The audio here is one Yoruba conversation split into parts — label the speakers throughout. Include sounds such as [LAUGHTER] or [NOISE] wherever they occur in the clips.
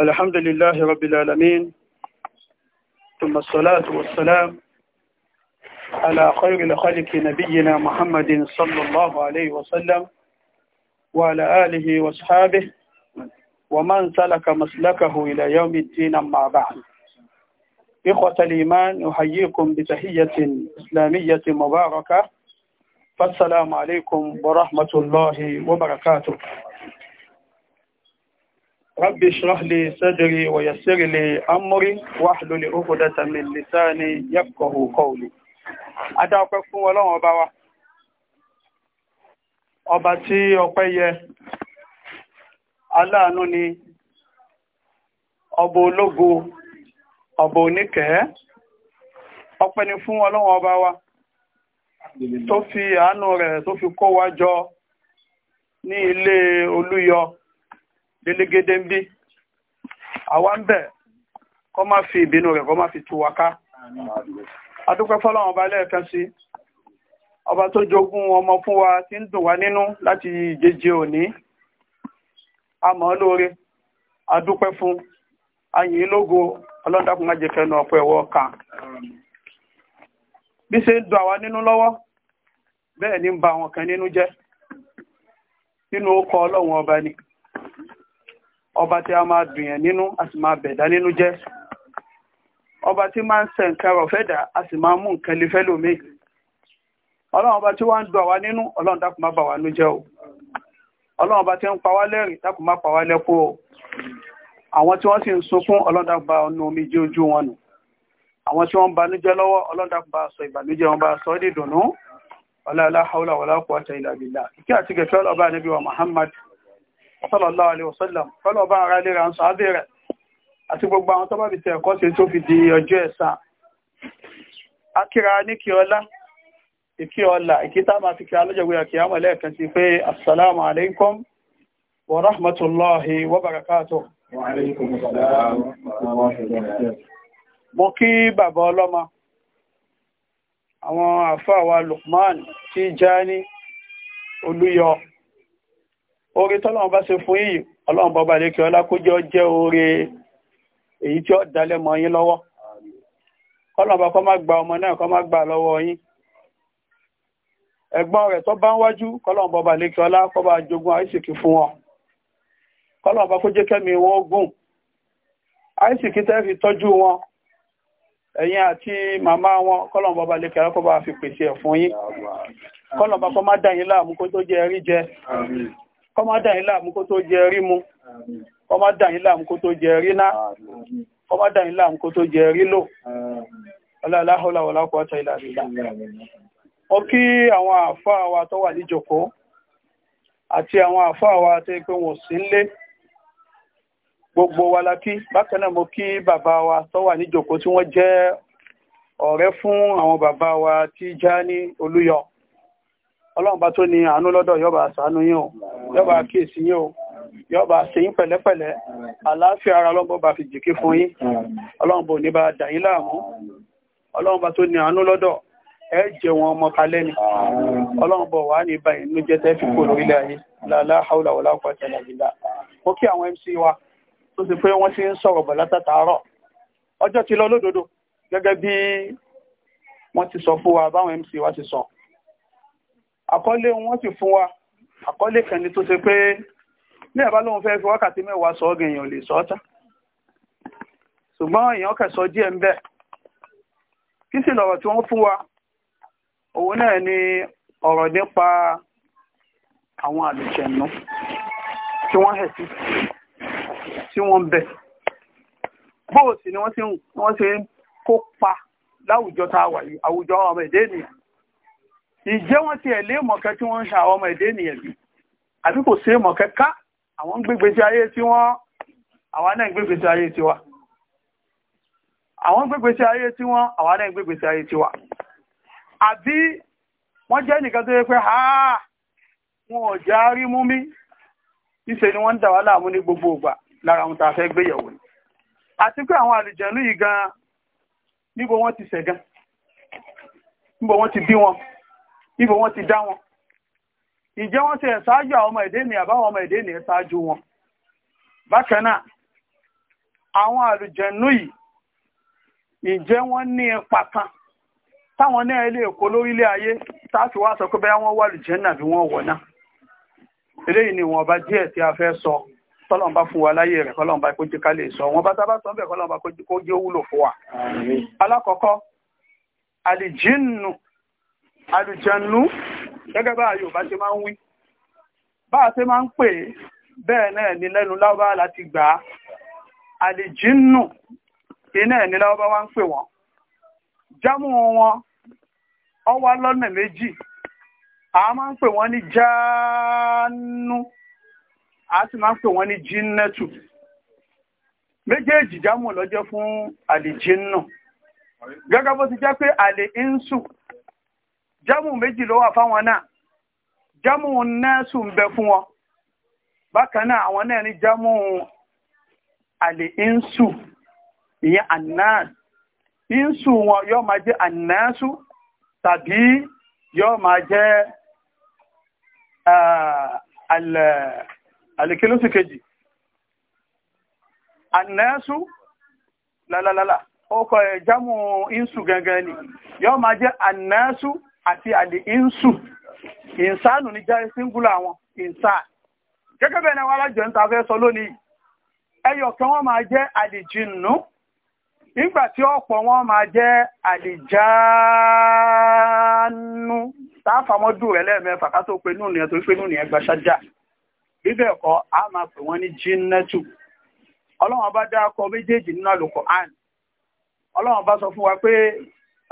Speaker 1: الحمد لله رب العالمين ثم الصلاة والسلام على خير الخلق نبينا محمد صلى الله عليه وسلم وعلى آله وصحابه ومن سلك مسلكه إلى يوم الدين أما بعد إخوة الإيمان أحييكم بتحية إسلامية مباركة فالسلام عليكم ورحمة الله وبركاته رب اشرح لي صدري ويسر لي امري واحلل عقدة من لساني يفقه قولي ada ọpẹ́ fún Ọlọ́run ọba wa ọba tí ọpẹ́ yẹ aláàánú ni ọba ológo ọba oníkẹ̀ẹ́ ọpẹ́ ni fún Ọlọ́run ọba wa tó fi àánú rẹ̀ tó fi kó wa
Speaker 2: ní ilé Olúyọ
Speaker 1: gbélégédé ń bí àwa ń bẹ̀ kọ́ má fi ìbínú rẹ̀ kọ́ má fi tú wa ká adúpẹ́ fọ́lọ́wọ́n ba lẹ́ẹ̀kan sí ọba tó jogún ọmọ fún wa tí ń dùn wá nínú láti ìjeje òní àmọ́ lóore adúpẹ́ fún ayìn lógo ọlọ́dàkùn ajẹ́fẹ́nu ọ̀pọ̀ ẹ̀wọ̀ kan bí ṣe ń dùn àwa nínú lọ́wọ́ bẹ́ẹ̀ ni ń ba àwọn kan nínú jẹ́ nínú ó kọ ọlọ́run ọba ni ọba tí a máa dùnyàn nínú a sì máa bẹ̀dá nínú jẹ́ ọba tí máa ń sẹ̀ nǹkan rọ̀ fẹ́dà a sì máa mú nǹkan lè fẹ́ lómi ọlọ́run ọba tí wọ́n ń dùn àwa nínú ọlọ́run dákun má bà wá nú jẹ́ o ọlọ́run ọba tí ń pa wá lẹ́rìn dákun má pa wá lẹ́kọ́ o àwọn tí wọ́n sì ń sunkún ọlọ́run dákun bá nu omi jẹ́ ojú wọn nù àwọn tí wọ́n ń banújẹ́ lọ́wọ́ ọlọ́run dákun bá sọ ìbànújẹ́ wọn bá sọ ọ́ dìdùnnú wa Muhammad sallallahu alaihi wasallam fọ́lọ̀ bá ara lè ràn sáábẹ̀ rẹ̀ àti alaikum wa rahmatullahi wa barakatuh mo kí bàbá ọlọ́mọ àwọn àfáà wa Luqman Tijani Olúyọ oore tọ́lọ́run bá ṣe fún yìí ọlọ́run bọ́ba lékè ọlá kó jẹ́ jẹ́ oore èyí tí ó dalẹ̀ mọ́ yín lọ́wọ́ ọlọ́run bá kọ́ má gba ọmọ náà kọ́ má gba lọ́wọ́ yín ẹ̀gbọ́n rẹ̀ tó bá ń wájú kọ́lọ́run bọ́ba lékè ọlá kó bá jogún àìsìkì fún wọn kọ́lọ́run bá kó jẹ́ kẹ́mi wọn gùn àìsìkì tẹ́ fi tọ́jú wọn ẹ̀yin àti màmá wọn kọ́lọ́run bọ́ba lékè ọlá kó bá fi pèsè ẹ̀ fún yín kọ́lọ́run bá kó má dá yín láàmú kó tó jẹ ẹrí jẹ kọmọ dàyìn láàmú kó tó jẹ rí mu kọmọ dàyìn láàmú kó tó jẹ rí ná kọmọ dàyìn láàmú kó tó jẹ rí lò ọláláhọ́láwọ́láwọ́ ọ̀tọ̀ ilẹ̀ àrílá ó kí àwọn àfáà wa tó wà níjòkó àti àwọn àfáà wa tó pé wọn sí nlé gbogbo wa la kí bákan náà mo kí bàbá wa tó wà níjòkó tí wọ́n jẹ́ ọ̀rẹ́ fún àwọn bàbá wa Tijani Olúyọ ọlọ́run bá tó ní àánú lọ́dọ̀ yọba àṣánú yín o yọba àkíyèsí yín o yọba àṣeyín pẹ̀lẹ́pẹ̀lẹ́ àlàáfíà ara ọlọ́run bá fi jìkí fún yín ọlọ́run bò ní bá dà yín láàmú ọlọ́run bá tó ní àánú lọ́dọ̀ ẹ jẹ wọn ọmọ kalẹ́ ni ọlọ́run bọ̀ wá ní ibà inú jẹ́ fi kó lórílẹ̀ ayé làlá haúlà wọlá ọkọ̀ MC wa tó ti pé wọ́n ti ń sọ̀rọ̀ bọ̀ látàtàárọ̀ ọjọ́ ti lọ lódodo gẹ́gẹ́ MC wa ti àkọlé wọn sì fún wa àkọlé kan ni tó ṣe pé ní ẹ̀bá lóun fẹ́ fi wákàtí mẹ́wàá sọ ọ́gẹ̀ èèyàn lè sọ ọ́ tán ṣùgbọ́n èèyàn kẹsọ díẹ̀ ń bẹ kí sì lọ̀rọ̀ tí wọ́n fún wa òun náà ni ọ̀rọ̀ nípa àwọn àlùjẹ̀nú tí wọ́n hẹ̀ sí tí wọ́n bẹ̀ bóòsì ni wọ́n ti ń kópa láwùjọ tá a wà yìí àwùjọ ọmọ èdè ìjẹ́ wọ́n ti ẹ̀lé mọ̀kẹ́ tí wọ́n ń ṣe àwọn ọmọ èdè nìyẹn bí àbí kò sí mọ̀kẹ́ ká àwọn gbégbé sí ayé tí wọ́n àwa náà gbégbé sí ayé tiwa àwọn gbégbé sí ayé tí wọ́n àwa náà gbégbé sí ayé tiwa àbí wọ́n jẹ́ nìkan tó yẹ pé ha wọn ò já rí mú mi ìṣe ni wọ́n ń dà wá láàmú ní gbogbo ìgbà lára àwọn tá a fẹ́ gbéyẹ̀wò ni àti pé àwọn àlùjẹ̀nú yìí gan níbo wọ́n ti ṣẹ̀ níbo wọ́n ti bí wọn ibò wọ́n ti dá wọn ìjẹ́ wọ́n ti ẹ̀sáájú àwọn ọmọ èdè ènìyàn báwọn ọmọ èdè ènìyàn ṣáájú wọn bákan náà àwọn àlùjẹ̀nú yìí ìjẹ́ wọ́n ní ipa kan táwọn náà ilé èkó lórílẹ̀ ayé táàkì wá sọ pé bẹ́ẹ̀ wọ́n wà àlùjẹ́nà bí wọ́n wọ̀ náà eléyìí ni ìwọ̀nba díẹ̀ tí a fẹ́ sọ tọ́lọ̀mbá fún wa láyé rẹ̀ kọ́lọ̀mbá kó jẹ́ ká lè sọ wọn bá tábà sọ bẹ́ẹ̀ kọ́lọ̀mbá kó jẹ́ ó wúlò fún wa alákọ̀ọ́kọ́ àlìjínù àlùjànnú gẹ́gẹ́ bá Yorùbá ṣe máa ń wí bá a ṣe máa ń pè bẹ́ẹ̀ náà ní lẹ́nu lábá láti gbà á àlìjínù iná ẹ̀ ní lábá wá ń pè wọ́n jámù wọn ọ wá lọ́nà méjì a máa ń pè wọ́n ní jáánú a sì máa ń pè wọ́n ní jínnẹ́tù méjèèjì jámù ló jẹ́ fún àlìjínù gẹ́gẹ́ bó ti jẹ́ pé àlè jámù méjì ló wà fáwọn náà jámù nẹ́ẹ̀sù ń bẹ fún wọn bákan náà àwọn náà ní jámù àlè ínsù ìyẹn ànáàsù ínsù wọn yóò máa jẹ́ ànáàsù tàbí yóò máa jẹ́ àlèkélósù kejì ànáàsù lálálálá ó kọ jámù ínsù gangan ni yóò máa jẹ́ ànáàsù àti àlè ìnsù ìnsánù ní jẹ́ síngúlà àwọn ìnsà gẹ́gẹ́ bẹ́ẹ̀ wà lájọ ń sọ lónìí ẹyọ kan wọ́n máa jẹ́ àlèjìnnú nígbàtí ọ̀pọ̀ wọn máa jẹ́ àlèjáánú táfàmọ́dù rẹ̀ lẹ́ẹ̀mẹ́fà ká tó pe nù nìyẹn tó pé nù nìyẹn bíbẹ̀ a máa pè wọ́n ní akọ méjèèjì nínú àn ọlọ́wọ́n sọ fún wa pé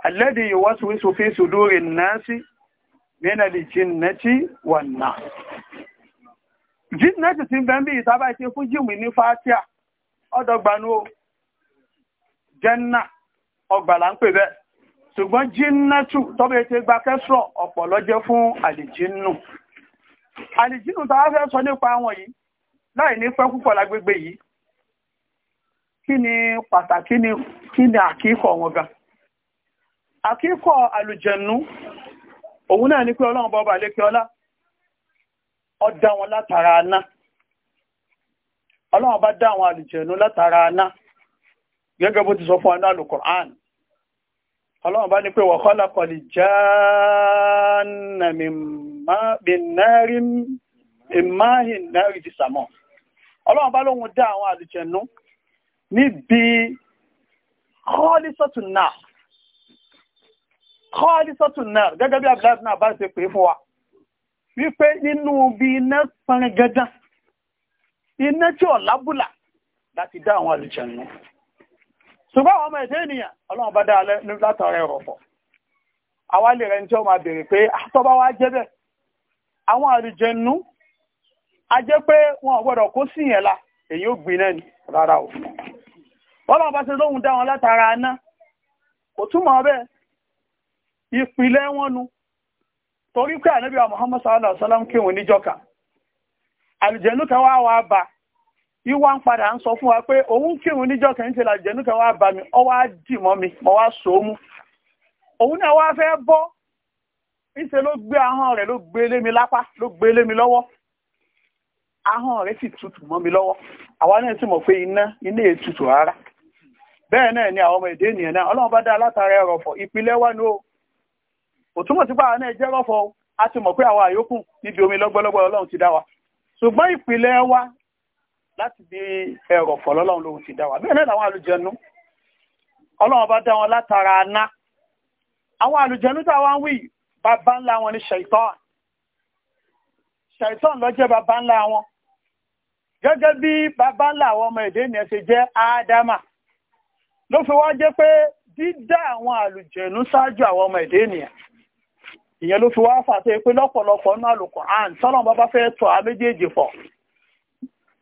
Speaker 1: alẹ́dì yóò wáṣù wíṣù fi ṣùdúrì náà sí mẹ́nàlì jìnnàtí wà náà jìnnàtí ti bẹ́ẹ̀ bí ìtàbá ṣe fún jìmù ní fátíà ọdọ̀gbanú o jẹ́nà ọgbà là ń pè bẹ́ẹ̀ ṣùgbọ́n jìnnàtù tọ́bẹ̀ ti gba kẹ́sọ̀ ọ̀pọ̀ lọ́jẹ́ fún àlìjìnnù àlìjìnnù tàbá fẹ́ sọ nípa wọn yìí láì ní pẹ́ púpọ̀ lágbègbè yìí kí ni pàtàkì kí ni àkíkọ̀ wọn gan akíkọ̀ alùjẹ̀nú òun náà ní pé ọlọ́run bọ́ bà lékẹ́ ọlá ọdá wọn látara aná ọlọ́run bá dá àwọn alùjẹ̀nú látara aná gẹ́gẹ́ bó ti sọ fún aná al-Qur'an ọlọ́run bá ní pé wa khalaqa al-janna min narin ìmáhìn kọ́ọ̀dísọ́tù náà gẹ́gẹ́ bí abdullahi náà bá ṣe pè fún wa wípé inú bí iná sanrin gẹ́gẹ́ iná tí ò lábùlà láti dá àwọn àlùjànnú ṣùgbọ́n àwọn ọmọ ẹ̀dẹ́ ènìyàn ọlọ́run bá dá alẹ́ látara ẹ̀rọ̀ pọ̀ àwa rẹ̀ tí ó máa béèrè pé àtọ́bá ah, wa jẹ́ bẹ́ẹ̀ àwọn àlùjànnú a jẹ́ pé wọn ò gbọ́dọ̀ kó sí yẹn la èyí ò gbin náà ni rárá o ọlọ́run bá ṣe lóhun dá wọn látara aná kò túmọ̀ bẹ́ẹ̀ ìpìlẹ̀ wọn nu torí pé ànábì wa Muhammad sallallahu alaihi wasallam kírun níjọ́ka àlùjẹ̀nú wá wá bá ìwà ń padà ń sọ fún wa pé òun kírun níjọ́ka ń ṣe wá bá mi ọ wá dì mọ́ mi mọ́ wá so mú òun náà wá fẹ́ bọ́ ńṣe ló gbé ahọ́n rẹ̀ ló gbé lé mi lápá ló gbé lé mi lọ́wọ́ ahọ́n rẹ̀ sì mi lọ́wọ́ àwa náà sì mọ̀ pé iná iná ètùtù rárá bẹ́ẹ̀ náà ni àwọn ọmọ èdè ènìyàn náà ọlọ́run bá dá látara o òtúmọ̀ sí pàrọ̀ náà jẹ́ rọ́fọ́ a ti mọ̀ pé àwọn àyókù níbi omi lọ́gbọ́lọ́gbọ́ ọlọ́run ti dá wa ṣùgbọ́n ìpìlẹ̀ wa láti di ẹ̀rọ̀fọ̀ lọ́lọ́run lòun ti dá wa bẹ́ẹ̀ náà làwọn àlùjẹnu ọlọ́run bá dá wọn látara aná àwọn àlùjẹnu tá wá ń wí bàbá ńlá wọn ni ṣaitan ṣaitan ló jẹ́ bàbá ńlá wọn gẹ́gẹ́ bí bàbá ńlá àwọn ọmọ èdè ènìyàn ṣe jẹ́ ádámà ló fi wá jẹ́ pé dídá àwọn àlùjẹnu ṣáájú àwọn ọmọ èdè ènìyàn ìyẹn ló fi wá fàṣẹ pé lọ́pọ̀lọpọ̀ nínú Al-Qur'an sọ́nà bàbá fẹ́ tọ́ a méjèèjì pọ̀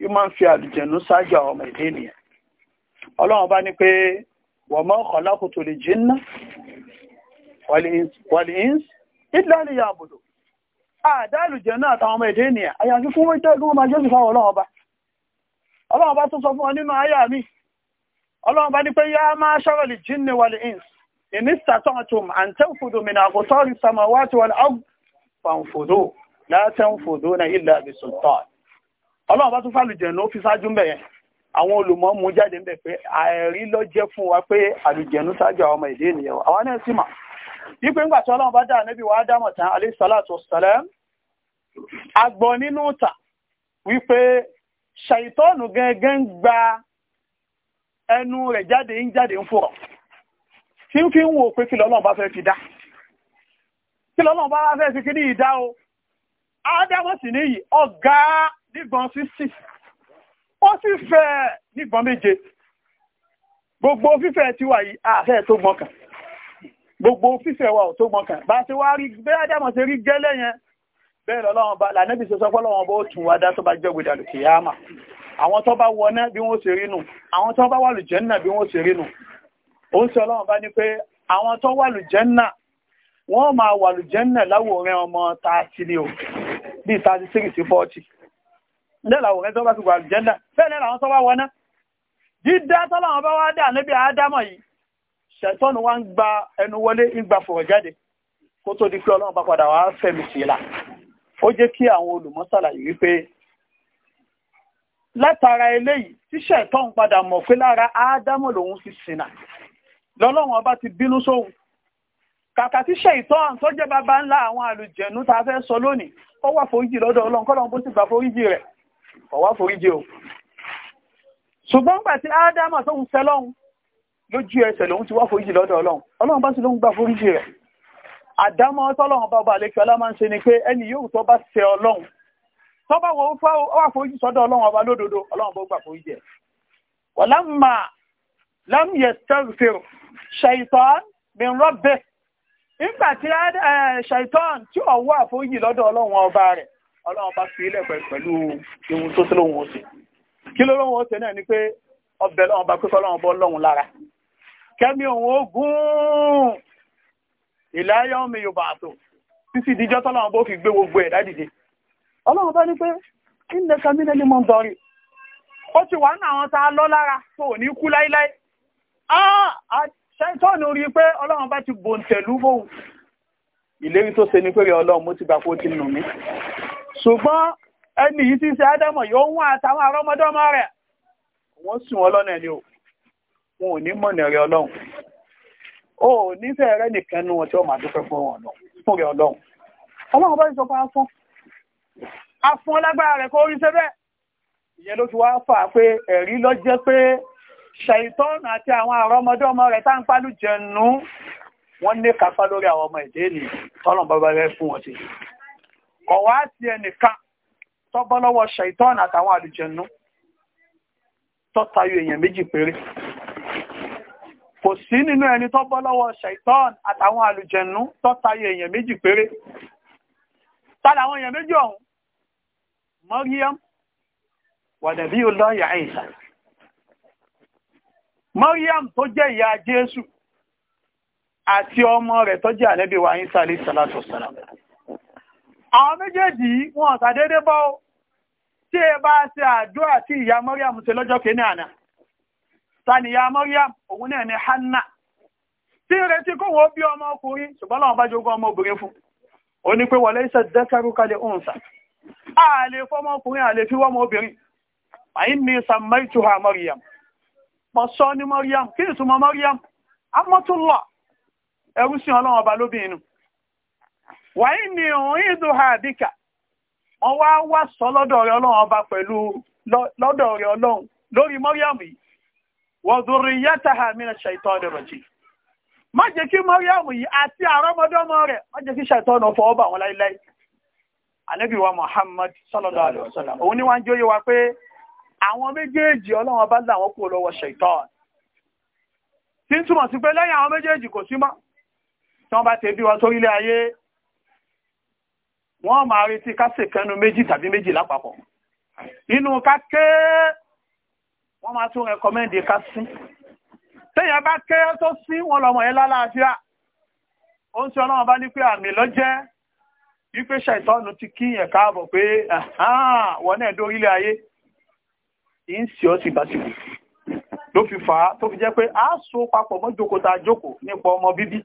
Speaker 1: yóò máa ń fi àlùjẹ̀nu ṣáájú àwọn ọmọ ìdí nìyẹn ọlọ́run bá ní pé wa ma khalaqtul jinna wal ins illa liya'budu àdáàlù jẹ́ náà àtàwọn ọmọ èdè ènìyàn àyàfi fún wọ́n jẹ́ gúnmọ́ máa jésù fáwọn ọlọ́run bá ọlọ́run bá tó sọ fún ọ nínú àyà mi ọlọ́run bá ní pé yá máa ṣọ́rọ̀ lè jín ní wàlẹ̀ ins إن استطعتم أن تنفذوا من أقطار السماوات والأرض فانفذوا لا تنفذون إلا بسلطان ọlọ́run bá tún fàlùjẹ̀nù ó fi ṣáájú ń bẹ̀ yẹn àwọn olùmọ̀ mú jáde ń bẹ̀ pé àìrí ló jẹ́ fún wa pé àlùjẹ̀nù ṣáájú àwọn ọmọ èdè ènìyàn wa àwọn náà sì mà wípé ńgbà tí ọlọ́run bá dá ànábì wa ádámọ̀ tán alayhi salatu wassalam àgbọ̀ nínú ìta wípé ṣàìtọ́nù gẹ́gẹ́ ń gba ẹnu rẹ̀ jáde ń jáde ń fòrọ̀ tí ń fi ń wò pé kí lọ́lọ́run bá fẹ́ fi dá kí lọ́lọ́run bá fẹ́ fi kí ní ìdá o ádámọ̀ sì níyì ọ̀gá nígbọn sísì ó sì fẹ́ nígbọn méje gbogbo fífẹ́ tiwa yìí àfẹ́ tó gbọ́n kan gbogbo fífẹ́ wa ò tó gbọ́n kan bá ti wá rí bẹ́ẹ̀ ádámọ̀ ṣe rí gẹ́lẹ́ yẹn bẹ́ẹ̀ lọ́lọ́run bá lànẹ́bí ṣe sọpọ́ lọ́wọ́n bó tún wá dá tó bá jẹ́ gbèdàlù kìyàmà àwọn tó bá wọná bí wọ́n ṣe rí àwọn tó bá wà lù jẹ́ bí wọ́n ṣe rí ó ń sọ ọlọ́run bá ní pé àwọn tó wà lùjẹ́nà wọ́n máa wà lùjẹ́nà láwòrán ọmọ tààtì ni o bíi tààtì sí sí fọ́ọ̀tì nílẹ̀ làwòrán tó bá ti wà lùjẹ́nà bẹ́ẹ̀ nílẹ̀ àwọn tó wá wọná dídá tọ́lọ́run bá wá dà níbi àádámọ̀ yìí ṣẹ̀tọ́nù wá ń gba ẹnu wọlé ń la ó jẹ́ kí àwọn olùmọ́sàlàyé wípé látara eléyìí tí ṣẹ̀tọ́n padà mọ̀ pé lára áádámọ̀ lòun fi sìnà lọ́lọ́run ọba ti bínú sóhun kàkà tí ṣèitán tó jẹ́ bàbá ńlá àwọn àlùjẹ̀nú tá a fẹ́ sọ lónìí ó wà foríjì lọ́dọ̀ ọlọ́run kọ́lọ́run bó ti gbà foríjì rẹ̀ ó wà foríjì o ṣùgbọ́n gbà tí ádámà tóun fẹ́ lọ́hun lójú ẹsẹ̀ lòun ti wá foríjì lọ́dọ̀ ọlọ́run ọlọ́run bá sì lóun gbà foríjì rẹ̀ àdámọ́ tọ́lọ́run bá ọba àlekí ọlá máa ń ṣe ni pé ẹni yóò tó bá ṣe ọlọ́run tó bá wọ́n fẹ́ wà foríjì sọ́dọ̀ ọlọ́run ọba lódodo ọlọ́run bó gbà foríjì ẹ̀ wọ́n lámà lámìyẹ sẹ́rù fèrò ṣàìtàn min rabbih nígbà tí ṣàìtàn eh, tí ó wà fóyì lọ́dọ̀ ọlọ́run ọba rẹ̀ ọlọ́run bá fi ilẹ̀ pẹ̀lú ohun tó tó lóhun ọ̀sẹ̀ kí ló lóhun ọ̀sẹ̀ náà ni pé ọbẹ̀ lọ́run bá pípọ́ lọ́run bọ́ lọ́run lára kẹ́mi òun ó gún ila yawmi yub'athu títí ìdíjọ́ tọ́lọ́run bó fi gbé gbogbo ẹ̀dá dìde ọlọ́run bá ní pé ilẹ̀ kamínẹ́ ni mo ń dọ̀rí ó ti wà ní àwọn tá a lọ lára tó ò ní kú láíláí ṣáìtọ́ọ̀nù rí pé ọlọ́run bá ti bòǹtẹ̀lú bóhùn ìlérí tó ṣe ní pé rí ọlọ́run mo ti gbà kó ti nù mí ṣùgbọ́n ẹni yìí ti ṣe ádámọ̀ yóò wọ́n àtàwọn arọ́mọdọ́mọ rẹ̀ wọ́n sùn wọn lọ́nà ni o wọn ò ní mọ̀nà rẹ̀ ọlọ́run o nífẹ̀ẹ́ rẹ̀ nìkan nu wọn tí wọ́n máa dúpẹ́ fún wọn fún rẹ̀ ọlọ́run ọlọ́run bá ti sọ pé afọ́n afọ́n lágbára rẹ̀ kó rí ṣe bẹ́ẹ̀ ìyẹn ló fi wá fà pé ẹ̀rí ló jẹ́ pé ṣàìtọ́nù àti àwọn àrọmọdọ́mọ rẹ̀ tá ń pálù jẹnu wọ́n ní kápá lórí àwọn ọmọ ìdí ènìyàn tọ́lọ̀ bàbá rẹ̀ fún wọn sí ọ̀wá àti ẹnìkan tọ́bọ́ lọ́wọ́ ṣàìtọ́nù àtàwọn àlùjẹnu tọ́tayọ èèyàn méjì péré kò sí nínú ẹni tọ́bọ́ lọ́wọ́ ṣàìtọ́nù àtàwọn àlùjẹnu tọ́tayọ èèyàn méjì péré tàbí àwọn èèyàn méjì ọ̀hún Maryam wà nàbí Ọlọ́hun Ìsá Mariam tó jẹ́ ìyá Jésù àti ọmọ rẹ̀ tó jẹ́ ànẹ́bí wa Ìsá alayhi salatu wassalam. Àwọn méjèèjì wọn ṣàdédé bọ́ tí ẹ bá ṣe àdúrà tí ìyá Mariam ṣe lọ́jọ́ kìíní àná. Ta ni ìyá Mariam òun náà ni Hanna. Tí ìrètí kó wọ́n bí ọmọ ọkùnrin ṣùgbọ́n láwọn bá jogún ọmọ mọ̀ ní Mariam kí ni túnmọ̀ Mariam amọ́túnlọ̀ ẹrú sí ọlọ́run ọba lóbìnrin wàá ní òun ìdò àbíkà wọ́n wá wá sọ lọ́dọ̀ rẹ̀ ọlọ́run ọba pẹ̀lú lọ́dọ̀ rẹ̀ ọlọ́run lórí yi. yìí wọ́n dúró yàtà àmìnà ṣàìtọ́ ọ̀dọ̀rọ̀jì ṣàìtọ́ àwọn méjèèjì ọlọ́wọ́n bá là wọ́n kúrò lọ́wọ́ ṣẹ̀tọ́n tí ń túmọ̀ sí pé lẹ́yìn àwọn méjèèjì kò sí mọ́ tí wọ́n bá ti bí wọn tó ilé ayé wọ́n máa retí kásẹ̀ kẹnu méjì tàbí méjì lápapọ̀ inú ká ké wọ́n máa tún rẹkọmẹ́ndì ká sí tẹ́yìn bá ké tó sí wọn lọ́mọ yẹn lálàáfíà ó ń sọ ọlọ́wọ́n bá ní pé àmì lọ́jẹ́ wípé ṣẹ̀tọ́n ti kí yẹn káàbọ̀ pé wọ́n náà dórílẹ̀ ayé ń sì ọ́ sí bàtìkù ló fi fà á tó fi jẹ́ pé a so papọ̀ mọ́ jókòó tá a jókòó nípa ọmọ bíbí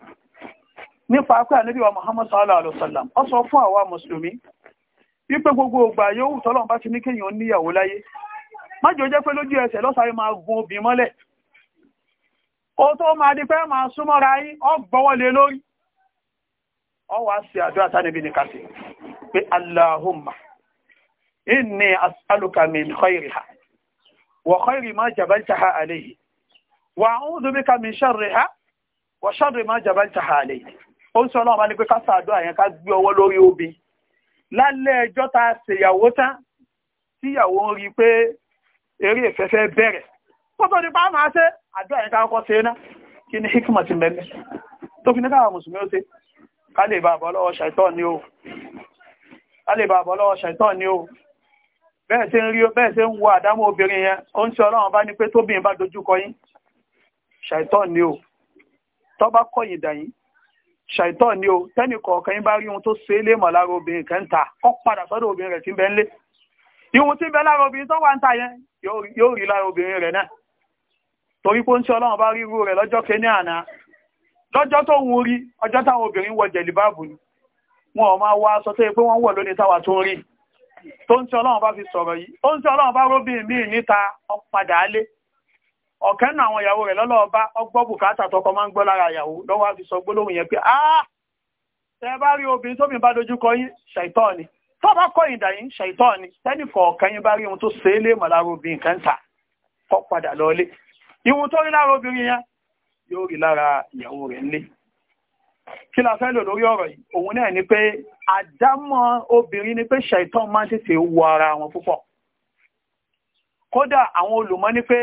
Speaker 1: nípa pé ànábì wa Muhammad sallallahu alaihi wasallam ó sọ fún àwa mùsùlùmí wípé gbogbo ògbà yóò tọ́lọ́run bá ti ní kéèyàn níyàwó láyé má jò jẹ́ pé lójú ẹsẹ̀ lọ́sàárì máa gun obì mọ́lẹ̀ ó tó máa di pé máa súnmọ́ra yín ó gbọ́wọ́lé lórí ó wá sí àdúrà tánibí ní kàtì pé Allahumma inni as'aluka min وخير ما جبلتها عليه وأعوذ بك من شرها وشر ما جبلتها عليه ó ń sọ ọlọ́run bá ní pé ká ṣàdúrà yẹn ká gbé ọwọ́ lórí obì lálẹ́ ẹjọ́ tá a ṣèyàwó tán tíyàwó ń rí i pé eré ìfẹ́fẹ́ bẹ̀rẹ̀ pọ́tò nípa á máa ṣe àdúrà yẹn ká kọ́kọ́ ṣe ná kí ni hikma ti mẹ́lẹ́ tó fi ní káwọn mùsùlùmí ó ṣe ká lè bá àbọ̀ lọ́wọ́ ṣàìtọ́ ni o ká lè bá àbọ̀ lọ́wọ́ ṣàìtọ́ ni o bẹ́ẹ̀ ṣe ń rí bẹ́ẹ̀ ṣe ń wo àdámọ́ obìnrin yẹn ó ń ṣe ọlọ́run bá ní pé tóbìnrin bá ṣàìtọ́ ni o tọ́ bá kọ̀yìn dà ṣàìtọ́ ni o tẹ́nì kọ̀ọ̀kan yín bá rí ohun tó ṣe é lára obìnrin kan ta ó padà sọ́dọ̀ obìnrin rẹ̀ tí ń ń lé ihun tí ń bẹ lára obìnrin tó wà ń ta obìnrin rẹ̀ náà torí pé bá rí irú rẹ̀ lọ́jọ́ kẹ́ni àná lọ́jọ́ tó ń rí ọjọ́ wọ ni wọn ò wá aṣọ tó yẹ pé wọ́n wọ̀ lónìí táwa tó ń tó ń tí ọlọ́run bá fi sọ̀rọ̀ yìí ó ń tí ọlọ́run bá róbìn míì níta ọ̀padà alé ọ̀kẹ́ nù àwọn ìyàwó rẹ̀ lọ́lọ́ọ̀bá ọgbọ́ bùkátà tọkọ máa ń gbọ́ lára ìyàwó lọ́wọ́ àfi sọ gbólóhùn yẹn pé áá ah! tẹ bá rí obìnrin tóbi bá dojú kọ yín ṣàìtọ́ ni tó bá kọ ìdà yín ṣàìtọ́ ni tẹ́nì kọ̀ọ̀kan yín bá rí ohun tó ṣe é lé mọ̀lára obìnrin kan tà kọ́ padà lọ́ọ́lé ìhun tó rí lára obìnrin yẹn yóò rí lára ìyàwó rẹ̀ ńlé kí la fẹ́ lò lórí ọ̀rọ̀ yìí òun náà ni pé àdámọ́ obìnrin ni pé ṣàìtàn máa ń tètè wọ ara wọn púpọ̀ kódà àwọn olùmọ̀ ni pé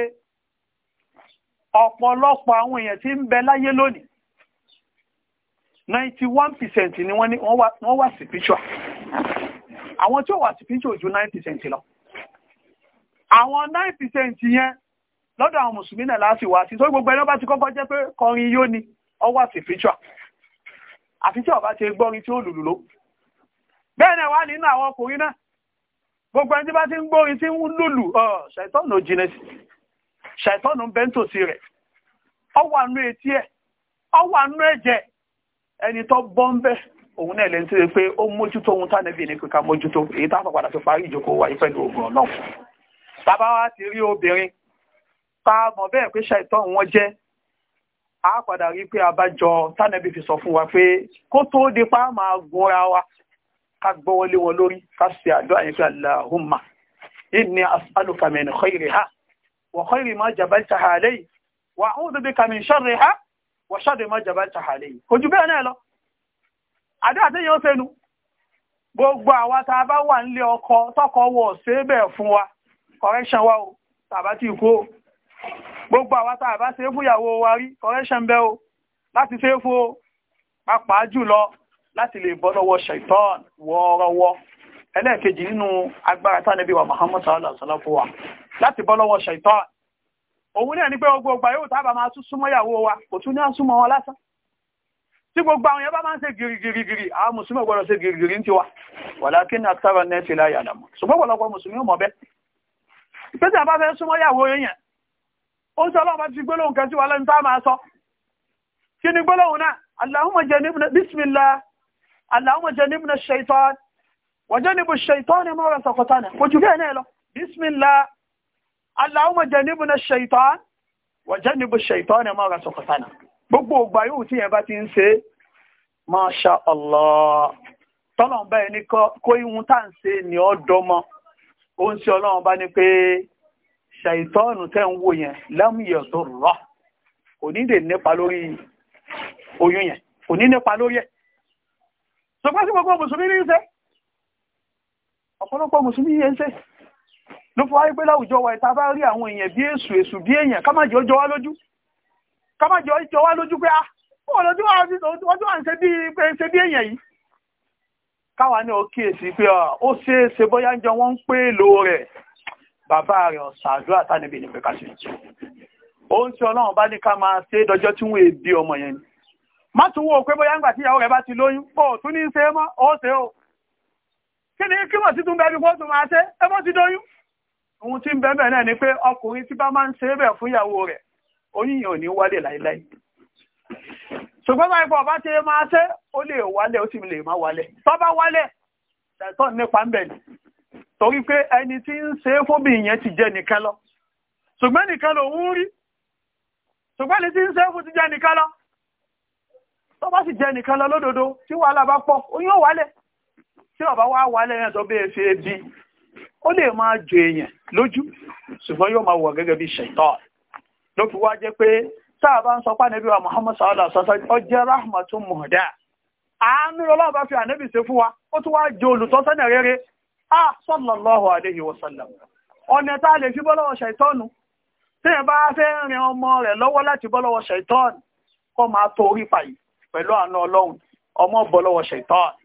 Speaker 1: ọ̀pọ̀lọpọ̀ àwọn èèyàn tí ń bẹ láyé lónìí ninety one percent ni wọ́n wà sí píṣọ́ àwọn tí ó wà sí píṣọ́ ju nine percent lọ àwọn nine percent yẹn lọ́dọ̀ àwọn mùsùlùmí náà láti wá sí tó gbogbo ẹni bá ti kọ́kọ́ jẹ́ pé kọrin yóò ni wà sí píṣọ́ àfi tí ọba ṣe gbọ́rin tí ó lùlù ló bẹ́ẹ̀ náà wà nínú àwọn ọkùnrin náà gbogbo ẹni tí ti ń lulu tí ń lùlù ṣàìtọ́nù jìnà sí ṣàìtọ́nù bẹ́ńtòsí rẹ̀ ọwọ́ àánú etí ẹ̀ ọwọ́ àánú ẹ̀jẹ̀ ẹni tó bọ́ ń bẹ́ òun náà ohun tá níbi ní kíkà mójútó èyí tá àpapàdà parí ìjókòó wáyé pẹ̀lú ogun ọlọ́run bàbá wa ti rí obìnrin pa mọ̀ a padà rí pé abájọ tánẹ́bí fi sọ fún wa pé kó tó di pa máa gunra wa ká gbọ́wọ́lé wọn lórí ká ṣe àdúrà yẹn pé Allahumma inni as'aluka min khayriha wa khayri ma jabaltaha alayhi wa a'udhu bika min sharriha wa sharri ma jabaltaha alayhi kò jù bẹ́ẹ̀ náà lọ àdúrà tẹ́yìn ó fẹ́nu gbogbo àwa tá a bá wà nílé ọkọ tọkọ wọ ṣe bẹ́ẹ̀ fún wa correction wa o tàbá kú o gbogbo àwa tá a bá ṣe fún ìyàwó wa rí correction bẹ́ o láti ṣe fún o pàápàá jùlọ láti lè bọ́ lọ́wọ́ shaitan wọ́ọ́rọ́wọ́ ẹlẹ́ẹ̀kejì nínú agbára tánàbí wa Muhammad sallallahu alaihi wasallam fún wa láti bọ́ lọ́wọ́ shaitan òun náà ní pé gbogbo ọgbà yóò tábà máa tún súnmọ́ ìyàwó wa kò tún ní à ń súnmọ́ wọn lásán tí gbogbo àwọn yẹn bá máa ń ṣe gìrìgìrìgìrì àwọn mùsùlùmí ò gbọ́dọ̀ ṣe gìrìgìrì ń tiwa walakin akthara an-nasi fẹ́ súnmọ́ ìyàwó yẹn ó sọ ọlọ́pàá ti gbólóhùn kan sí wa lẹ́nu tá máa sọ kí ni gbólóhùn náà allahumma jannibna bismillah allahumma jannibna shaitan wa jannibu shaitani ma razaqtana kò jù bẹ́ẹ̀ náà lọ bismillah allahumma jannibna shaitan wa jannibu shaitani ma razaqtana gbogbo ògbà yóò tí yẹn bá ti ń ni ọ́ ṣàìtọ́ọ̀nù tẹ́ ń wò yẹn lámúyẹ̀ tó rọ̀ kò ní lè nípa lórí oyún yẹn kò ní nípa lórí ẹ̀ sọpọ́sí gbogbo mùsùlùmí ní ṣe pé wa ìta bá rí àwọn èèyàn bí èṣù èṣù bí èèyàn ká má jẹ́ ó jọ wá lójú ká má jẹ́ ó jọ wá lójú pé ah ọ̀rọ̀ tí ṣe bí ah, ń jọ wọ́n ń pè lò rẹ̀ bàbá rẹ̀ ọ̀sàdúrà tánibí ní pẹ̀ka ṣe jù ó tí ọlọ́run bá ní ká máa ṣe dọjọ́ tí wọ́n èbí ọmọ yẹn ni má tún wo pé bóyá ngwa tí ìyàwó rẹ̀ bá ti lóyún ó tún ní ṣe mọ́ ó o kí ni kí wọ́n ti tún bẹ́ẹ̀ bí wọ́n tún máa ṣe ti dóyún ohun tí ń bẹ́ẹ̀ ni pé ọkùnrin tí bá máa ń ṣe é bẹ̀ fún ìyàwó rẹ̀ oyún ò ní wálé láíláí ṣùgbọ́n báyìí bọ̀ bá ti máa ṣe ó lè wálé ó sì lè má wálé tọ́ bá sọ pé ẹni tí ń ṣe fóbì yẹn ti jẹ́ nìkan lọ ṣùgbọ́n nìkan lò ń rí ṣùgbọ́n ní tí ń ti jẹ́ nìkan lọ tó bá sì jẹ́ nìkan lọ lódodo tí wàhálà bá pọ̀ ó yóò wálẹ̀ tí ọ̀bá wá wálẹ̀ yẹn tó bẹ́ẹ̀ fi di ó lè máa jọ èèyàn lójú ṣùgbọ́n yóò máa wọ̀ gẹ́gẹ́ bí fi wá jẹ́ pé sáà bá ń wa Muhammad sallallahu alaihi jẹ́ àánú fi ṣe fún wa ó tún wá rere ah sallallahu alayhi wa sallam ọ̀nà tá a lè fi bọ́lọ́wọ́ ṣàìtọ́nù tí ẹ bá fẹ́ rin ọmọ rẹ̀ lọ́wọ́ láti bọ́lọ́wọ́ ṣàìtọ́nù kọ́ máa tó orí fàyè pẹ̀lú àna ọlọ́run ọmọ bọ́lọ́wọ́ ṣàìtọ́nù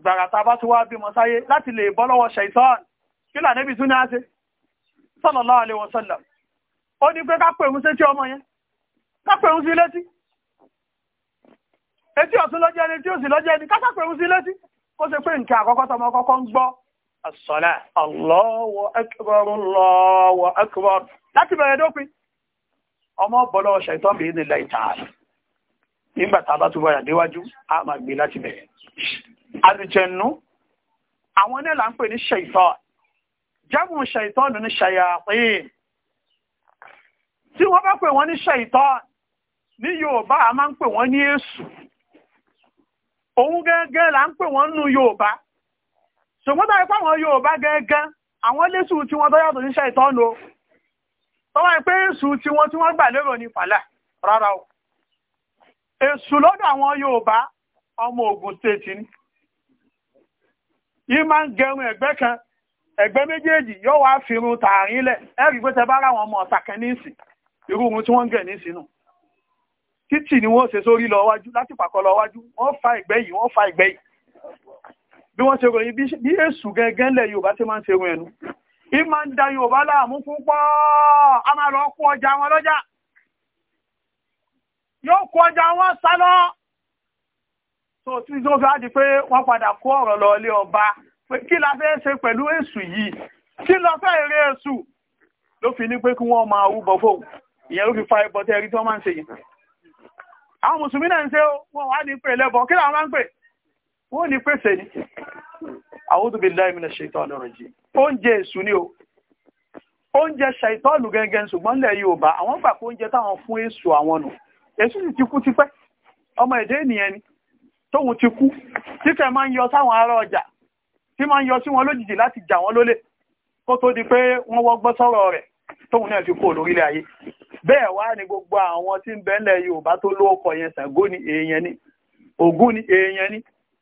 Speaker 1: gbàrà tá a bá tún wá bímọ sáyé láti lè bọ́lọ́wọ́ ṣàìtọ́nù kí là níbi ṣe pé nǹkan àkọ́kọ́ tọmọ kọ́kọ́ ń gbọ́ as-salah Allahu akbar láti bẹ̀rẹ̀ dópin ọmọ bọ́lọ́ ṣàìtàn bí nílẹ̀ ìtààrà nígbà bá túbọ̀ yàdéwájú a máa gbé láti bẹ̀rẹ̀ àlùjẹ̀nù àwọn náà là bá pè ní ní Yorùbá a máa ń pè wọn ní èṣù ṣùgbọ́n tó ipá àwọn Yorùbá gẹ́gẹ́ àwọn lésù tí wọ́n tó níṣẹ́ ìtọ́nu tó wáyé pé èṣù tí wọ́n tí wọ́n gbà lérò ní fàlà rárá o èṣù lọ́dọ̀ àwọn Yorùbá ọmọ Ògùn stéètì ni yìí ń gẹrun ẹ̀gbẹ́ kan ẹ̀gbẹ́ méjèèjì yóò wá fìrun tààrin lẹ̀ ẹ̀rí pé tẹ bá ra àwọn ọmọ ọ̀tà kan irú ohun tí wọ́n ń gẹ̀ ní nù títì ni wọ́n ṣe sórí lọ láti pàkọ́ lọ wọ́n fa ìgbẹ́ yìí wọ́n fa ìgbẹ́ yìí bí wọ́n ṣe ròyìn bí èsù gẹ́gẹ́ lẹ̀ Yorùbá tí máa ń ṣe ròyìn ẹnu ìmọ̀ ń da Yorùbá láàmú fún pọ́ a máa lọ kó ọjà wọn lọ́jà yóò kó ọjà wọn sá lọ tó tí tó fi á pé wọ́n padà kó ọ̀rọ̀ lọ ilé ọba pé kí la fẹ́ ṣe pẹ̀lú èsù yìí kí lọ fẹ́ eré èsù ló fi ní pé kí wọ́n máa wúbọ fóun ìyẹn ló fi fa ẹbọ tẹ́rí tí wọ́n máa ń ṣe yìí àwọn mùsùlùmí náà ń ṣe wọ́n wá ní pè lẹ́bọ kí làwọn máa ń pè wọ́n ní pèsè ni a'udhu billahi minash shaitani rajim oúnjẹ èṣù ni o oúnjẹ ṣàìtọ́ọ̀lù gẹ́gẹ́ ṣùgbọ́n lẹ̀ Yorùbá àwọn gbà pé oúnjẹ táwọn fún èṣù àwọn nù èṣù sì ti kú tipẹ́ ọmọ èdè ènìyàn ni tóun ti kú títẹ̀ máa ń yọ sáwọn ará ọjà tí máa ń yọ sí wọn lójijì láti jà wọ́n lólè kó tó di pé wọ́n wọ́gbọ́ sọ́rọ̀ rẹ̀ tóun náà fi kú olórílẹ̀ ayé bẹ́ẹ̀ wá ni gbogbo àwọn tí ń bẹ ńlẹ̀ Yorùbá tó lóókọ yẹn Ṣàngó ni èèyàn ni Ògún ni èèyàn ni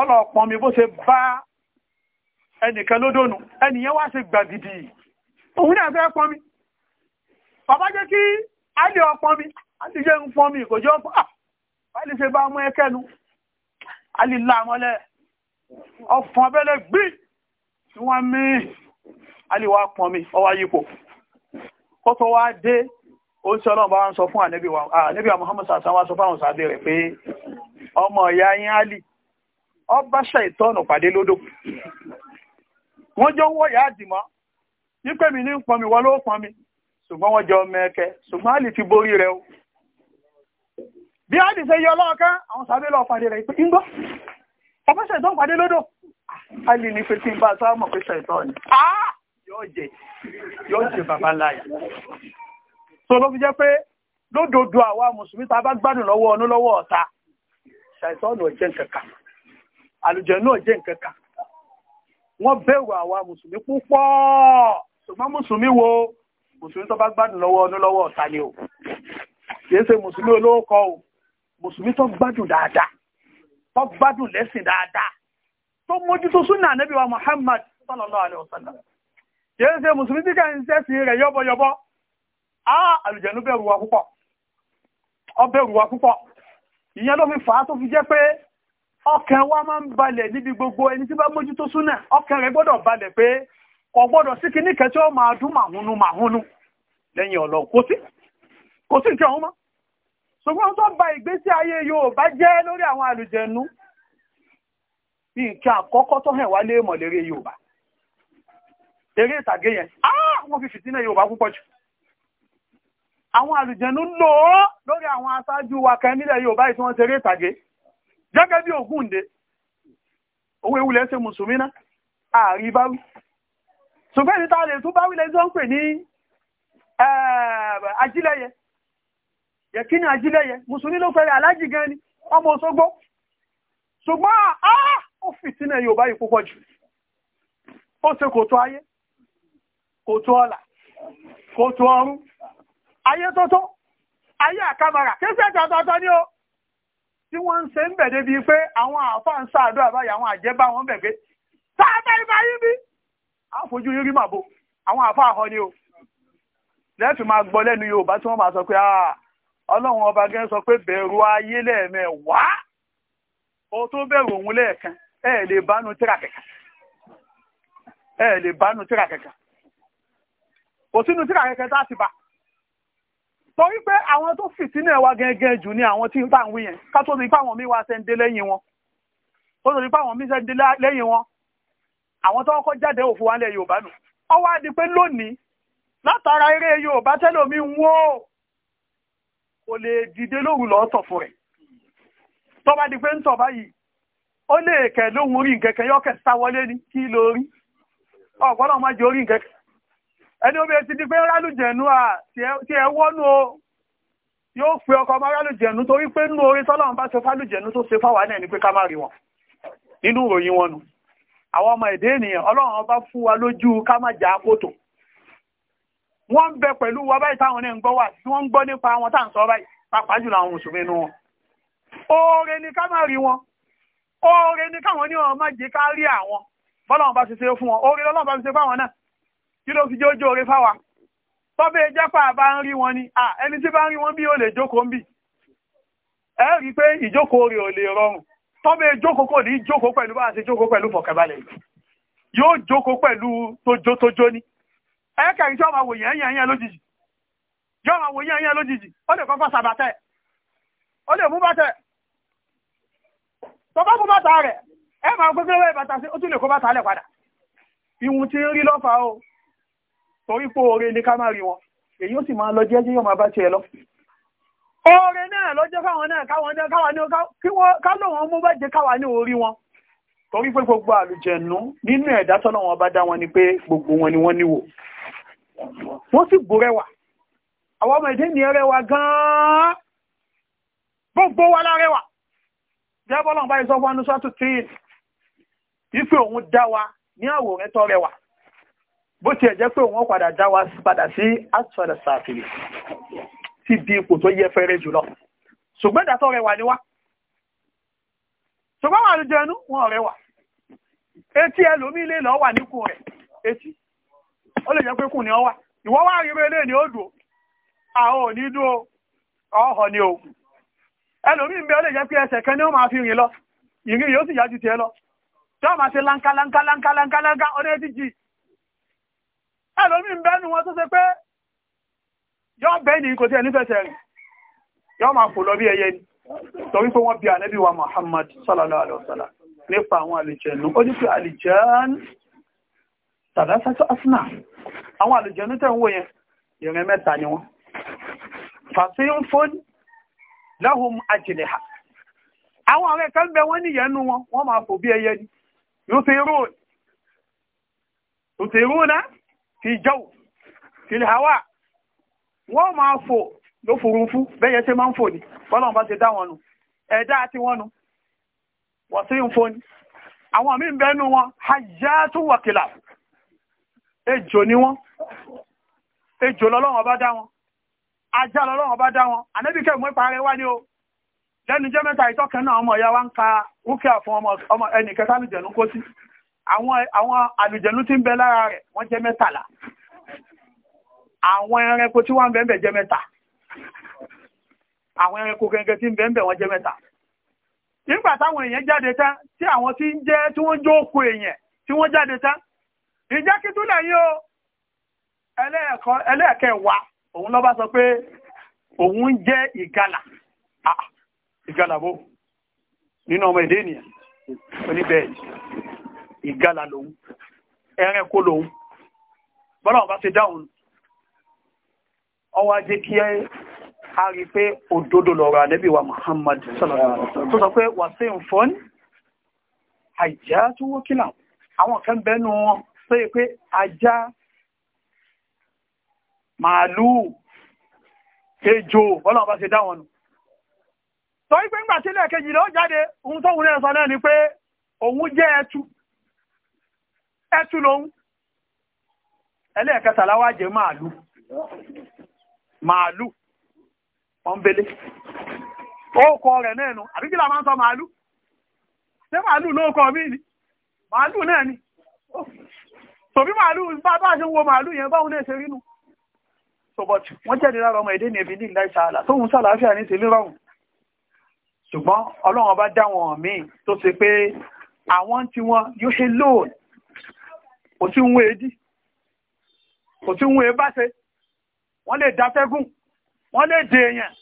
Speaker 1: ọlọ́pọ̀n mi bó ṣe bá ẹnìkan lódónù ẹnìyẹn wá ṣe gbàgìdì òun náà fẹ́ pọ́n mi bàbá jẹ́ kí alẹ́ ọpọ́n mi alẹ́ jẹ́ ń pọ́n mi kò jẹ́ ọpọ́n alẹ́ ah, ṣe bá mú ẹkẹ́nu alẹ́ lámọ́lẹ̀ ọfọ́n abẹ́lẹ̀ gbí tí wọ́n mí alẹ́ wá pọ́n mi ọwá yípo kó tó wá dé ó ń sọ́lọ́ bá ń sọ fún ànẹ́bíwà Muhammad sàtàwà sọ fáwọn sàbẹ̀ rẹ̀ pé ọmọ ìyá yín alì ọba ṣàìtọ́nù pàdé lódò wọ́n jọ wọ́ ìyá àdìmọ́ wípé mi ní ń pọnmi wọ́n ló pọnmi ṣùgbọ́n wọ́n jọ mẹ́ẹ̀kẹ́ ṣùgbọ́n àlì ti borí rẹ̀ o bí a dìse yọ lọ́ọ̀kẹ́ àwọn sàbẹ̀ lọ pàdé rẹ̀ pé ń gbọ́ ọba ṣàìtọ́nù pàdé lódò àlì ní pé tí ń bá a sáà mọ̀ pé ṣàìtọ́nù yóò jẹ yóò jẹ bàbá láyà so ló fi jẹ́ pé lódodo àwa mùsùlùmí ta bá gbádùn lọ́wọ́ ọ̀nú lọ́wọ́ ọ̀tá ṣàìtọ́nù àlùjọ náà jẹ́ nǹkan kan wọ́n bẹ̀rù àwa mùsùlùmí púpọ̀ ṣùgbọ́n mùsùlùmí wo mùsùlùmí tó bá gbádùn lọ́wọ́ ọdún lọ́wọ́ ọ̀tá ni o kìí ṣe mùsùlùmí olówó o mùsùlùmí tó gbádùn dáadáa tó gbádùn lẹ́sìn dáadáa tó mójútó súnà ànábì wa Muhammad sallallahu alaihi wasallam kìí ṣe mùsùlùmí tí kàn ń sẹ́sìn rẹ̀ yọ́bọ̀yọ́bọ̀ á àlùjẹ̀nu bẹ̀rù wa púpọ̀ ọ bẹ̀rù ọkàn wa máa ń balẹ̀ níbi gbogbo ẹni tí bá mójútó súnà ọkàn rẹ̀ gbọ́dọ̀ balẹ̀ pé kò gbọ́dọ̀ sí kíní kẹtí ó máa dún màhúnú màhúnú lẹ́yìn ọlọ́run kò sí kò sí nǹkan ọmọ ṣùgbọ́n tó ba ìgbésí ayé Yorùbá jẹ́ lórí àwọn àlùjẹ̀nu bí nǹkan àkọ́kọ́ tó hẹ̀ wá lé mọ̀ lérí Yorùbá eré ìtàgé yẹn ah! wọ́n fi fìtínà Yorùbá púpọ̀ jù àwọn àlùjẹ̀nu lò lórí àwọn aṣáájú wa kan nílẹ̀ Yorùbá tí wọ́n ṣeré ìtàgé gẹ́gẹ́ bí Ògúndé owó ewúlẹ̀ ṣe mùsùlùmí ná ààrí báwí ṣùgbọ́n ní tààlẹ̀ tó báwí lẹ́jọ́ ń pè ní eh, ajílẹ̀yẹ yẹ̀kí ní ajílẹ̀yẹ mùsùlùmí ló fẹ́rẹ̀ alájì gan ni ọmọ Òṣogbo ṣùgbọ́n àá ah, ó fi sínú Yorùbá yìí púpọ̀ jù ó ṣe kò tó ayé kò tó ọlà kò tó ọrún ayé tó tó ayé àkàmàrà kí tí wọ́n ń ṣe ń bẹ̀ débi pé àwọn àáfàá ń sáàdó àbáyé àwọn àjẹ́ bá wọn bẹ̀ pé sáàbà ìbáyé bí àfojú yín rí bò àwọn àáfàá họ ni o lẹ́ẹ̀fì máa gbọ́ lẹ́nu Yorùbá tí wọ́n máa sọ pé Ọlọ́run ọba sọ pé bẹ̀rù ayé lẹ́ẹ̀mẹ́wàá o tó bẹ̀rù òun lẹ́ẹ̀kan ẹ̀ lè bánu ẹ̀ lè bánu kò sínú tá a ti torí pé àwọn tó fìtínà wa gẹ́gẹ́ jù ní àwọn tí ń tà ń wí yẹn ká tó ní fáwọn míì wá lẹ́yìn wọn ó tó ní fáwọn míì sẹ́ńdé lẹ́yìn wọn àwọn tó kọ́ jáde òfin wa lẹ̀ Yorùbá nù ọ wá di pé lónìí látara eré Yorùbá tẹ́lómi ń wó kò lè dìde lóru lọ́ọ́ tọ̀ fún rẹ̀ tó bá di pé ń tọ̀ báyìí ó lè kẹ̀ lóhun orí nkẹ̀kẹ́ yọ́kẹ̀ sáwọlé ní kí lórí ọ̀gbọ́dọ̀ má jẹ́ orí nkẹ̀kẹ́ ẹni omi ti di pé rálùjẹ̀nú à tí ẹ wọ́nú o yóò fi ọkọ̀ ọmọ rálùjẹ̀nú torí pé nínú orí tọ́lọ́run bá ṣe fálùjẹ̀nú tó ṣe fáwa náà ni pé ká má rí wọn nínú ìròyìn wọn nù àwọn ọmọ èdè ènìyàn ọlọ́run ọba fún wa lójú ká má jà kótó wọ́n ń bẹ pẹ̀lú wa báyìí táwọn náà ń gbọ́ wà tí wọ́n ń gbọ́ nípa wọn tá à ń sọ báyìí pàápàá jùlọ àwọn mùsùlùmí inú wọn oore ni ká má rí wọn oore ni káwọn ní ọmọ jẹ ká rí àwọn bọ́lọ́run bá ṣe ṣe fún wọn oore lọ́lọ́run bá ṣe fáwọn náà kí ló fi jójó orí fáwa tọ́bẹ̀ jápa bá ń rí wọn ni ẹni tí bá ń rí wọn bí ó lè jókòó ń bì ẹ rí pé ìjókòó rẹ̀ ò lè rọrùn tọ́bẹ̀ jókòó kò ní jókòó pẹ̀lú bá a ṣe jókòó pẹ̀lú fọ̀kàbalẹ̀ yóò jókòó pẹ̀lú tójó tójó ni ẹ kẹrin tí ọmọ wò yẹn yẹn yẹn lójijì yóò máa wò yẹn yẹn lójijì ó lè kọ́kọ́ sàbàtẹ̀ ó lè mú bàtẹ̀ tọ́ bá mú bàtà rẹ̀ ẹ máa gbégbé bàtà sí ó tún lè kó bàtà lẹ̀ padà ìwùn ti ń rí lọ́fà o torí pé oore ní ká má rí wọn èyí ó sì máa lọ jẹ́jẹ́ yóò máa bá tiẹ̀ lọ oore náà lọ́jọ́ káwọn náà káwọn náà káwọn ní ká lò wọn mú bá jẹ káwa ní orí wọn torí pé gbogbo àlùjẹ̀nú nínú ẹ̀dá tọ́nà wọn bá dá wọn ni pé gbogbo wọn ni wọ́n níwò wọ́n sì gbòrẹ́wà àwọn ọmọ ìdí nìyẹn rẹwà gan-an gbogbo wa lárẹwà jẹ́bọ́lọ̀ báyìí sọ fún anúṣọ́tù tí ìfẹ́ òun dá wa ní àwòrán tó rẹwà bó tiẹ̀ jẹ́ pé wọ́n padà dá wa padà sí asfada sàfìlì ti di ipò tó yẹ fẹ́rẹ́ jùlọ ṣùgbọ́n ìdàtọ̀ rẹwà ni wá ṣùgbọ́n ma ló ẹnu wọn rẹwà etí ẹlòmí lè lọ wà níkùn rẹ̀ etí ó lè jẹ́ pé ni ọ wà ìwọ́ wá? rí ó dùn àwọn ò ní ni o ó lè jẹ́ pé ẹsẹ̀ kan fi rìn lọ ìrìn yóò sì lọ tí wọ́n máa ṣe láńkà láńkà láńkà láńkà ẹlòmí ń bẹ́nu wọn tó ṣe pé yọ́ bẹ́ ní kò tí ẹni fẹ́sẹ̀ rìn yọ́ máa fò lọ bí ẹyẹ ni torí pé wọ́n bí ànábì wa Muhammad sallallahu alaihi wasallam nípa àwọn àlùjànnú ó ní pé àlùjànnú tàdásátọ́ asínà àwọn àlùjànnú tẹ́ ń wò yẹn ìrìn mẹ́ta ni wọ́n fàṣíyún fún lahum ajliha àwọn ọ̀rẹ́ kan bẹ wọ́n níyẹnu wọn wọ́n máa fò bí ẹyẹ ni yóò ti rú náà fi jọ́wù fi hàwà wọ́n máa fò ló fòrúfú bẹ́yẹ tí máa ń fò ní bọ́lọ̀n bá ti wọn nù ẹ̀dá si wọn nù wọ́n sí ń àwọn ni won ejo lọlọrun ọba da wọn ajá ọba da wọn ànẹ́bíkẹ́ mú ipa rẹ o lẹ́nu jẹ́ mẹ́ta ọmọ wa ń fún ọmọ ẹnì kẹta àwọn àlùjẹ̀nú tí ń bẹ lára rẹ̀ wọ́n jẹ́ mẹ́tàlá àwọn ẹranko tí wọ́n bẹ̀ẹ̀ jẹ́ mẹ́ta àwọn ẹranko kẹ̀kẹ́ tí ń bẹ̀ẹ̀ wọ́n jẹ́ mẹ́ta nígbà táwọn èèyàn jáde tán tí àwọn tí ń jẹ́ tí wọ́n jókòó èèyàn tí wọ́n jáde tán ìjẹ́ kí túnlẹ̀ yìí o ẹlẹ́ẹ̀kẹwàá òun ló sọ pé òun jẹ́ ìgalà ah, ìgalà bó nínú ọmọ èdè ènìyàn
Speaker 2: oníbẹ̀ẹ́
Speaker 1: ìgálà lòun ẹranko lòun bọ́lọ̀wọ̀n bá ti dáhùn ọwá jẹ́ kí a rí pé òdodo lọ̀rọ̀ ànábì wa Muhammad tó sọ pé wà sí ìfọ́n àjá tó wó kílà àwọn kan bẹ́nu wọn tó yẹ pé ajá màálù ejò bọ́lọ̀wọ̀n bá ti dáhùn tó ipé ń gbà sílẹ̀ kejì lọ jáde ohun tó wùn náà náà ni pé òun jẹ́ ẹtu ẹtù lòun ẹlẹ́ẹ̀kẹtàlá wá jẹ màálù màálù pọ́nbélé ókọ rẹ̀ náà nù àbíkí la máa ń sọ màálù ṣé màálù ló kọ mí ni màálù náà ni tòbí màálù bá bá ṣe wo màálù yẹn báwọn náà ṣe rínú sọ̀bọ̀tì wọ́n jẹ́ nílára ọmọ èdè ní ẹbí ní ìlàìsà àlà tó ń sàlàáfíà ní ti lérọ̀rùn ṣùgbọ́n ọlọ́run bá dá míì tó ṣe pé àwọn tí wọn yóò ṣe lóòrùn kò sí ń wé dí kò sí ń wé báṣe wọ́n lè dáfẹ́gùn wọ́n lè dè èèyàn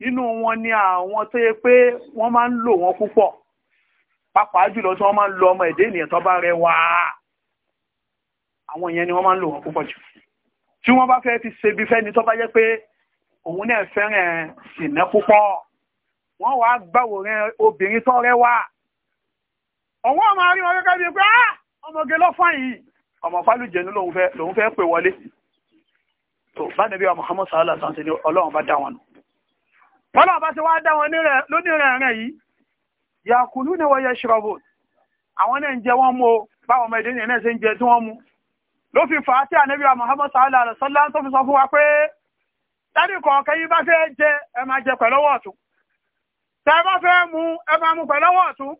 Speaker 1: nínú wọn ni àwọn tó yẹ pé wọ́n máa ń lò wọ́n púpọ̀ pàápàá jùlọ tí wọ́n máa ń lo ọmọ èdè ènìyàn tó bá rẹwà àwọn ìyẹn ni wọ́n máa ń lò wọ́n púpọ̀ jù tí wọ́n bá fẹ́ fi ṣebi fẹ́ni tó bá jẹ́ pé òun náà fẹ́ràn ṣìnà púpọ̀ wọ́n wàá gbàwòrán obìnrin tó rẹwà ọ̀wọ́n máa rí wọn gẹ́gẹ́ bíi pé áà ah! ọmọge lọ́fà yìí ọmọ fálùjẹ̀nu lòun fẹ́ pè wọlé tó bá nẹ́bí wa Muhammad sallallahu alaihi wasallam ọlọ́run bá dá wọn nù ọlọ́run bá ti wá dá wọn lónìrẹ̀ẹ́rẹ̀ yìí yàkùlú ni wọ́n yẹ ṣírọ́bù àwọn náà ń jẹ wọ́n mú o báwọn ọmọ ìdíyàn náà ṣe ń jẹ tí wọ́n mú ló fi fà á tí ànẹ́bí wa Muhammad sallallahu alaihi wasallam tó fi sọ fún wa pé tẹ́lì kọ̀ọ̀kan yí bá fẹ́ jẹ ẹ máa jẹ pẹ̀lọ́wọ́ ọ̀tún tẹ́ bá fẹ́ mú ẹ máa mú pẹ̀lọ́wọ́ ọ̀tún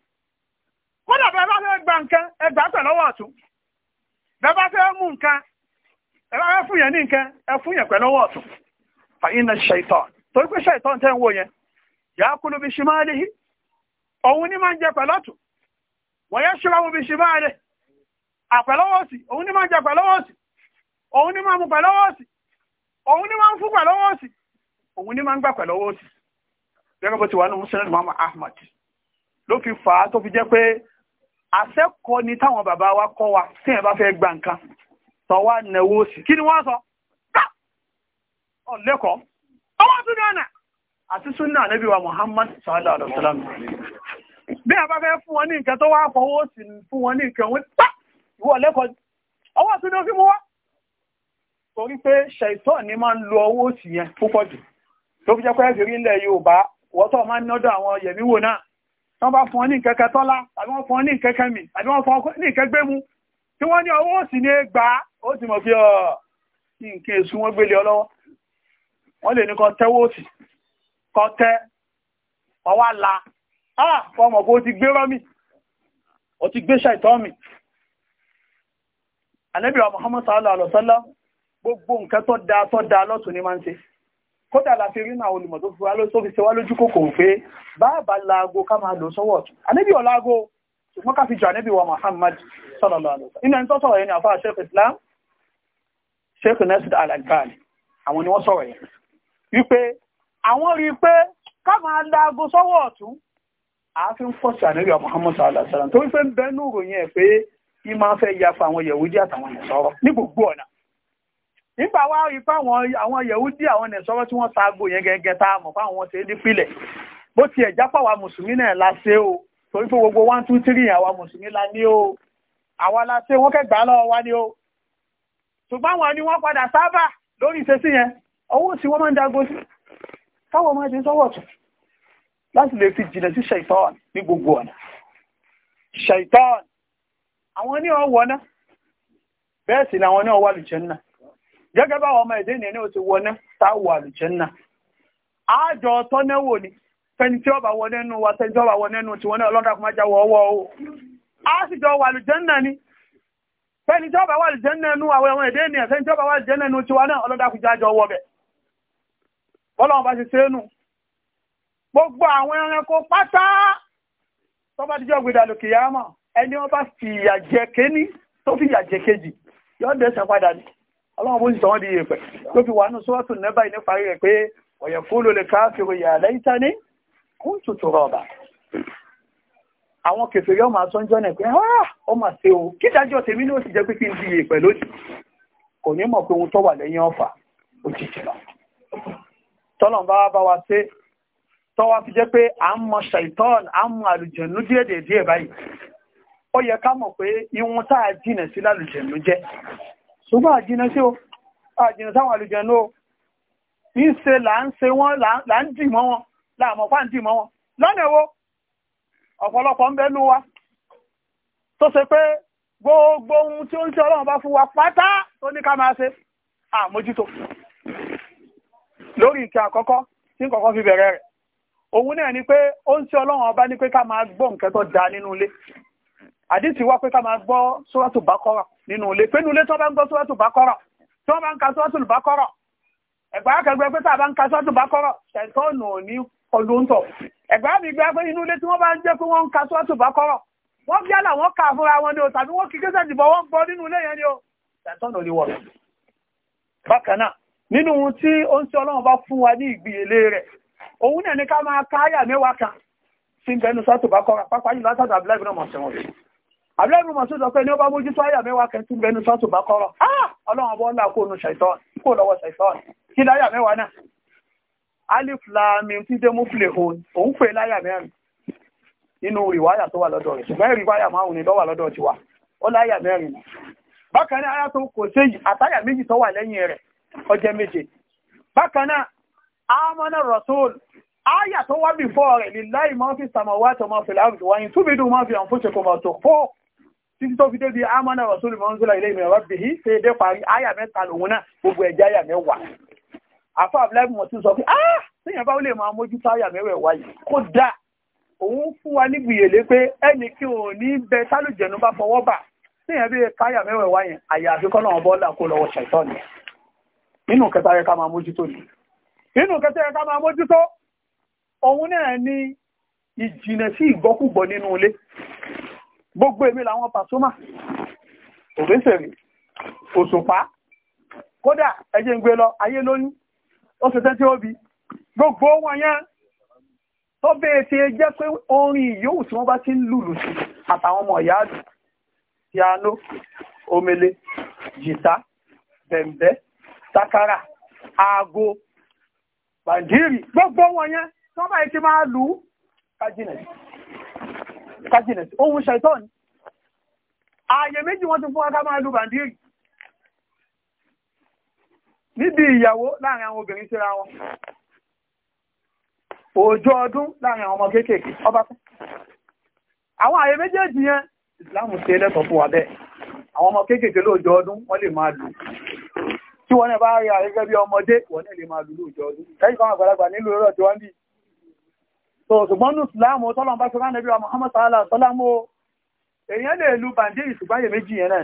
Speaker 1: kódà bẹ́ẹ̀ bá fẹ́ gba nǹkan ẹ gbà pẹ̀ lọ́wọ́ ọ̀tún bẹ́ẹ̀ bá fẹ́ mú nǹkan ẹ bá fẹ́ fún yẹn ní nǹkan ẹ fún yẹn pẹ̀ lọ́wọ́ ọ̀tún fa inna shaitan torí pé shaitan tẹ́ ń wò yẹn yakulu bi shimalihi òun ní máa ń jẹ pẹ̀lọ́tù wọ̀nyẹ́ ṣíwáwó bí shimalihi àpẹ̀lọ́wọ́sì òun ní máa ń jẹ pẹ̀lọ́wọ́sì òun ní máa ń mú pẹ̀lọ́wọ́sì òun ní máa ń fún pẹ̀lọ́wọ́sì òun ní máa ń gbà pẹ̀lọ́wọ́sì gẹ́gẹ́ bó ti wà ní Muslim Muhammad Ahmad ló fi fà á tó fi jẹ́ pé àṣẹ́kọ́ ni táwọn bàbá wa kọ́ wa tí ẹ̀ bá fẹ́ gba nǹkan tọ́wà nẹ̀wó sí kí ni wọ́n sọ ọ̀lẹ́kọ̀ọ́ ọwọ́ tún náà àti súnà ànábì wa Muhammad
Speaker 2: sallallahu alaihi sallam
Speaker 1: bí a bá fẹ́ fún wọn ní nǹkan tó wá fọwọ́ sí fún wọn ní nǹkan wọn pá ìwọ lẹ́kọ̀ọ́ ọwọ́ tún náà fi mú wá torí pé ṣàìtọ́ ni máa ń lo ọwọ́ sí yẹn púpọ̀ jù tó fi jẹ́ pé ẹ̀fì rí ilẹ̀ Yorùbá wọ́tọ̀ máa ń tán bá fún ọ ní kẹ̀kẹ́ tọ́lá àbí wọ́n fún ọ ní kẹ̀kẹ́ mi àbí wọ́n fún ọ ní kẹgbẹ́ mu tí wọ́n ní ọwọ́ òsì ní gbà ó sì mọ̀ pé ọ nǹkan èṣù wọn gbélé ọlọ́wọ́ wọ́n lè ní kan tẹ́wọ́ òsì kan tẹ́ ọwá la ah fọmọ̀ pé ó ti gbé rọ́mì ó ti gbé ṣàìtọ́ mi ànábì wa sallallahu alaihi wasallam gbogbo nǹkan tó dáa tó dáa lọ́tún ní máa ń ṣe kódà la fi rí náà olùmọ̀ tó fi wá ló tóbi ṣe wá lójú kòkòrò pé báàbà laago ká máa lò sọ́wọ́ ọ̀tún ànábì ọ̀laago ṣùgbọ́n ká fi jọ ànábì wa Muhammad sallallahu Islam sheikh Nasir al-Albani àwọn ni wọ́n sọ̀rọ̀ yẹn wípé àwọn rí i pé ká máa laago sọ́wọ́ ọ̀tún àáfin fọ́sì ànábì wa Muhammad sallallahu alaihi wasallam tó wípé nígbà wá ipá àwọn yẹ̀wúdí àwọn nẹ̀sọ́rọ́ tí wọ́n ta ago yẹn gẹ́gẹ́ tá a mọ̀ fáwọn wọn ṣe é dípìlẹ̀ bó tiẹ̀ jápọ̀ àwa mùsùlùmí náà la ṣe o torí pé gbogbo one two three àwa mùsùlùmí la ní o àwa la ṣe wọ́n kẹ́gbàá lọ́wọ́ wá ní o ṣùgbọ́n àwọn ni wọ́n padà sábà lórí ìṣesí yẹn owó tí wọ́n máa ń dago sí káwọ̀ máa jẹ sọ́wọ́ tún láti lè fi jìnà sí ṣaitan ní gbogbo ọ̀nà ṣaitan àwọn ní ọwọ́ náà bẹ́ẹ̀ sì ni àwọn ní ọwọ́ àlùjẹ́ náà gẹ́gẹ́ bá ọmọ ẹ̀dẹ́ ní ẹni ò ti wọná táwọ̀ àlùjẹ́nà àjọ tọ́nẹ́wò ni fẹni tí ó bá wọná nínú wa tẹni tí ó bá wọná nínú tí wọ́n náà lọ́dà kún májá wọ́wọ́ o a wà àlùjẹ́nà ni fẹni tí ó bá wà àlùjẹ́nà nínú àwọn ọmọ ẹ̀dẹ́ ní ẹ̀fẹni tí ó bá wà àlùjẹ́nà nínú tiwa náà ọlọ́dà kún jájọ wọ bẹ̀ bọ́lá wọn bá ti sẹ́nu gbogbo àwọn ẹranko pátá tó bá dijọ́ gbèdàlùkì yàrá mọ̀ ẹni wọn bá fìyà jẹ kéní tó fìyà jẹ kejì yóò dẹ́sẹ̀ padà ni ọlọ́run bó sì sọ wọ́n di yèèpẹ̀ ló fi wà nù sọ́ọ̀tù nẹ́bà yìí nípa rẹ̀ pé ọ̀yẹ̀ kú ló lè káfíìrò yà lẹ́yìntà ní kún tuntun rọ̀bà àwọn kèfèrí ọmọ asọ́njọ́ ah, kò ní mọ̀ pé ohun tó wà lẹ́yìn ọ̀fà òjijì lọ tọ́lọ̀n bá wa ṣe tọ́wá fi jẹ́ pé à ń mọ ṣàìtọ́n à ń mọ àlùjẹ̀nú díẹ̀díẹ̀ báyìí ó yẹ ká mọ̀ pé ìwọ̀n tá a jìnà sí lálùjẹ̀nú jẹ́ ṣùgbọ́n àjìnà sí o àjìnà sáwọn àlùjẹ̀nú o ní ṣe là ń ṣe wọ́n là ń dì mọ́ wọn láàmọ̀ fà ń dì mọ́ wọn lọ́nà wo ọ̀pọ̀lọpọ̀ ń bẹ́nu wa tó ṣe pé gbogbo ohun tí ó ń ṣe ọlọ́run bá fún wa pátá tó ní ká máa ṣe àmójútó lórí ìkẹ́ àkọ́kọ́ tí kọ̀kọ́ fi bẹ̀rẹ̀ rẹ̀ òun náà ni pé ó ń ṣe ọlọ́run ọba ní pé ká máa gbọ́ nǹkan tó da nínú ilé àdìsí wá pé ká máa gbọ́ sóràtù bákọ́rà nínú ilé pé nulẹ̀ tó bá ń gbọ́ sọ́ọ̀tù bá kọ́rọ̀ tó bá ń ka sọ́ọ̀tù bá kọ́rọ̀ ẹ̀gbá kẹgbẹ́ pé sábà ń ka sọ́ọ̀tù bá kọ́rọ̀ ṣẹ̀tọ́ọ̀nù ò ní ọdún tọ̀ ẹ̀gbá mi gbé pé inú ilé tí wọ́n bá ń jẹ́ pé wọ́n ń ka sọ́ọ̀tù bá kọ́rọ̀ wọ́n bí àlà wọ́n kà fúnra wọn ni o tàbí wọ́n kí kéṣẹ́ dìbò wọ́n gbọ́ nínú ilé yẹn ni o ṣẹ̀tọ́ọ̀nù ò ní wọ̀ bákan náà nínú ohun tí ó ń ṣe ọlọ́run bá fún wa ní ìgbìyèlé rẹ̀ òun náà ni ká máa káyà mẹ́wàá kan sí ìbẹnusọ́tò bá kọ́ra pápá yìí látàdà abúlé ìbínú ọmọ ṣẹ̀wọ̀n rẹ̀ àbúrẹ́bù mọ̀sí sọ pé ní ó bá mójútó àyà mẹ́wàá kẹtù bẹnu sọ́tù bá kọ́rọ̀ ọlọ́run bọ́ ńlá kóònù ṣàìtọ́n kó lọ́wọ́ ṣàìtọ́n kí láyà mẹ́wàá náà alif tí dé múfìlè òun òun pè láyà mẹ́rin nínú ìwáyà tó wà lọ́dọ̀ rẹ̀ ṣùgbọ́n ìrìwáyà márùn-ún ni lọ́wà lọ́dọ̀ tiwa ó láyà mẹ́rin nà bákan náà aya tó kò séyìí àtàyà méjì tó wà lẹ́yìn rẹ̀ ó jẹ́ méje bákan náà amọ́nà rasul aya tó wá bìfọ́ rẹ̀ lillahi ma fi samawati wa ma fil ardi wa in tubidu ma fi anfusikum aw tukhfuhu títí tó fi débi amánà rasúlù mọ́nsúlà ilé ìmìnira bìí ṣe dé parí àyà mẹ́ta lòun náà gbogbo ẹ̀jẹ̀ àyà mẹ́wàá àfa abdullahi mo ti sọ pé ah sèyàn báwo lè máa mójútó àyà mẹ́wàá wáyé kó dà òun fún wa nígbìyèlé pé ẹnì kí òun ní bẹ sálùjẹ̀nu bá fọwọ́ bà sèyàn bí káyà mẹ́wàá wáyé àyà àfikọ́ náà bọ́ọ̀lá kó lọ́wọ́ ṣàìtọ́ ni nínú kẹta sí ìgbọ́kúgbọ́ nínú ilé gbogbo èmi làwọn pàṣọ́mà òfésèrè òṣùpá kódà ẹjẹ́ ń gbé lọ ayé lóní ó ṣe tẹ́tí ó bi gbogbo wọn yẹn tó bẹ́ẹ̀ ṣe jẹ́ pé orin yòówù tí wọ́n bá ti ń lùlù sí àtàwọn ọmọ ìyá àdù piano omele jìtá bẹ̀m̀bẹ́ takara aago bàndírì gbogbo wọn yẹn tó bá yẹ ti máa lù ú kájínà kájìnà sí ohun ṣàìtọ́n ààyè méjì wọ́n ti fún aká máa lù bàndírì níbi ìyàwó láàrin àwọn obìnrin síra wọn òjò ọdún láàrin àwọn ọmọ kéékèèké ọba fún àwọn ààyè méjèèjì yẹn ìsìláàmù ṣe lẹ́tọ̀ọ́ fún wa bẹ́ẹ̀ àwọn ọmọ kéékèèké lóòjọ ọdún wọ́n lè máa lù tí wọ́n náà bá rí àrẹ́gẹ́ bí ọmọdé wọ́n lè máa lù lóòjọ ọdún lẹ́yìn kan àgbàlagbà nílùú ọ̀rọ̀ tí wọ́n ń ṣùgbọ́n ní ìsìláàmù tọ́lọ̀n bá ṣọ́rọ̀ nẹ́bí Muhammad sàálà tọ́lámù èèyàn lè lu bàndé ìṣùgbáyè méjì yẹn náà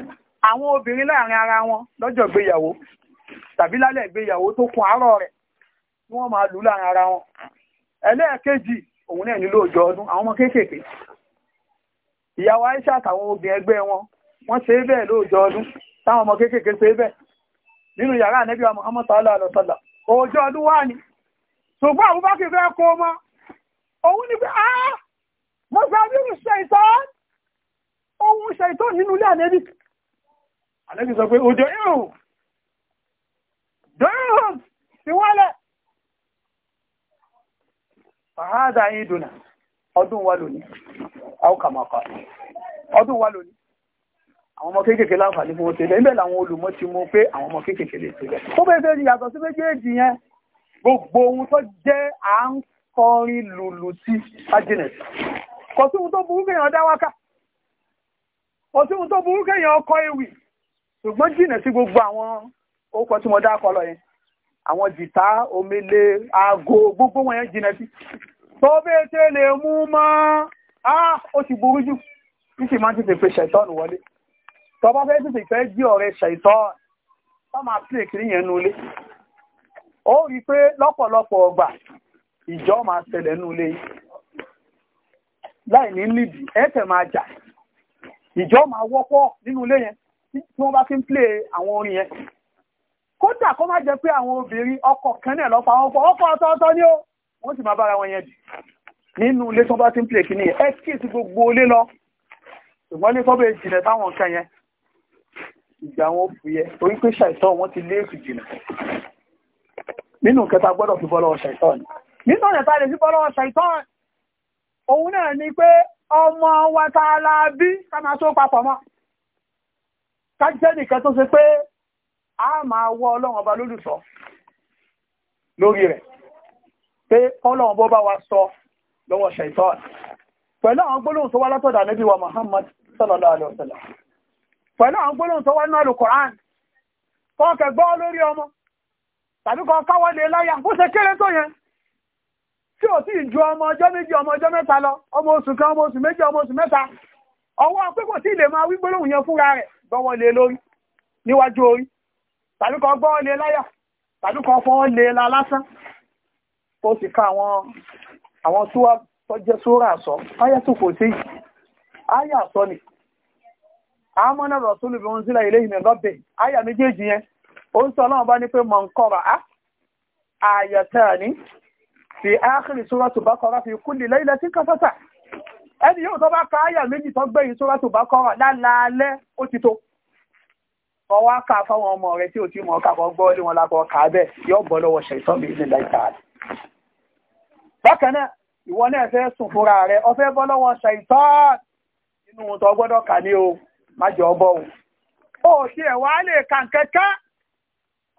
Speaker 1: àwọn obìnrin láàrin ara wọn lọ́jọ́ tàbí lálẹ́ tó kún àárọ̀ rẹ̀ tí wọ́n máa lù láàrin ara wọn ẹlẹ́ẹ̀kejì òun náà nílò òjò ọdún àwọn ọmọ kéékèèké ìyàwó Aisha àtàwọn obìnrin ẹgbẹ́ wọn wọ́n ṣe bẹ́ẹ̀ lóòjọ òun ni pé á ah, mọ́sàbíru ṣẹ̀tàn ohun ṣẹ̀tàn nínú ilé ànẹ́bí ànẹ́bí sọ pé òjò ìrùn dọ́rùn sí wọ́lẹ̀ fàhádà yìí dùnà ọdún wa lónìí àwọkàmàkà ọdún wa lónìí àwọn ọmọ kéékèèké láǹfààní fún oṣèlè ń bẹ̀ làwọn olùmọ̀ ti mú pé àwọn ọmọ kéékèèké lè ṣe bẹ́ẹ̀. ó bẹ́ẹ̀ fẹ́ yàtọ̀ sí méjèèjì yẹn gbogbo ohun tó jẹ́ à ń kọrin lòlò sí ajínẹ̀sì kò sí ohun tó burú kéèyàn dá wákà kò sí ohun tó burú kéèyàn ọkọ ewì ṣùgbọ́n jìnà sí gbogbo àwọn orúkọ tí mo dá kọ lọ yẹn àwọn jìtá omele aago gbogbo wọn yẹn jìnà sí tó bẹ́ẹ̀ tẹ́ lè mú mọ́ á ó ti burú jù ní sì máa ń tètè pe ṣàìtọ́ọ̀nù wọlé tó bá fẹ́ tètè fẹ́ jí ọ̀rẹ́ ṣàìtọ́ọ̀nù wọ́n máa kiri yẹn nulẹ̀ ó rí i pé lọ́pọ̀lọpọ̀ ọgbà ìjọ máa ṣẹlẹ̀ nínú ilé láì ní nídìí ẹ̀ẹ́tẹ̀ máa jà ìjọ máa wọ́pọ̀ nínú ilé yẹn tí wọ́n bá fi ń plé àwọn orin yẹn kódà kó má jẹ́ pé àwọn obìnrin ọkọ kan náà lọ́pàá wọn fọ ọkọ ọ̀tọ̀ọ̀tọ̀ ni ó wọ́n sì máa bára wọn yẹn dì nínú ilé tó bá ti ń plé kìíní yẹn ẹ kíyèsí gbogbo ilé lọ ṣùgbọ́n ilé tó bẹ táwọn nǹkan yẹn ìgbà wọn fi yẹ orí pé ṣàìtọ́ wọn ti lé èkìtì nínú kẹta gbọ́dọ̀ fi bọ́ lọ́wọ́ ṣàìtọ́ ni nínú ọ̀nà tàà lè sí bọ́lọ́wọ́ ṣàìtàn òun náà ọmọ wa tàà láàbí ká máa tó papọ̀ mọ́ a máa wọ ọlọ́run ọba lólùsọ lórí rẹ̀ pé bá wa sọ lọ́wọ́ ṣàìtàn pẹ̀lú àwọn gbólóhùn tó wá látọ̀dà níbi wa Muhammad sallallahu tí ò tí ju ọmọ ọjọ́ méjì ọmọ ọjọ́ mẹ́ta lọ ọmọ oṣù kan ọmọ oṣù méjì ọmọ oṣù mẹ́ta ọwọ́ pé kò tí lè máa wí gbólóhùn yẹn fúnra rẹ̀ gbọ́wọ́ lé lórí níwájú orí tàbí kan gbọ́ lé láyà tàbí kan fọ́ lé la lásán tó sì ka àwọn àwọn súwá tó jẹ́ súra àsọ áyà tó kò sí áyà àsọ ni àmọ́nà rọ̀súlù bí wọ́n sílẹ̀ ilé ìmẹ̀ lọ́bẹ̀ áyà méjèèjì yẹn ó ń sọ ọlọ́run bá ní pé mọ̀ ń kọ́ra á àyàtà ní fi áàkìrì sóràtù bákọ́rà fi kúlì lẹ́yìnlẹ́ tí kan sọ́tà ẹni yóò tó bá ka áyà méjì tó gbẹ̀yìn sóràtù bákọ́rà lálaalẹ́ ó ti tó ọwọ́ ká fáwọn ọmọ rẹ̀ tí ò tí mọ̀ ká kọ́ gbọ́ lé wọn lákọ̀ ká bẹ́ẹ̀ yóò bọ́ lọ́wọ́ ṣẹ̀tọ́ mi ní láìka rẹ̀ bákan náà ìwọ náà fẹ́ sùn fúnra rẹ̀ ọ bọ́ lọ́wọ́ ṣẹ̀tọ́ nínú tó gbọ́dọ̀ kà ní o má jẹ́ ọ bọ́ o ò ṣe ẹ̀wà lè kà kẹ́kẹ́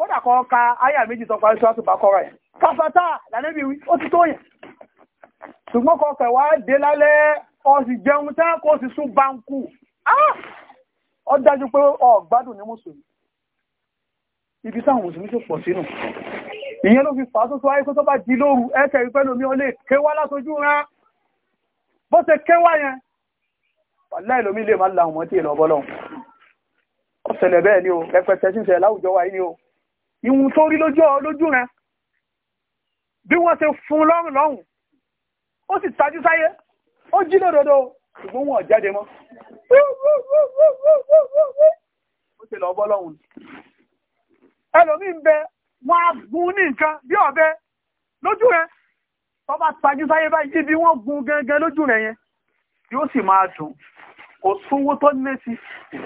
Speaker 1: kódà kan ka àyà méjì tó parí sọ́tù bá kọ́ra ẹ̀ káfátà lànàbí ó ti tó yẹn ṣùgbọ́n kọ fẹ̀ wá dé lálẹ́ ó sì jẹun tán kó sì sún báńkù ó dájú pé ó gbádùn ní mùsùlùmí ibi táwọn mùsùlùmí sì pọ̀ sínú ìyẹn ló fi fà á tó tó ayé tó tó bá di lóru ẹ̀kẹ́ ìpẹ́ lómi ó lè kéwá látojú rán bó ṣe kéwá yẹn láì lómi lè má la ọmọ tí ì lọ bọ́lọ́ ọ̀sẹ̀lẹ̀ bẹ́ẹ̀ ni o rẹpẹtẹ síṣẹ́ láwùjọ wa ni o ìhun tó rí lójú ọ lójú rẹ bí wọ́n ṣe fún lọ́rùn lọ́rùn ó sì tajú sáyé ó jí lódodo ṣùgbọ́n wọn jáde mọ́ ó ṣe lọ bọ́ lọ́rùn ẹlòmí ń bẹ wọn á gun ní nǹkan bí ọ̀bẹ lójú rẹ tó bá tajú sáyé báyìí ibi wọ́n gun gangan lójú rẹ yẹn yóò sì máa dùn kò súnwó tó ní sí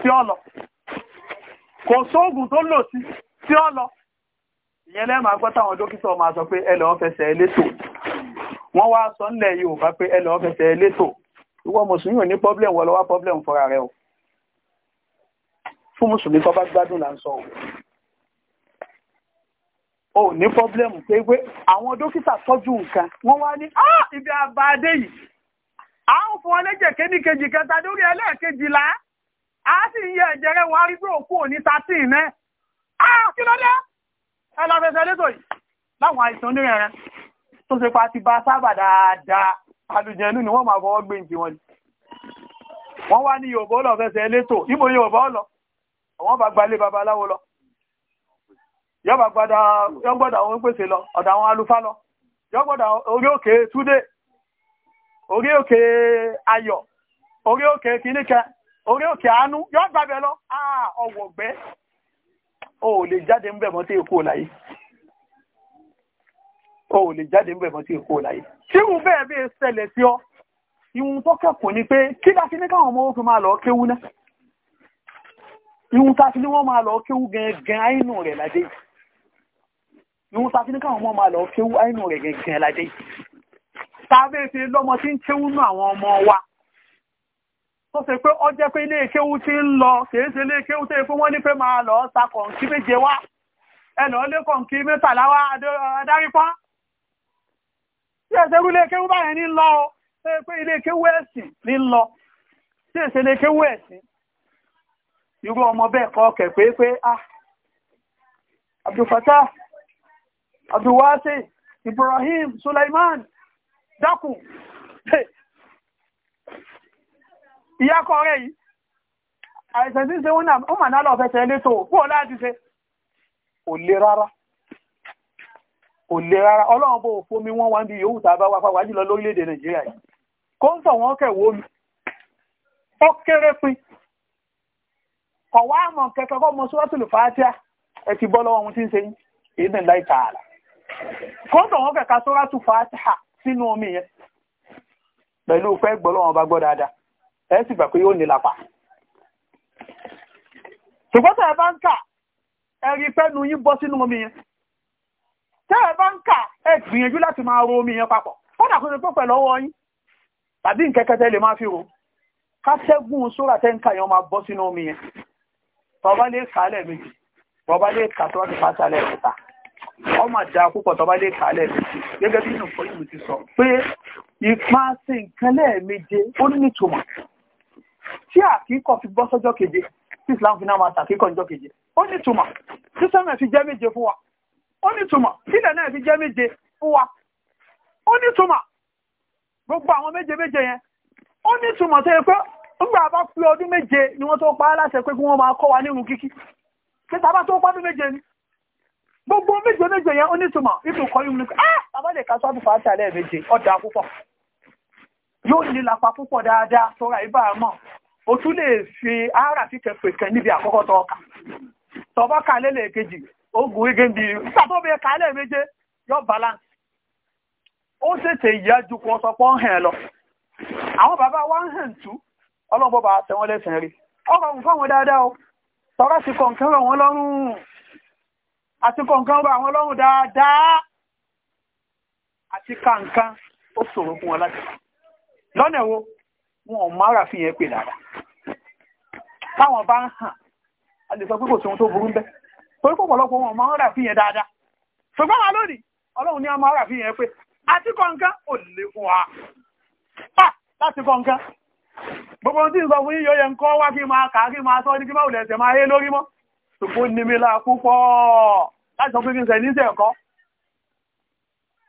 Speaker 1: sí ọlọ kò sóògùn tó lò sí sí ọlọ ìyẹn lẹ́mà gbọ́ táwọn dókítà máa sọ pé ẹlọ́ fẹsẹ̀ elétò wọ́n wá sọ nílẹ̀ Yorùbá pé ẹlọ́ fẹsẹ̀ elétò ìwọ mùsùlùmí ò ní problem wọ́n lọ́wọ́ problem fúnra rẹ o fún mùsùlùmí tó bá gbádùn là ń sọ o ò ní problem pé pé àwọn dókítà tọ́jú nǹkan wọ́n wá ní ah, ibi àbáadé yìí à ń fún ọlẹ́jẹ̀ kéníkejì kẹta lórí ẹlẹ́ẹ̀kejìlá a sì ń yẹ ẹ̀jẹ̀ rẹ̀ wọ́n á rí pé òkú òní 13 náà ẹ lọ fẹsẹ̀ létò yìí láwọn àìsàn onírẹ̀rẹ̀ tó ṣe pa ti bá sábà dáadáa àlùjẹ̀nú ni wọ́n máa fọwọ́ gbé ìjì wọn ni wọ́n wá ní Yorùbá lọ fẹsẹ̀ létò ibo Yorùbá lọ àwọn bá gbalé babaláwo lọ yọba gbada yọgbọ́dà àwọn pèsè lọ ọ̀dà àwọn alufá lọ yọgbọ́dà orí òkè túdé orí òkè ayọ̀ orí òkè kìníkẹ orí òkè àánú yọgbàbẹ̀ lọ ọwọ̀gbẹ́ o ò lè jáde ń bẹ̀ mọ́ tí èkó láyé o ò lè jáde ń bẹ̀ mọ́ tí èkó láyé tí ìwọ̀n bẹ́ẹ̀ bí ṣẹlẹ̀ sí ọ ìwọ̀n tó kẹ́kọ̀ọ́ ni pé kí láti ní káwọn ọmọ ó fi máa lọ kéwú náà ìwọ̀n tá ti ní wọ́n máa lọ kéwú gangan àìnù rẹ̀ ládé ìwọ̀n tá ti ní káwọn ọmọ máa lọ kéwú àìnù rẹ̀ gangan ládé tó se pé ọ jẹ́ pé ilé ìkéwú ti ń lọ kìí ṣe ilé ìkéwú tó yẹ fún wọ́n ní pé máa lọ ta kọ̀ǹkì méje wá ẹnà lé kọ̀ǹkì mẹ́tàlá wá adárípá tí ẹ̀ṣẹ̀ rú ilé ìkéwú báyẹn ní lọ o tó yẹ pé ilé ìkéwú ẹ̀sìn ní lọ tí ẹ̀ṣẹ̀ ilé ìkéwú ẹ̀sìn irú ọmọ bẹ́ẹ̀ kọ́ kẹ̀ pé pé ah abdulfata abdulwasi ibrahim suleiman dákun ìyá kọ rẹ̀ yìí àìsàn tí ń ṣe wọ́n láti ṣe lè rárá ò lè rárá ọlọ́run bó fomi wọ́n wá ń bí yòówù tàbá wá fáwájú lọ lórílẹ̀-èdè nàìjíríà yìí kó ń pin ọ̀wá àmọ̀ mọ sọ́tùlù fàátíà ẹ ti bọ́ lọ́wọ́ ohun tí ń kó ń kẹ̀ka sọ́tù sínú omi yẹn pẹ̀lú fẹ́ gbọ́lọ́wọ́n ẹ sì gbà pé yóò ní lápá ṣùgbọ́n tẹ́ ẹ bá ń kà ẹ̀rí pẹ́nu yín bọ́ sínú omi yẹn tẹ́ ẹ bá ń kà ẹ gbìyànjú láti máa ro omi yẹn papọ̀ fọ́nà kó ṣe pọ́ pẹ̀lú ọwọ́ yín tàbí nkẹ́kẹ́tẹ́ lè máa fi ro kásẹ́gùn sóra tẹ́ ń kà yẹn máa bọ́ sínú omi yẹn tọba lè kà á lẹ́ẹ̀mejì tọba lè kà tó láti pàṣẹ alẹ́ ẹ̀ta ọmọ àjà púpọ̀ tọba lè kà á lẹ́ẹ̀mejì gẹ́gẹ́ bí nǹkan yìí ti sọ pé ìpàṣẹ nǹkan lẹ́ẹ̀meje ó ní ìtumọ̀ tí àkíkọ̀ fi bọ́ sọ́jọ́ keje tí islam fi náà máa tàkíkọ̀ níjọ́ keje ó ní túmọ̀ tí sẹ́mẹ̀ fi jẹ́ méje fún wa ó ní túmọ̀ tí ilẹ̀ náà fi jẹ́ méje fún wa ó ní túmọ̀ gbogbo àwọn méje méje yẹn ó ní túmọ̀ tó yẹ pé nígbà bá pé ọdún méje ni wọ́n tó pa á láṣẹ pé kí wọ́n máa kọ́ wa nínú kíkí pé tàbá tó pọ́dún méje ni gbogbo méje méje yẹn ó ní túmọ̀ nítorí kọ́ yìí mú ní pé ah tàbá lè ka sọ́dún fàá yóò nílapa púpọ̀ dáadáa sọ́ra ibà mọ̀ o tún lè fi ara kike kẹfẹ̀kẹ́ níbi àkọ́kọ́ tọ́ọ̀kà tọ́bọ́ ka lélẹ̀ kejì ogun wígé bí nígbà tó bẹ ká lẹ́ méje yọ balance ó tètè yá ju kó sọ hàn lọ àwọn bàbá wa ń hàn tú ọlọ́gbọ́ bá tẹ wọ́n o tọ́rọ́ sí kọ̀ǹkan rọ̀ wọ́n lọ́rùn àti kọ̀ǹkan rọ̀ àwọn lọ́rùn dáadáa àti kàǹkan ó ṣòro fún lọ́nà wo wọn ò máa ràfin yẹn pè dára táwọn bá ń hàn a lè sọ pé kò sí ohun tó burú bẹ́ẹ̀ torí pọ̀ pọ̀lọpọ̀ wọn ò máa ràfin yẹn dáadáa ṣùgbọ́n wa lónìí ọlọ́run ní a máa ràfin yẹn pé àti kọ̀ǹkan ò lè fún wa pa láti kọ̀ǹkan gbogbo ohun tí ń sọ fún yíyọ yẹn kọ́ wá kí máa kà á kí máa sọ ní kí máa wùlẹ̀ ẹ̀sẹ̀ máa hé lórí mọ́ ṣùgbọ́n ní mi láà púpọ̀ láti sọ pé kí n sẹ̀ níṣẹ̀ ẹ̀kọ́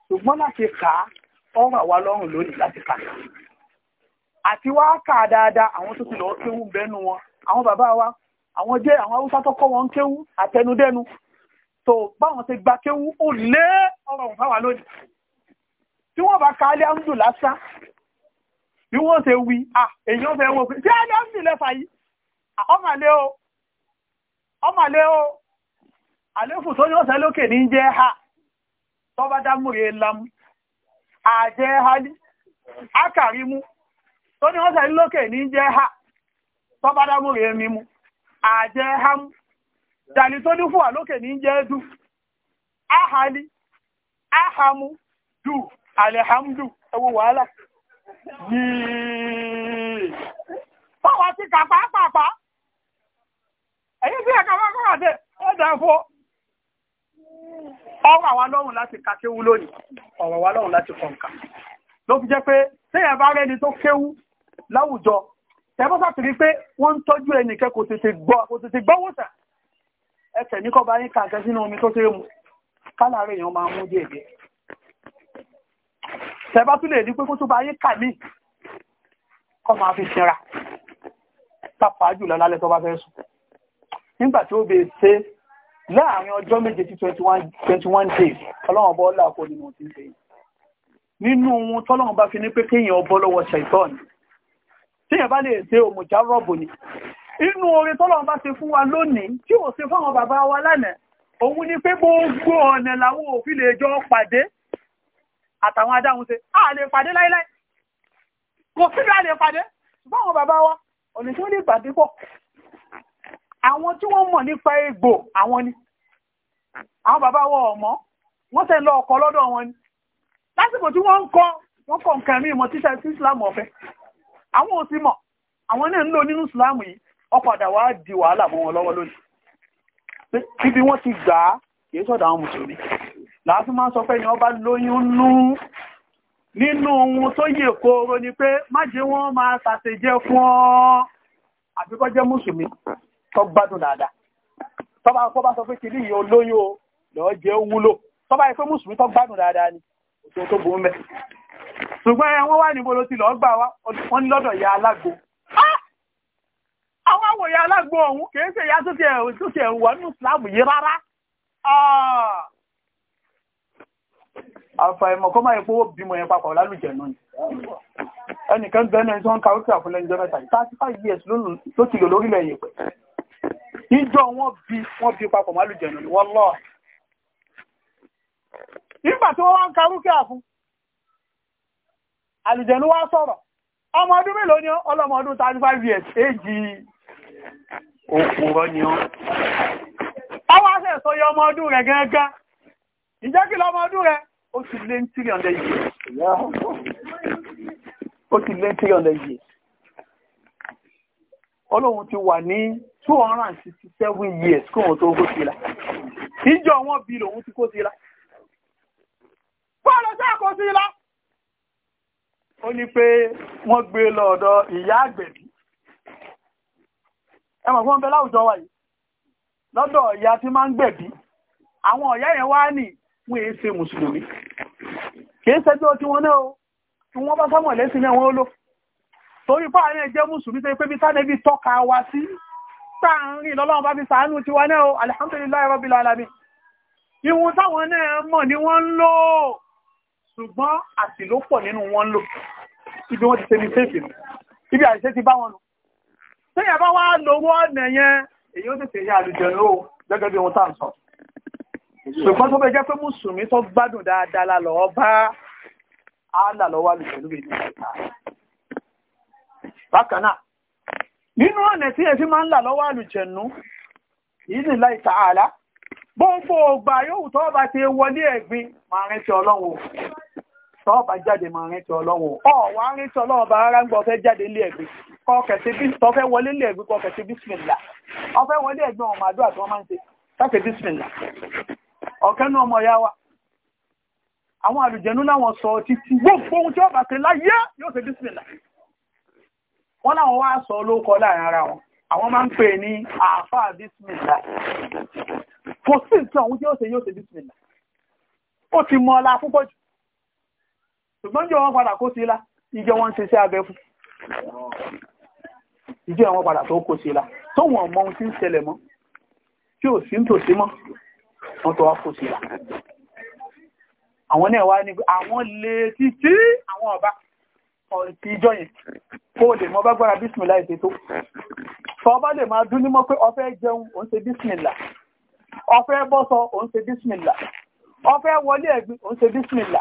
Speaker 1: ṣùgbọ́n láti kà á ọ̀rọ̀ àwa lọ́rùn lónìí láti kà á àti wá kà dáadáa àwọn tó ti lọ kéwú bẹ́nu wọn àwọn bàbá wa àwọn jẹ́ àwọn haúsá tó kọ́ wọn kéwú àtẹnudẹ́nu tó báwọn ti gba kéwú ó lé ọ̀rọ̀ fáwa lónìí tí wọ́n bá ka alẹ́ amúdù lásán bí wọ́n ṣe wí à èyàn fẹ́ wọ́n pé tí alẹ́ amúdù lẹ́fà yìí ọmọ àlẹ́ o ọmọ àlẹ́ o àléfù tó yọ́ sẹ́lókè ní jẹ́ ha tọ́bádámúrí lamú àjẹ́ hálí akàrímú tó ní ọ̀sẹ̀ lókè ní jẹ́ ha tó rẹ̀ mímú àjẹ́ ham dàní tó ní fúwà lókè ní jẹ́ dù áhàlì áhàmú dù alhamdu ewu wàhálà yìí ọwọ́ láti lónìí ọ̀rọ̀ láti kọ̀ǹkà ló fi jẹ́ pé tí ẹ̀ bá tó láwùjọ tẹ́bọ́ sàtìrí pé wọ́n ń tọ́jú ẹnìkẹ́ kò tètè gbọ́wọ́sà ẹ̀tẹ̀ ní kọba yín kàǹkẹ́ sínú omi tó tẹ́ mu kálàrí èèyàn máa mú díẹ̀ díẹ̀ tẹ́bá tún lè rí pé kó tó bá yín kà mí kọ́ máa fi sinra pàpà jùlọ lálẹ́ tó bá fẹ́ sùn nígbà tí ó bè ṣe láàrin ọjọ́ méje sí twenty one days ọlọ́run bọ́ là kó nínú ti ń ṣe nínú ohun tọ́lọ́run bá fi ní pé kéèyàn bọ́ lọ́wọ́ ṣàìtọ́ọ̀nì tíyàn bá lè ṣe òmùjá rọ̀bù ni inú oore tọ́lọ̀ bá ṣe fún wa lónìí tí ò ṣe fáwọn bàbá wa lánàá òun ni pé gbogbo ọ̀nà làwọn òfin lè jọ pàdé àtàwọn adáhunṣe a lè pàdé láíláí kò sí bí a lè pàdé báwọn bàbá wa ọ̀nà tí wọ́n lè pàdé pọ̀ àwọn tí wọ́n mọ̀ nípa egbò àwọn ni àwọn bàbá wa ọ̀mọ́ wọ́n tẹ̀ lọ ọkọ̀ lọ́dọ̀ wọn ni lásìkò tí wọ́n ń kọ́ wọ́n kọ̀ nǹkan mí ìmọ̀ tíṣà sí Islam ọ̀fẹ́ àwọn ò sì mọ̀ àwọn náà ń lò nínú ìsìláàmù yìí ó padà wá di wàhálà mọ́ wọn lọ́wọ́ lónìí ibi wọ́n ti gbà á kìí sọ̀dọ̀ àwọn mùsùlùmí láti máa sọ pé ni ọba lóyún nú nínú ohun tó yẹ kóró ni pé májè wọ́n máa ṣàṣejẹ́ fún ọ àbíkọ́ jẹ́ mùsùlùmí tó gbádùn dáadáa tọ́ba akọ́bá sọ pé kìlí yìí olóyún o lọ́ọ́ jẹ́ wúlò tọ́ba yẹ pé mùsùlùmí tó gbádùn dáadáa ni òṣèlú tó ṣùgbọ́n ẹ wọ́n wá níbo ló ti lọ gbà wá wọ́n ní lọ́dọ̀ ìyá alágbo ah! àwọn àwọ̀ ìyá alágbo ọ̀hún kìí ṣe ìyá tó ti ẹ̀ wọ́n ní ìsìlámù yìí rárá ah! àfàìmọ̀ kọ́ máa ìpówó bímọ yẹn papọ̀ lálùjẹ̀ náà ẹnìkan bẹ́ẹ̀nà tó ń kàwé kìràfún lẹ́jọ́ mẹ́ta ìtàtífà years ló ti lò lórílẹ̀ yẹ̀pẹ̀ níjọ́ wọ́n bí wọ́n bí papọ̀ málùjẹ̀ náà wọ́n lọ́ọ̀ nígbà tí wọ́n wá ń kàwé kìràfún àlìjẹ̀nú wá sọ̀rọ̀ ọmọ ọdún mélòó ni ọlọ́mọ ọdún 35 years èjì
Speaker 2: òpùrọ́ ni ọ́
Speaker 1: ọwọ́ aṣẹ́ ìsọyọ ọmọ ọdún rẹ̀ gẹ́gẹ́ ìjẹ́ kí lọmọ ọdún rẹ̀ ó ti lé 300 years ti lé ní 300 years ọlọ́run ti wà ní 267 years kí wọ́n tó kó sí la ìjọ wọn bí lòun ti kó sí la bọ́ọ̀lù sáà kó sí la ó ní pé wọ́n gbé lọ́ọ̀dọ̀ ìyá àgbẹ̀bí ẹmọ̀ fún ọmọ láwùjọ wà yìí lọ́dọ̀ ìyá tí máa ń gbẹ̀bí àwọn ọ̀yá yẹn wá ní wọ́n èé ṣe mùsùlùmí kìí ṣe bí ó tí wọ́n náà tí wọ́n bá sámọ̀ lẹ́sìn náà wọ́n ló torí pé àárín ẹjẹ́ mùsùlùmí tó pé bí sánẹ́bí tọ́ka wa sí táàrin lọ́lọ́run bá fi sàánú tiwa náà alhamdulillahi rabbil alamin ìwọ̀n táwọn náà mọ̀ ni wọ́n ń lò ṣùgbọ́n àti ló pọ̀ nínú wọn lò ibi wọ́n ti ṣe ní ṣéèkì nù ibi àṣìṣe ti bá wọn nù tẹ́yà bá wá lówó ọ̀nà yẹn èyí ó tètè yà àlùjẹ̀rẹ̀ ó gẹ́gẹ́ bí ohun tá à ń sọ ṣùgbọ́n tó bẹ jẹ́ pé mùsùlùmí tó gbádùn dáadáa la lọ́ọ́ bá áàlà lọ́wọ́ àlùjẹ̀rẹ̀ lórí ìlú ìta bákan náà nínú ọ̀nà tí ẹ̀fí máa ń là lọ́wọ́ àlùjẹ̀nú ìlú láì tààlà gbogbo ògbà yóò tọ́ bá ti wọlé ẹ̀gbin máa rántí ọlọ́run tọ́ọ̀bà jáde máa rántí ọlọ́run ọ̀wà rántí ọlọ́run bá rárá ń gbọ́ fẹ́ jáde ilé ẹ̀gbẹ́ kọ́ọ̀kẹ̀sí bí tọ́fẹ́ wọlé ilé ẹ̀gbẹ́ kọ́ọ̀kẹ̀sí bísímìlà ọ̀fẹ́ wọlé ẹ̀gbẹ́ ọmọ àdúrà tí wọ́n máa ń ṣe káfẹ́ bísímìlà ọ̀kẹ́ náà ọmọ ya wa àwọn àlùjẹ̀nú láwọn sọ títí gbogbo ohun tí wọ́n bá ṣe láyé yóò ṣe bísímìlà wọ́n láwọn wá sọ lóko láàrin ara wọn àwọn máa ń pè ní àáfàá bísímìlà kò sí nǹkan ohun tí yóò ṣùgbọ́n jẹ́ wọn padà kó sí la ìjọ wọn ṣe sí abẹ fún ìjọ wọn padà tó kó sí la tó wọn mọ ohun tí ń ṣẹlẹ̀ mọ́ tí ò sí nítòsí mọ́ wọn tó wá kó sí la àwọn náà wá ní àwọn lè títí àwọn ọba ọ̀tí ìjọ yẹn kó lè mọ bá gbára bísmìlá ìṣètò fọba lè máa dún nímọ̀ pé ọfẹ́ jẹun òun ṣe bísmìlá ọfẹ́ bọ́sọ òun ṣe bísmìlá ọfẹ́ wọlé ẹ̀gbin òun ṣe bísmìlá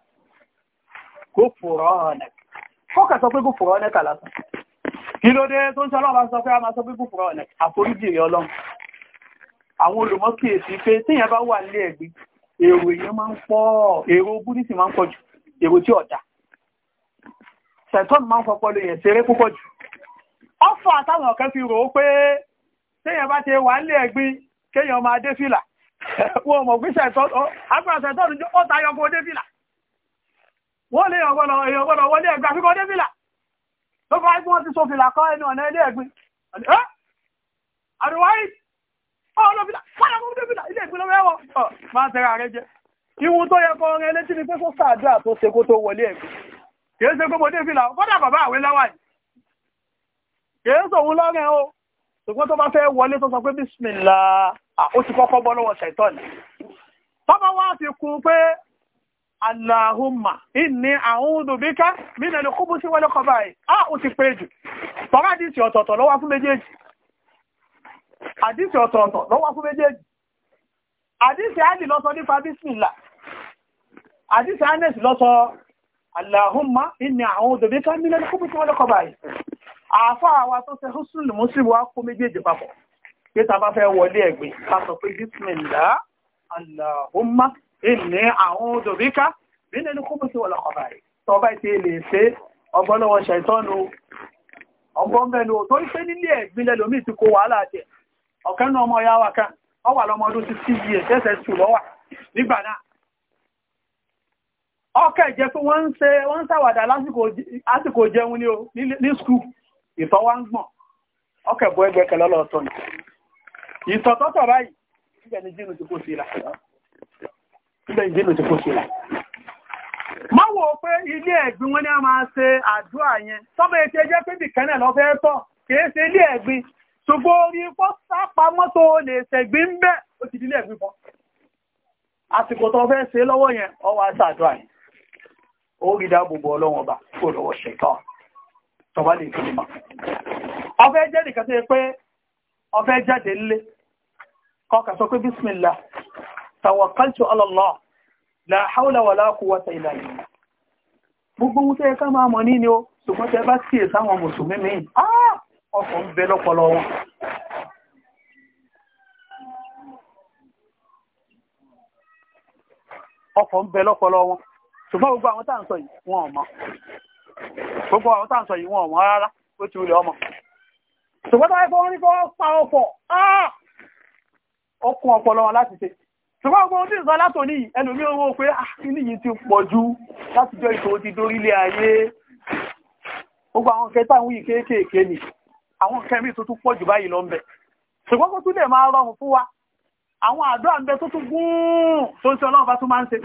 Speaker 1: gufuranak fọ́kà sọ pé gufuranak lásán kí tó ń sọ ọlọ́run sọ pé a máa sọ pé gufuranak àforíjì rẹ ọlọ́run àwọn olùmọ̀ pé bá wà nílé ẹ̀gbin èrò èèyàn máa ń pọ̀ èrò búdísì máa ń pọ̀ jù èrò tí ọ̀dà sẹ̀tọ́n máa ń fọpọ́ ṣeré púpọ̀ jù ọ̀fọ̀ àtàwọn ọ̀kẹ́ fi rò ó pé bá ti wà nílé ẹ̀gbin kéèyàn máa dé fìlà [LAUGHS] wọn ò mọ̀ pé sẹ̀tọ́n agbára sẹ̀tọ́n ó dé fìlà wọ́n lè ọgbọ́nà wọlé ẹgbà fíkọ́ dé fìlà tó fà áìkú wọ́n ti so fìlà kọ́ ẹnu ọ̀nà ilé ẹ̀gbìn àríwáyí ọlọ́fìlà fọ́nàmọ́ dé fìlà ilé ìpínlẹ̀ mẹ́wọ́ máa tẹ́ra rẹ jẹ ihun tó yẹ kọrin elétí ni pé kó sàdúrà tó ṣe kó tó wọlé ẹ̀gbìn kìí ṣe gbogbo dé fìlà kọ́dà bàbá àwẹ́ láwàyí kìí sọ pé bísmìlà ó Allahumma inni a'udhu bika min al-khubuthi wal khaba'ith. A ó ti pé jù. Tọ́rọ àdísì ọ̀tọ̀ọ̀tọ̀ ló wà fún méjèèjì. Àdísì ọ̀tọ̀ọ̀tọ̀ ló wà fún méjèèjì. Àdísì Àlì ló sọ nípa Bismillah. Àdísì Ánẹ́sì ló sọ Allahumma inni a'udhu bika min al-khubuthi wal khaba'ith. Àfáà wa tó ṣe Húsùlù Mùsùlùmí wá kó méjèèjì papọ̀. Pé ta bá fẹ́ wọlé ẹ̀gbẹ́, ká sọ pé Bismillah, Allahumma ìní àwọn òdòbíká nílẹ̀ ní kúbùsí wọ̀lọ̀ ọ̀bàrí tó bá ti lè ṣe ọgbọ́lọ́wọ́ ṣẹ̀tọ́nu ọgbọ́mẹ́nu tó ń ṣe nílé ẹ̀gbìnlẹ̀ lómi ti kó wàhálà jẹ ọ̀kẹ́nu ọmọ ya wa kan ọ wà lọ́mọ ọdún sí sí yìí ẹ̀sẹ̀ sù lọ́wà nígbà náà ọkẹ́ jẹ́ pé wọ́n ṣe wọ́n ṣàwàdà lásìkò jẹun ní o ní skul ìtọ́ wa ń gbọ̀n ọkẹ́ bọ́ ẹgbẹ́ kẹlẹ́ lọ́tọ̀ ni ìtọ̀tọ̀tọ̀ báyìí ilẹ̀
Speaker 2: ìdílò ti pé ilé
Speaker 1: ẹ̀gbin wọn ni a máa ṣe àdúrà yẹn. Tọ́bẹ̀ ti ẹjẹ́ pé bìkan náà lọ́fẹ́ tọ̀, kìí ṣe ilé ẹ̀gbin. Ṣùgbọ́n orí pọ́ sápamọ́ tó lè ṣẹ̀gbin ń bẹ̀, ó ti ilé ẹ̀gbin fún. Àsìkò fẹ́ ṣe yẹn, ọ ọba tàwàkáltù alọ́lọ́ láháúlà wà láàkúwàtà ìlàlẹ̀ gbogbo ohun tẹ́ ká máa mọ̀ ní ni ó ṣùgbọ́n tẹ́ bá tí è sáwọn mùsùlùmí mi
Speaker 2: ọkọ̀ ń bẹ lọ́pọlọ wọn
Speaker 1: ọkọ̀ ń bẹ lọ́pọlọ wọn ṣùgbọ́n gbogbo àwọn tàà ń sọ yìí wọn ọmọ gbogbo àwọn ọkùn ọpọlọ wọn láti ṣe ṣùgbọ́n ọgbọ́n tí ìsọ látò ní ẹlòmí owó pé ah, kíní yìí ti pọ̀ jù láti jọ ìṣòro ti dórí ilé ayé gbogbo àwọn kẹta ń wí kéékèèké ni àwọn kẹmí tó tún pọ̀ jù báyìí lọ ń bẹ ṣùgbọ́n kó tún lè máa rọrùn fún wa àwọn àdó àǹbẹ tó tún gún tó ń ṣe ọlọ́run bá tún máa ń ṣe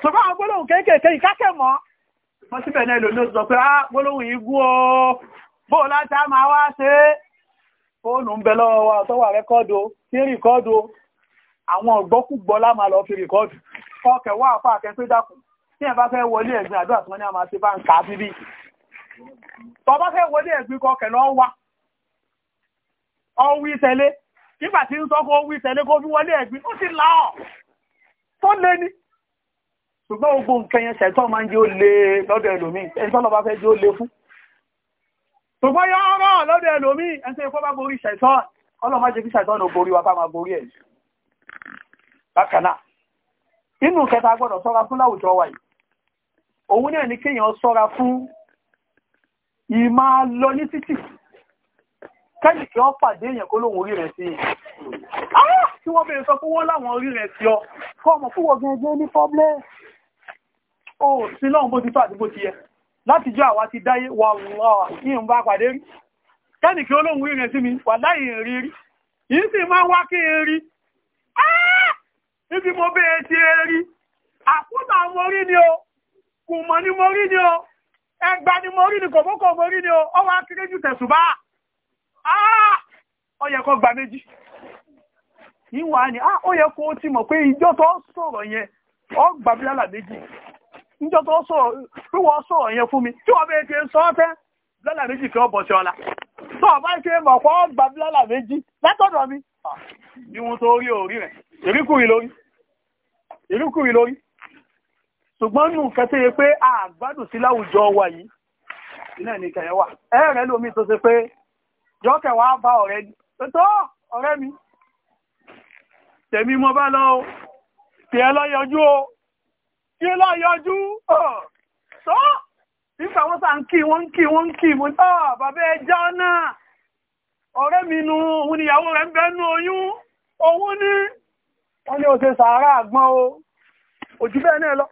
Speaker 1: ṣùgbọ́n àwọn gbólóhùn kéékèèké ìkákẹ́ mọ́ wọ́n síbẹ̀ náà lò ní oṣù sọ pé á ah, gbólóhùn yìí gún o bóò láti á máa wá ṣe fóònù ń bẹ lọ́wọ́ wa tó wà rẹ́kọ́ọ̀dù tí rìkọ́ọ̀dù àwọn ọ̀gbọ́kùgbọ́ la máa lọ fi rìkọ́ọ̀dù ọkẹ̀ wá àpá àkẹ́pẹ́ dàkùn tí ẹ̀ bá fẹ́ wọlé ẹ̀gbìn àdúrà tí wọ́n ní a máa ṣe bá ń kà á bíbí tó bá fẹ́ wọlé ẹ̀gbìn kọkẹ̀ lọ wá ọwí tẹ̀lé nígbà tí ń sọ kó wí tẹ̀lé kó fi wọlé ẹ̀gbìn ó sì là ọ́ tó lé ní ṣùgbọ́n gbogbo nǹkan yẹn ṣẹ̀tọ́ máa ń jẹ́ ó lé lọ́dọ̀ ẹlòmíì ẹni tọ́lọ́ bá fẹ́ jẹ́ ó lé fún ṣùgbọ́n yọ ọ̀rọ̀ lọ́dọ̀ ẹlòmíì ẹni tó yẹ kó bá borí ṣẹ̀tọ́ ọlọ́mọ jẹ́ kí ṣẹ̀tọ́ ní borí wa ká borí ẹ̀ bákan náà inú kẹta gbọ́dọ̀ sọ́ra fún láwùjọ wa yìí òun náà ní kéèyàn sọ́ra fún ìmá lọ ní títì kẹ́lì kí wọ́n pàdé èèyàn kó lóhun orí rẹ̀ sí i tí wọ́n bèèrè sọ fún wọ́n láwọn orí rẹ̀ sí ọ kọ́ ọmọ fún wọ́n gẹ́gẹ́ ní fọ́blẹ́ o sí lọ́hun bó ti tó àti bó ti yẹ láti jọ àwa ti dáyé wà ń bá pàdé rí kẹ́lì kí olóhun orí rẹ̀ sí mi wà láì rí rí yìí sì máa wá kí n rí níbi ah! mo e ti rí àkúnà mo ni o kùmọ̀ ni mo ni o ẹgbà ni mo ni kòbókò mo ni o ọwọ́ akéré jù tẹ̀sùbá ah! ó yẹ gba méjì ìwà ni ah, ó yẹ ti mọ̀ pé ìjọ tó sọ̀rọ̀ yẹn ọ gbà bílálà méjì ìjọ tó sọ̀rọ̀ yẹn fún mi tí wọ́n bẹ́ẹ̀ ti sọ ọ́ tẹ́ bílálà méjì kí ó bọ̀ sí ọ̀la bí wọ́n tó rí orí rẹ̀ ìríkùrí lórí ìríkùrí lórí ṣùgbọ́n nù kẹta yẹ pé àgbádùn sí láwùjọ wa yìí iná ní kẹyẹ wà ẹ̀rẹ́ lómi tó ṣe pé jọ́kẹ̀ wá bá ọ̀rẹ́ ni tó ọ̀rẹ́ mi tẹ̀mí mo bá lọ tẹ̀ ẹ lọ́yọjú o kí ẹ lọ́yọjú tó nípa wọ́n sá ń kí wọ́n ń kí wọ́n ń kí mo tọ́ bàbá ẹjọ́ náà ọ̀rẹ́ mi nu òun ìyàwó rẹ̀ ń bẹ́nu oyún òun ní wọ́n ní o ṣe sàárà àgbọn o òjú bẹ́ẹ̀ náà lọ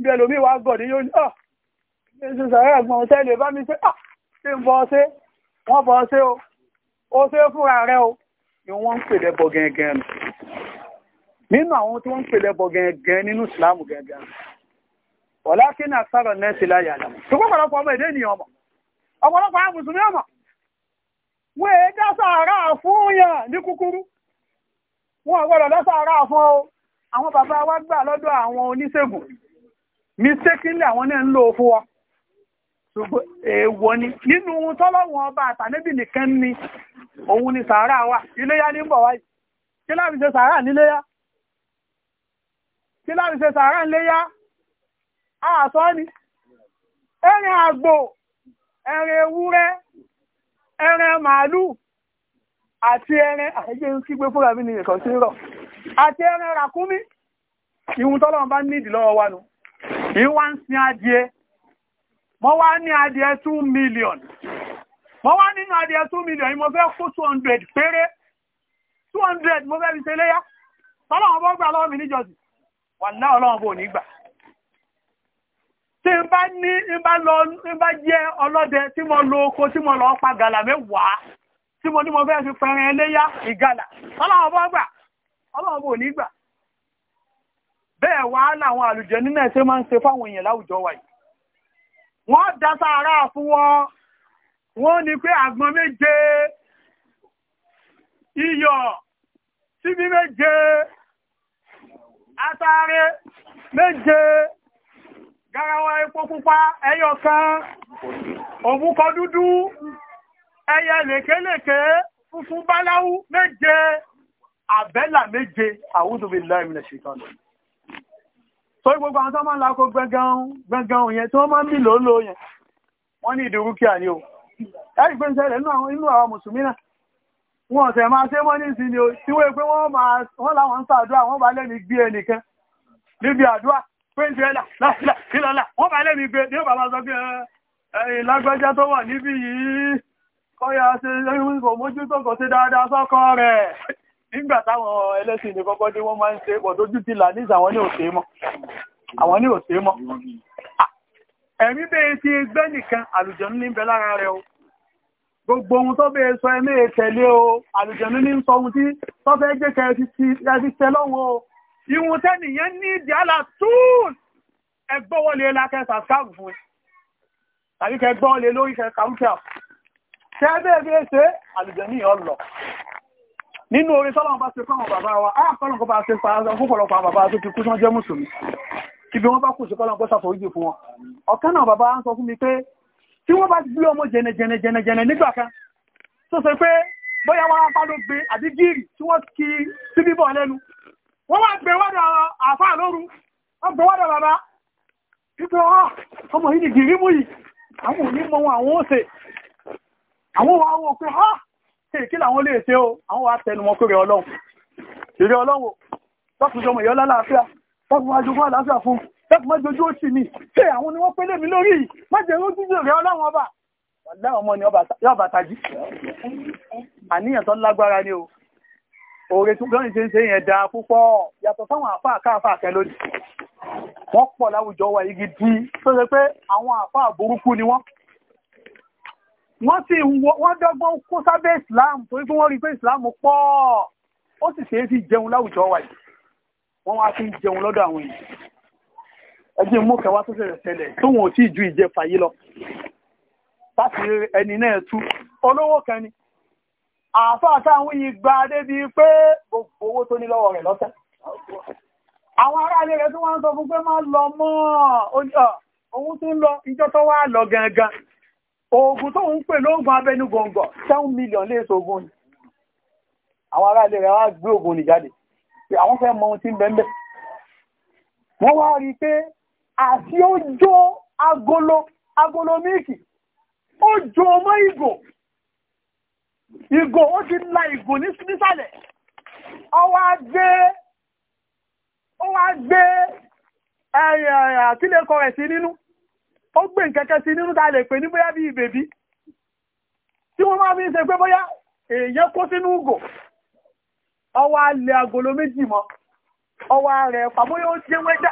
Speaker 1: bí ẹlòmí wa gọ̀dí yóò ní ọ̀ ah, ṣe sàárà àgbọn o tẹ́lẹ̀ bá mi ṣe ọ̀ ṣe ń bọ́ ṣe wọ́n bọ́ ṣe o ó ṣe fúnra rẹ o ni wọ́n ń pè lẹ́bọ̀ gẹ́gẹ́ nù nínú àwọn tí wọ́n ń pè lẹ́bọ̀ gẹ́gẹ́ nínú ìsìláàmù gẹ́gẹ́ nù ọ̀lá kí ní àtàrọ̀ nẹ́ẹ̀sì láyà àlàmù tó pọ̀pọ̀lọpọ̀ ọmọ èdè ènìyàn ọmọ ọ̀pọ̀lọpọ̀ àwọn mùsùlùmí ọmọ wọ́n èé dá sàárà fún yàn ní kúkúrú wọn gbọ́dọ̀ lọ́sàárà fún àwọn bàbá wá gbà lọ́dọ̀ àwọn oníṣègùn mistakenly àwọn náà ń lò fún ṣùgbọ́n èèwọ̀ ni nínú ohun ọba àtànẹ́bì nìkan ni òun ni sàárà wà iléyá ní bọ̀ wáyé kí láti ṣe níléyá kí láti ṣe níléyá ni ẹ̀rìn àgbò ẹ̀rìn ewúrẹ́ ẹ̀rìn màálù àti ẹran àìjẹ́ kígbé fúnra mi ni ẹ̀kọ́ sí rọ̀ àti ẹran ràkúnmí ìhun tọ́lọ́run bá nídìí lọ́wọ́ wa nù ìhun wá ń sin adìẹ mo wá ní adìẹ 2 million mo wá nínú adìẹ 2 million mo fẹ́ kó 200 péré 200 mo fẹ́ fi ṣe léyá tọ́lọ́run bọ́ gbà lọ́wọ́ mi níjọ́sìn wà náà ọlọ́run bò ní gbà tí n bá ní n bá jẹ́ ọlọ́dẹ tí mo lo oko tí mo lọ pa gàlà mẹ́wàá tí mo ní mo fẹ́ fi pẹ̀rẹ̀ ẹlẹ́yà ìgalà ọlọ́run bọ́ gbà ọlọ́run bò ní gbà bẹ́ẹ̀ wá láwọn àlùjẹ́ nínú ẹ̀ṣẹ́ máa ń ṣe fáwọn èèyàn láwùjọ wa yìí wọ́n dá sára fún wọn wọ́n ní pé àgbọn méje iyọ̀ síbí méje atare méje garawa epo pupa ẹyọ kan òbúkọ dúdú ẹyẹ lèkélèké funfun báláwú méje àbẹ́là méje àwúdùbíláì mílẹ̀ ṣètọ́ lọ. tó gbogbo àwọn tó máa ń lakó gbẹ̀ngàn yẹn tí wọ́n máa ń bí lòólò yẹn wọ́n ní ìdúrú kíà ni o ẹ̀rí pé ń ṣẹlẹ̀ nínú àwọn mùsùlùmí náà wọn ọ̀sẹ̀ máa ṣe mọ́ ní ìsinmi o tí wọ́n pé wọ́n láwọn ń sàdúrà wọ́n bá lẹ́mi gbé ẹnìkan níbi àdúrà pé ń ṣẹlẹ̀ láìláìlọ́lá wọ́n bá lẹ́mi gbé ní ọ̀bà máa sọ pé ẹ̀ lágbájá tó wà níbí yìí kọ́yà ṣe lẹ́yìn kò mójú tó kò dáadáa sọ́kọ rẹ̀ nígbà táwọn ẹlẹ́sìn ní kọ́kọ́ dé wọ́n máa ń ṣe pọ̀ tójú ti là ní àwọn ní òṣè mọ́ àwọn ní òṣè mọ́ ẹ̀mí bẹ́ẹ̀ ti gbẹ́ nìkan àlùjọ̀nú ní bẹ lára rẹ̀ o gbogbo ohun tó bẹ́ẹ̀ sọ ẹ̀mí tẹ̀lé o àlùjọ̀nú ní sọ ohun tí tó fẹ́ jẹ́ kẹ́ ẹ ti tẹ lọ́wọ́ o ìwọ̀n tẹ́nìyàn ní ìdí tún ẹgbọ́wọ́lé lákẹ́ sàkáàbù fún ẹ tàbí kẹgbọ́wọ́lé lórí kẹ kàúkẹ́ ṣe bẹ́ẹ̀ ṣe àlùjẹ̀mí ọlọ̀ nínú orí sọ́lọ́wọ́n bá ṣe fáwọn bàbá wa áàkọ́lọ́kọ́ bá ṣe fáwọn púpọ̀lọpọ̀ àwọn bàbá tó ti kú sán jẹ́ mùsùlùmí kí bí wọ́n bá kù sí kọ́lọ́kọ́ ṣàforíjì fún wọn ọ̀kan náà bàbá ń sọ fún mi pé tí wọ́n bá ti gbé ọmọ jẹnẹ jẹnẹ jẹnẹ jẹnẹ nígbà kan tó ṣe pé bóyá wọn apá ló gbé àbí gírì tí wọ́n kí sí bíbọ̀ lẹ́nu wọ́n wá gbé wọ́dọ̀ àfáà lóru wọ́n gbé wọ́dọ̀ bàbá wípé ah, ọmọ yìí ni gírí mú yìí àwọn òní mọ wọn àwọn ó ṣe àwọn wa wò pé ha ah, kí làwọn lè ṣe o àwọn wa tẹnu wọn kórè ọlọ́run ìrẹ ọlọ́run tọ́kùnjọmọ̀ ìyọ́lá láàáfíà tọ́kùnmájogún àlàáfíà fún tọ́kùnmájojú òsì mi ṣé àwọn ni wọ́n pélé mi lórí májèlú jíjì rẹ ọlọ́run ọba wàlá ọmọ ni ọba tají àníyàn tó lágbára ni o òòrè tó gbọ́n ṣe ń ṣe yẹn dáa púpọ̀ yàtọ̀ sáwọn àfáà káàfáà kẹ lónìí wọ́n pọ̀ láwùjọ wa igi di tó ṣe pé àwọn àfáà burúkú ni wọ́n wọ́n sì wọ́n dọ́gbọ́n kó sábẹ́ islam torí pé wọ́n rí pé islam pọ̀ ó sì ṣeé fi jẹun láwùjọ wa yìí wọ́n wá fi ń jẹun lọ́dọ̀ àwọn èèyàn ẹgbẹ́ mú kẹwàá tó ṣẹlẹ̀ ṣẹlẹ̀ tóun ò tí ì ju ìjẹfà yìí lọ láti ẹni náà tú olówó kan ni àáfàá táwọn yìí gba débi pé gbogbo owó tó ní lọ́wọ́ rẹ̀ lọ́tẹ̀ àwọn aráàlú rẹ̀ tí wọ́n sọ fún pé má lọ mọ́ òun tún lọ ìjọ tó wá lọ gangan oògùn tó ń pè lóògùn abẹnú gọ̀ǹgọ̀ seven million lè sògùn ni àwọn ará ilé rẹ̀ wá gbé oògùn ní jáde pé àwọn fẹ́ mọ ohun tí ń bẹ wọ́n wá rí pé àti ó jó agolo agolo míìkì ó jó ọmọ ìgò ìgò ó ti la ìgò nísàlẹ̀ ó wá gbé ó wá sí nínú ó gbé nkẹ́kẹ́ sí nínú ta lè pè ní bóyá bí ìbèbí tí wọ́n máa fi ń ṣe pé bóyá èèyàn kó sínú ugò ọwọ́ alẹ́ agolo méjì mọ́ ọwọ́ rẹ̀ ẹ̀pà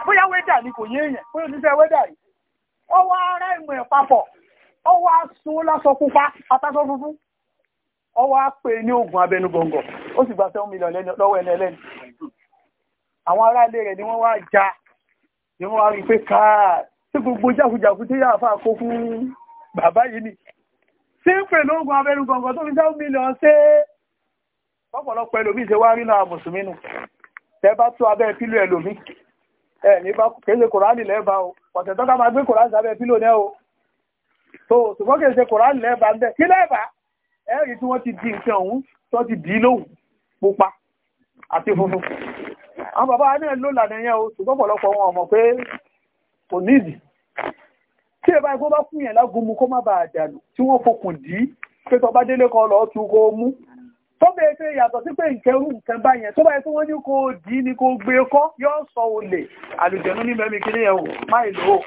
Speaker 1: bóyá wẹ́dà ni kò yé èèyàn bóyá oníṣẹ́ wẹ́dà yìí ọwọ́ ara ìmọ̀ ẹ̀ papọ̀ ọwọ́ aṣọ lásọ pupa àtàṣọ funfun ọwọ́ apè ní oògùn abẹnú gbọ̀ngàn ó sì gba seven million lọ́wọ́ ẹni ẹlẹ́ni àwọn ará rẹ̀ ni wọ́n wá ja ni wọ́n wá rí pé káàdì ṣé gbogbo jákujàku tí yà fà kó fún bàbá yìí ni ṣé ń pè lóògùn abẹ́rù gbọ̀ngàn tó fi dá mílíọ̀n ṣé ọ̀pọ̀lọpọ̀ ẹlòmíì ṣe wá rí náà mùsùlùmí nù tẹ bá tú abẹ́ pílò ẹlòmíì ẹ ní bá kéde kòránì lẹ́ẹ̀bá o ọ̀tẹ̀ tó ká máa gbé kòránì sábẹ́ pílò náà o tó ṣùgbọ́n kèsè kòránì lẹ́ẹ̀bá ń bẹ̀ kí lẹ́ẹ̀bá ẹ̀rí tí wọ́n ti di nǹkan ọ̀hún tó ti dì í lóhùn pupa àti funfun tí ẹ bá ikú bá fún yẹn lágùn mu kó má bàa dànù tí wọ́n fokùn dí pé tọba délé kan lọ tu kó mú tó bẹ̀rẹ̀ pé yàtọ̀ sí pé ìkẹrù nǹkan bá yẹn tó bá yẹ tí wọ́n ní kó dí ni kó gbé e kọ́ yóò sọ olè àlùjẹ̀nu ní mẹ́mi kiri yẹn o má ìlú o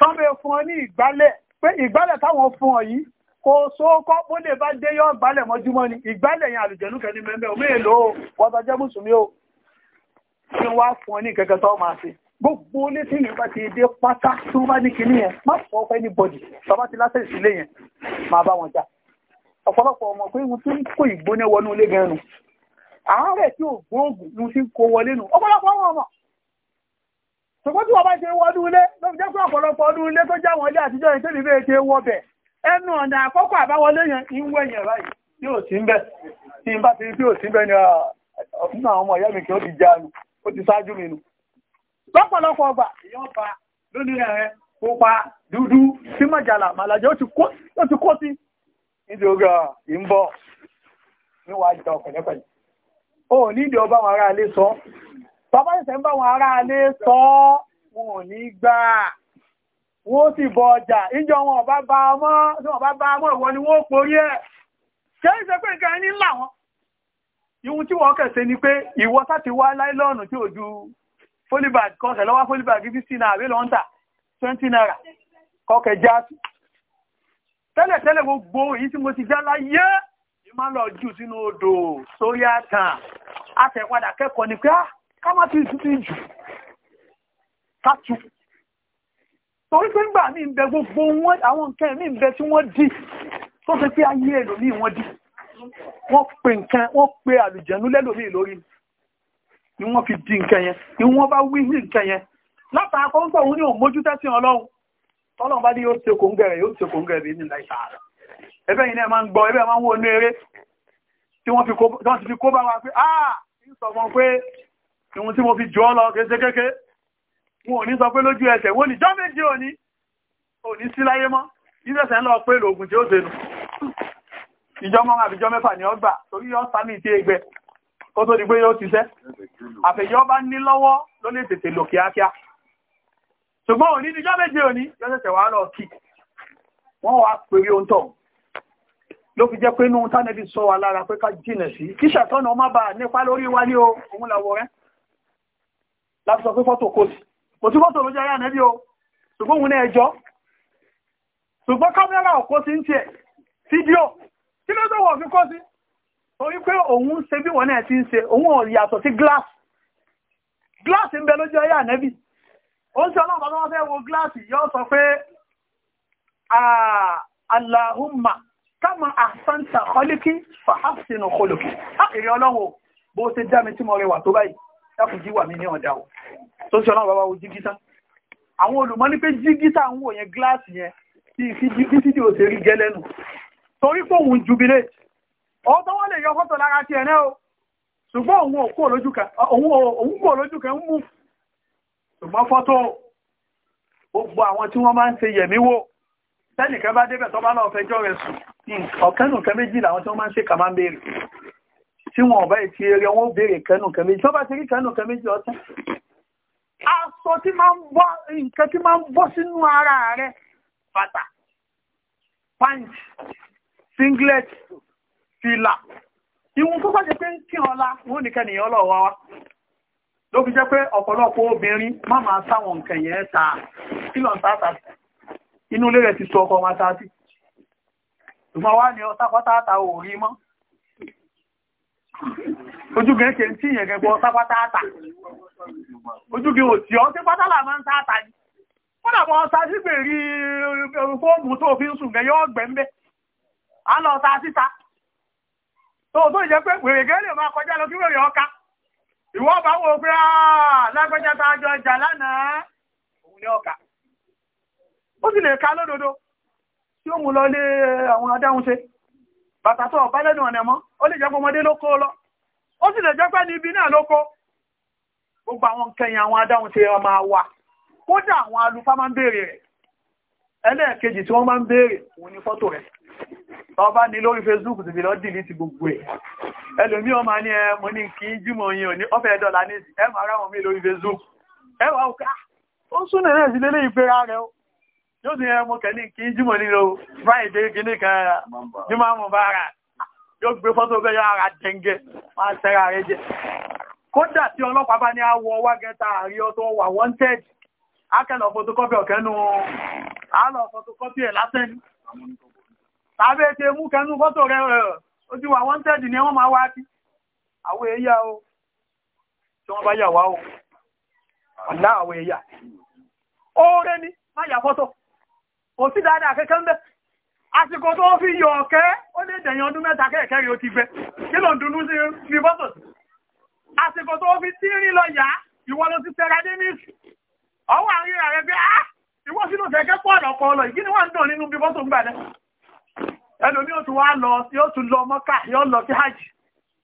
Speaker 1: tó bẹ̀rẹ̀ fún ọ ní ìgbálẹ̀ pé ìgbálẹ̀ táwọn fún ọ yìí kò sóókọ́ bó lè bá dé yọ ìgbálẹ̀ mọ́júmọ́ ni ìgbálẹ̀ yẹn àlùjẹ̀nu kẹ́ni mẹ́mẹ́ o mélòó wọ́n tọ́jẹ́ mùsùlùmí o kí wọ́n á fún ọ ní kẹ́kẹ́ tó máa ṣe gbogbo ilé tí ìlú bá ti dé pátá tí wọ́n bá ní kinní yẹn má fọ́ fẹ́ ní bọ́dì bàbá ti lásẹ̀ ìsílẹ̀ yẹn máa bá wọn jà ọ̀pọ̀lọpọ̀ ọmọ pé ohun tí ń kó ìgbóná wọnú ilé gan nu àárẹ̀ tí ò gbóògùn ni ti ń kó wọlé nu ọ̀pọ̀lọpọ̀ àwọn ọmọ ṣùgbọ́n tí wọ́n bá ṣe wọnú ilé ló fi jẹ́ pé ọ̀pọ̀lọpọ̀ ọdún ilé tó já wọn ilé àtijọ́ lọ́pọ̀lọpọ̀ ọgbà èèyàn pa lónìí rẹ̀ pupa dúdú sí mọ̀jàlá màlàjẹ́ ó ti kó sí nítorí ìbọ̀ níwà jọ pẹ̀lẹ́pẹ̀lẹ́ ó ní ìdí ọba àwọn ará alé sọ bàbá ìṣẹ́ ń bá àwọn ará alé sọ wọn ò ní gbà wọ́n sì bọ ọjà ìjọ wọn ọba bá ọmọ tí wọ́n bá bá ọmọ ìwọ ni wọ́n porí ẹ̀ ṣe é ṣe pé nǹkan ẹni ńlá wọn ìhun tí wọ́n kẹ̀sẹ̀ ni pé ìwọ sáti wá láìlọ́ọ̀nù tí ò ju fólíbàd kọ́sẹ̀ lọ́wọ́ fólíbàd bí fifty naira àbí lọ́ńtà twenty naira kọ́kẹ́ já sí. tẹ́lẹ̀ tẹ́lẹ̀ gbogbo èyí tí mo ti já láyé ni máa ń lọ jù sínú odò sóyá tàn àtẹ̀padà kẹ́kọ̀ọ́ ni pé ah, ká má ti tutù jù ká tu. torí pé ńgbà mí ń bẹ gbogbo wọn àwọn nǹkan mí ń bẹ tí wọ́n dì tó fi pé ayé ẹlòmíì wọ́n dì wọ́n pe nǹkan wọ́n pe àlùjẹ̀nu lẹ́lòmíì lórí ni ni wọ́n fi di nǹkan yẹn ni wọ́n bá wí ní nǹkan yẹn látàá kó ń gbọ̀ òun ní òun mójú tẹ́sí ọlọ́run tọ́lọ́run bá ní yóò ṣe kò ń gẹ̀rẹ̀ yóò ṣe kò ń gẹ̀rẹ̀ ní ìlà ìsàárà ẹbẹ́ yìí náà máa ń gbọ́ ẹbẹ́ máa ń wo inú eré tí wọ́n ti fi kó bá wa pé ah ń sọ fún pé ìwọ̀n tí mo fi jọ lọ kéṣe kéke wọn ò ní sọ pé lójú ẹsẹ̀ wọ́n ní jọ́méjì òní òní sí láyé mọ́ ìrẹsẹ̀ ń lọ pé lòògùn tí ó ṣe nù ìjọ mọ́ àbíjọ mẹ́fà ni ọgbà torí yọ sámì tí ẹgbẹ́ kó tó di pé yóò ti sẹ́ àfẹ̀yọ́ bá ní lọ́wọ́ ló lè tètè lò kíákíá ṣùgbọ́n òní ní jọ́méje òní yọ́sẹ̀sẹ̀ wà lọ kí wọ́n wá pèrè ohun tọ̀ ló fi jẹ́ pé inú tánẹ́bí sọ wà lára pé ká jìnà sí kí ṣàtọ́nà ọmọ bá nípa lórí wá ní ohun làwọ̀ rẹ́ láti sọ pé fọ́tò kò sí kò sí fọ́tò ló jẹ́ yàn nẹ́bí o ṣùgbọ́n òun náà ẹjọ́ ṣùgbọ́n kámẹ́rà ọ̀kọ́ sí ń tiẹ̀ fídíò kí ló tó wọ̀ fi kọ́ sí orí pé òun ṣe bí wọ́n náà ti ń ṣe òun ò yàtọ̀ sí gíláàsì gíláàsì ń bẹ lójú ọyá ànẹ́bì ó ń ṣe ọlọ́pàá tó wọ́n fẹ́ wo gíláàsì yóò sọ pé Allahumma kama ahsanta khaliki fa ahsinu khuluki èrè ọlọ́wọ́ bó ṣe já mi tí mo rẹwà tó báyìí dákùn jíwà mi ní ọ̀dà o tó ṣe ọlọ́pàá wo jígítà àwọn olùmọ́ ní pé jígítà ń wò yẹn gíláàsì yẹn tí fídíò ṣe rí gẹ́lẹ́nu torí pé òun jubilate ọwọ́ tó wọ́n lè yọ fọ́tò lára ti ẹ̀rẹ́ o ṣùgbọ́n òun kò lójú kan ń mú ṣùgbọ́n fọ́tò gbogbo àwọn tí wọ́n máa ń ṣe yẹ̀mí wò tẹ́nìkan bá débẹ̀ tó bá náà fẹjọ́ rẹ̀ sùn ọ̀kẹ́nùkan méjì làwọn tí wọ́n máa ń ṣe kà máa ń béèrè tí wọn ọ̀bá ìtì eré wọn ó béèrè kẹ́nùkan méjì tó bá ti rí kẹ́nùkan méjì ọtán aṣọ tí máa ń bọ́ nǹkan tí máa ń bọ́ sínú ara rẹ̀ bàtà pant singlet fìlà ìwọ̀n tó bájẹ́ pé ń kí ọlá wọ́n nìkan nìyàn ọlọ́wọ́ wá ló fi jẹ́ pé ọ̀pọ̀lọpọ̀ obìnrin má máa sáwọn nǹkan yẹn ta kí lọ ń ta ta inú ilé rẹ̀ ti sọ ọkọ̀ máa ta sí ṣùgbọ́n wá ní ọtápátáta ò rí mọ́ ojúgẹ́ kè ń tí ìyẹn gẹ́gbọ́ ọtápátáta ojúgẹ́ òtí ọ́ tí pátálà máa ń táta ni wọ́n dàbọ̀ ọta sígbè rí fóòmù tó fi ń sùn gẹ́ yọ́ ọ̀gbẹ́ ń bẹ́ á lọ ta síta tó tó ìjẹ́ pé wèrè gẹ́ lè máa kọjá lọ kí wèrè ọka ìwọ bá wo pé ah, lágbẹ́já tá jọ ìjà lánàá òun ní ọka ó sì lè ká lódodo tí ó mú lọ lé eh, àwọn adáhun ṣe bàtà tó ọ̀bá lẹ́nu ọ̀nà mọ́ ó lè ọmọdé lọ ó sì lè jẹ́ pé níbi náà gbogbo àwọn kẹyìn àwọn wa kódà àwọn máa ń béèrè rẹ̀ ẹlẹ́ẹ̀kejì tí wọ́n máa ń ọba ní lórí Facebook ti fi lọ ti gbogbo ẹ̀ ẹlòmí ọmọ ní ẹ ní kí jímọ̀ yìí ò ọfẹ́ dọ́là ní ẹ ara wọn mi lórí Facebook ẹ wà òkà ah, ó súnà náà sí lélẹ́ ìpera rẹ ó yóò sì ẹ mo kẹ́lí kí Friday kìíní kan àmọ̀ bá ara yóò gbé fọ́tò bẹ́ẹ̀ yóò ara dẹ́ngẹ́ máa rẹ jẹ kódà ọtọ wà wanted akẹ́lọ̀ fotokọ́pì ọ̀kẹ́nu fotokọ́pì ẹ̀ tàbí ṣe mú kẹnu fọ́tò rẹ̀ ó ti wà wọ́n tẹ́ẹ̀dì ní wọ́n máa wá tí àwọ èyà o tí wọ́n bá yà wá o ọ̀lá àwọ èyà oore ni má yà fọ́tò kò sí dáadáa kẹ́kẹ́ ń bẹ́ àsìkò tó fi yọ ọ̀kẹ́ ó lè dẹ̀yìn ọdún mẹ́ta kẹ́ẹ̀kẹ́rì ó ti gbẹ kí ló ń dunú sí fi fọ́tò sí àsìkò tó fi tíírín lọ yá ìwọ ló ti tẹ́ra dé ní ọwọ́ àríra rẹ̀ bí i ah, ìwọ sínú fẹ́kẹ́ pọ̀ ọ̀dọ̀ pọ̀ ọ̀lọ̀ ìkíni wà ń ẹlòmí ò tún lọ yóò tún lọ mọ́kà yóò lọ sí hajj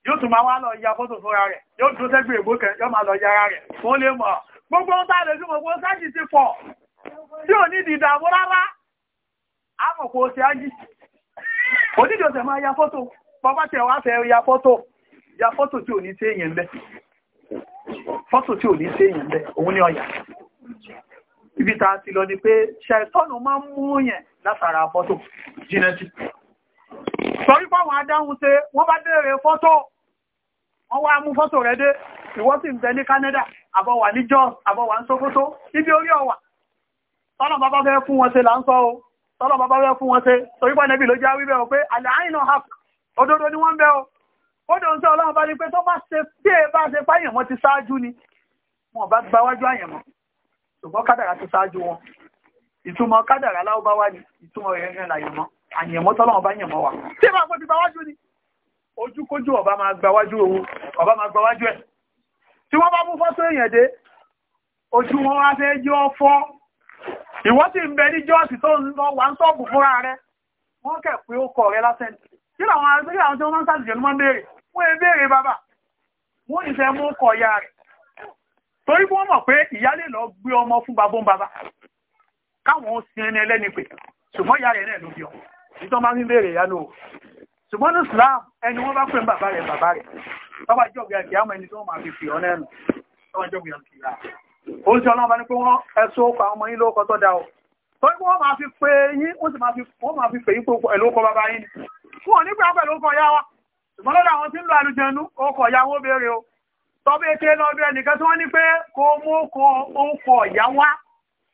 Speaker 1: yóò tún wá lọ ya fọ́tò fúnra rẹ̀ yóò tún sẹ́gbẹ̀ ègbó kẹ yóò máa lọ yára rẹ̀ wọ́n lè mọ̀ gbogbo ohun tá a lè sí gbogbo sáàjì ti pọ̀ tí ò ní dìdàmú rárá a mọ̀ kó o ya foto bàbá tẹ̀ wá fẹ́ ya foto ya foto tí ò ní sí èèyàn bẹ́ tí ò ní sí èèyàn bẹ́ òun ni ọ̀yà ibi ti lọ ni pé ṣàìtọ́nù máa ń mú yẹn látara sọ wípé àwọn adáhùn ṣe wọ́n bá béèrè fọ́tò wọ́n wá mú fọ́tò rẹ̀ dé ìwọ sì ń bẹ ní Canada àbọ̀wà ní Jos àbọ̀wà ń Sókótó ibi orí ọ̀wà tọ́lọ̀ bàbá fẹ́ fún wọn ṣe là ń sọ o tọ́lọ̀ bàbá fẹ́ fún wọn ṣe torí pọ̀ nẹ́bì ló já wíbẹ̀ o pé àlàáìnà hap òdodo ni wọ́n bẹ́ o ó dẹ̀ ń sọ ọlọ́run bá ní pé tó bá ṣe tí è bá ṣe fáyẹ̀ wọn ti ṣáájú ni wọn àyẹ̀mọ́ tọ́lọ́wọ́ bá yẹ̀mọ́ wa tí ìbá gbọ́ ti gba wájú ni ojúkójú ọba máa gba wájú òun ọba máa gba wájú ẹ̀ tí wọ́n bá mú fọ́tò èèyàn dé ojú wọn wá fẹ́ jẹ́ ọfọ́ ìwọ́n sì ń bẹ ní jọ́ọ̀sì tó ń lọ wà ń sọ́ọ̀bù fúnra rẹ wọ́n kẹ̀ pé ó kọ̀ rẹ lásán kí làwọn agbẹ́gbẹ́ àwọn tí wọ́n máa ń sàtìjẹ́ ló máa ń béèrè wọ́n ń béèrè bàbá wọ́n ìfẹ́ mú kọ̀ ya rẹ̀ torí ṣùgbọ́n ìyá rẹ̀ náà ló bí ọmọ ní tó máa ń bèèrè ìyanu ṣùgbọ́n ní Islam ẹni wọ́n bá pè ń bàbá rẹ̀ bàbá rẹ̀ tọ́wọ́ ìjọba ẹ̀kì àmọ́ ẹni tó máa fi fi ọ̀nà ẹnu tọ́wọ́ ìjọba ẹ̀kì rà ó ń ṣe ọlọ́mọ ní pé wọ́n ẹ̀sọ́ ọkọ̀ àwọn ọmọ yín lóko tó dá o torí pé wọ́n máa fi pè yín wọ́n sì máa fi pè yín pẹ̀lú ọkọ̀ bàbá yín fún òní pé pẹ̀lú ọkọ̀ yá wa ṣùgbọ́n lọ́dọ̀ àwọn tí ń lo àlùjẹnu ọkọ̀ yá wọn béèrè o tọ́bí eke lọ́dọ̀ ẹnìkan tí wọ́n ní pé kó mú ọkọ̀ yá wá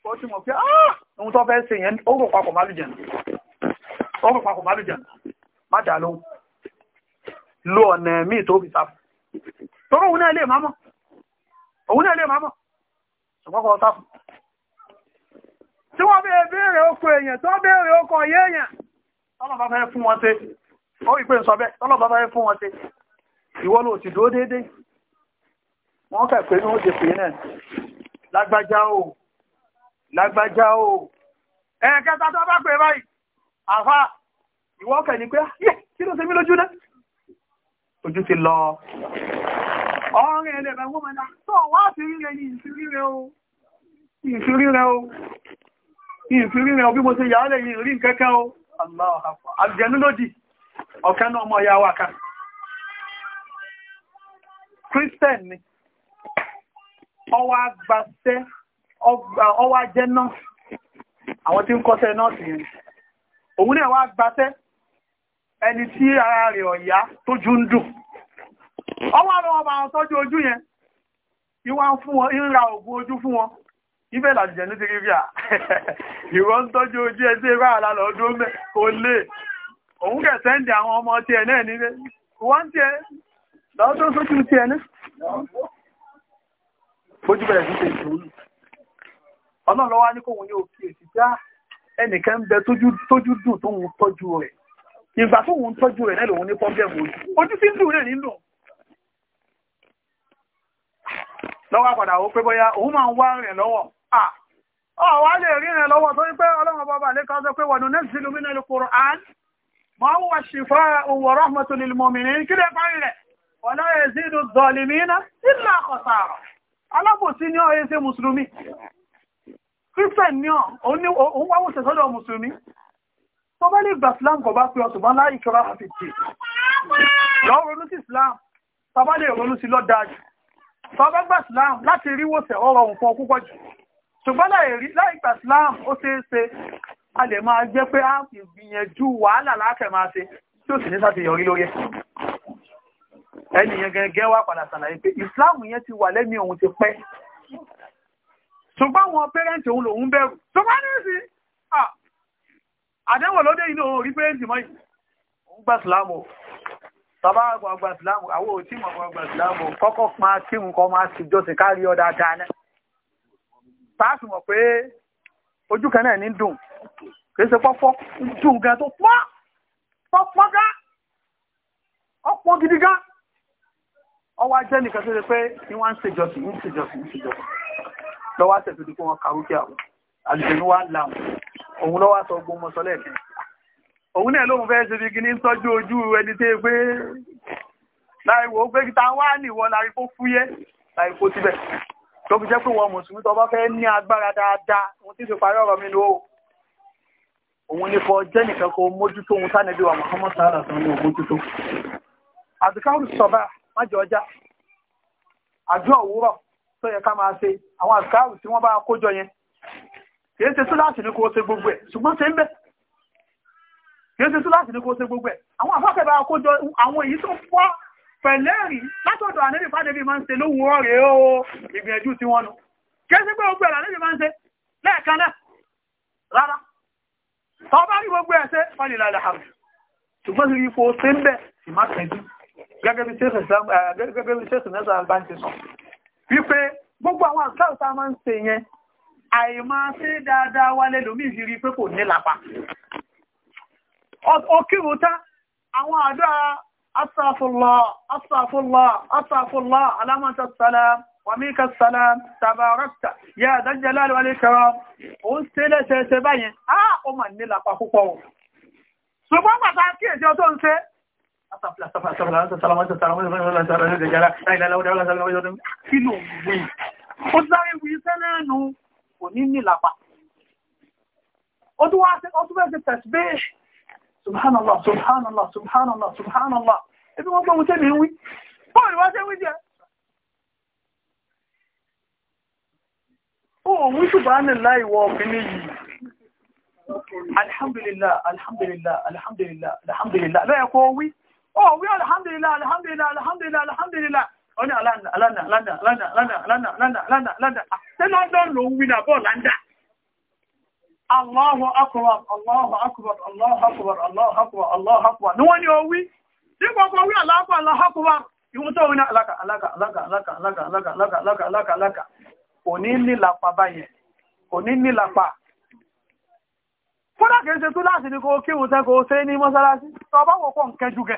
Speaker 1: ó ti mọ̀ pé ah! ohun tó fẹ́ ṣe yẹn ó rò papọ̀ málùjẹnu wọ́n pọ̀ papọ̀ málùjá má dà lóhun lo ọ̀nà ẹ̀mí tó fi sáfù tọ́rọ òun náà lè máa mọ̀ òun náà lè máa mọ̀ ṣùgbọ́n kọ́ sáfù tí wọ́n bẹ́ẹ̀ bẹ́ẹ̀rẹ̀ oko èèyàn tó bẹ́ẹ̀rẹ̀ oko èèyàn tọ́lọ̀bá fẹ́ fún wọn ṣe ó ìpé ń sọ bẹ́ẹ̀ tọ́lọ̀bá fẹ́ fún wọn ṣe ìwọ ló ti dúró déédéé wọ́n kẹ̀ pé ní o lágbájá o ẹ̀ẹ̀kẹta tó bá pè báyìí àfá ìwọ́kẹ̀ ní pé yẹ́ kí ló ṣe mí lójú náà ojú ti lọ ọ̀rìn ẹ̀lẹ̀ ẹ̀bẹ̀ wọ́n mẹ́ta tó wá sí ríre ní ìfiríre o ìfiríre o ìfiríre o bí mo ṣe yà á lè yìí rí kẹ́kẹ́ o àjẹnú lòdì ọ̀kẹ́ náà mọ̀ ya wà kan Christian ni ọwọ́ agbàṣẹ́ ọwọ́ ajẹ́ náà àwọn tí ń kọ́ṣẹ́ nọ́ọ̀sì yẹn òun náà wá gbaṣẹ́ ẹni tí ara rẹ̀ ọ̀yá tójú ń dùn ọwọ́ àwọn ọba àwọn tọ́jú ojú yẹn ìwà ń fún wọn ń ra ògùn ojú fún wọn ibẹ̀ làjẹ̀jẹ̀ ní ti rí bí i à [LAUGHS] ìwọ ń tọ́jú ojú ẹ sí ẹgbẹ́ àlá lọ dúró mẹ́ kò lè òun kẹ̀ sẹ́ndì àwọn ọmọ tiẹ̀ náà nílé wọ́n tiẹ̀ lọ́dún sójú tiẹ̀ náà fojú bẹ̀rẹ̀ sí ṣe ìṣòro ọlọ́run lọ́wọ́ ní kóhun ní òkè sí dáa ẹnìkan ń bẹ tójú dùn tó ń tọ́jú rẹ̀ ìgbà tó ń tọ́jú rẹ̀ náà lòun ní pọ́blẹ́mù ojú ojú tí ń dùn rẹ̀ nílò lọ́wọ́ padà ó pé bóyá òun máa ń wá rẹ̀ lọ́wọ́ ọ̀wá lè rí rẹ̀ lọ́wọ́ tó ń pẹ́ ọlọ́run bàbá lè kọ́ sọ pé wọ̀nù náà sí lómi náà lókòrò án máa ń wà ṣìfà òwò rọ́mọ̀tò lè mọ̀mí kí lè parí rẹ̀ ọ̀nà èsì ìdù zọ̀lìmí náà ìlà àkọ̀sàrọ̀ alábòsí ní ọ̀yẹ́sẹ̀ Christian ní òun wá wòṣẹ̀ sọ́dọ̀ Mùsùlùmí. Tó bá lè gbà Islam kọ̀ bá pé ọ̀ṣùgbọ́n láì ìṣọ́ra àti tì. Lọ ronú sí Islam, tàbá lè ronú sí lọ́dà jù. Tọ́bá gbà Islam láti rí wòṣẹ̀ ọ̀rọ̀ nǹkan púpọ̀ jù. Ṣùgbọ́n láì gbà Islam ó ṣeé ṣe a lè máa jẹ́ pé a ìgbìyànjú wàhálà láàkẹ́ máa ṣe tí ó sì ní sàtìyọrí lórí ẹ̀. Ẹnìyàn gẹ́gẹ́ wá padà sàlàyé pé Islam yẹn ti wà lẹ́mí òun ti pẹ́ ṣùgbọ́n àwọn pẹ́rẹ́ǹtì òun lòun bẹ̀rù ṣùgbọ́n ní sí àdẹ́wọ̀ lóde inú òun rí pẹ́rẹ́ǹtì mọ́ yìí òun gba ìsìlámù bàbá àgbà ìsìlámù àwọn òtí mọ̀ àgbà ìsìlámù kọ́kọ́ máa tí nǹkan máa ti jọ́sìn kárí ọ̀dà dáná pàásù mọ̀ pé ojú kan náà ní dùn lọ́wọ́ àtẹ̀tò tí wọ́n ka rúkẹ́ àwọn àlùjẹ̀nu wa làwọn òun lọ́wọ́ àtọ̀ ogun mọ́sọ lẹ́ẹ̀kẹ́ òun náà lóun fẹ́ẹ́ ṣe bí kí ní tọ́jú ojú ẹni tẹ́ pé láìwò pé kí ta wá nìwọ lárí kó fúyẹ́ láì kó síbẹ̀ tó fi jẹ́ pé wọn mùsùlùmí tó bá fẹ́ ní agbára dáadáa òun ti fi parí ọ̀rọ̀ mi lò òun ní kọ jẹ́ nìkan kó mójútó òun sánẹ́bí wa Muhammad sallallahu alaihi wasallam mójútó tó yẹ ká máa ṣe àwọn àkáàrù tí wọ́n bá kójọ yẹn kìí ṣe síláàtì ní kò ṣe gbogbo ẹ̀ ṣùgbọ́n ṣe ń bẹ̀ kìí ṣe síláàtì ní kò ṣe gbogbo ẹ̀ àwọn àfáàkẹ́ bá kójọ àwọn èyí tó pọ̀ pẹ̀lẹ́rì látọ̀dọ̀ ànẹ́bì fàdébì máa ń ṣe lówó ọ̀rẹ́ o ìgbìyànjú tí wọ́n nu kìí ṣe pé gbogbo ẹ̀ ànẹ́bì máa ń ṣe lẹ́ẹ̀kan náà rárá tọ́ bá rí gbogbo ẹ̀ ṣe wọ́n lè lálẹ́ àrùn ṣùgbọ́n sí ipò ṣe ń bẹ̀ sì má tẹ̀jú gẹ́gẹ́ bí ṣe sọ wípé gbogbo àwọn àṣàrò tá a máa ń ṣe yẹn àìmá ṣe dáadáa wálé lómi ìrírí pé kò ní lápá ọkírun tá àwọn àdó asàfùlọ asàfùlọ asàfùlọ alámọ̀tà sálám wàmíkà sálám tàbárọ́tà yà dájẹ́ láàrín wálé kẹrọ ó ń se lẹ́sẹẹsẹ báyẹn á ó mà ní lápá púpọ̀ ṣùgbọ́n pàtàkì èdè ọjọ́ ń ṣe Ó sáré wí sẹ́lẹ̀ ẹnu kò ní ní làpá. Ó tún wá sí ọdún mẹ́sẹ̀ tẹ̀síbé. Subhanallah, Subhanallah, Subhanallah, Subhanallah. Ebi wọ́n gbọ́mù tẹ́lẹ̀ wí. Bọ́ọ̀lù wá tẹ́ wí jẹ́. Ó wí Subhanallah ìwọ ọ̀fìnì yìí. Alhamdulillah, Alhamdulillah, Alhamdulillah, Alhamdulillah. Lọ́yẹ̀ kọ́ wí. oh we alhamdulillah alhamdulillah alhamdulillah alhamdulillah ó ní alanda alanda alanda alanda alanda alanda alanda alanda ṣé london ló ń wí náà bọ́ọ̀ landa Allahu akbar Allahu akbar Allahu akbar Allahu akbar Allahu akbar Allahu akbar kìí ṣe ní kí ṣe ní tọ́ bá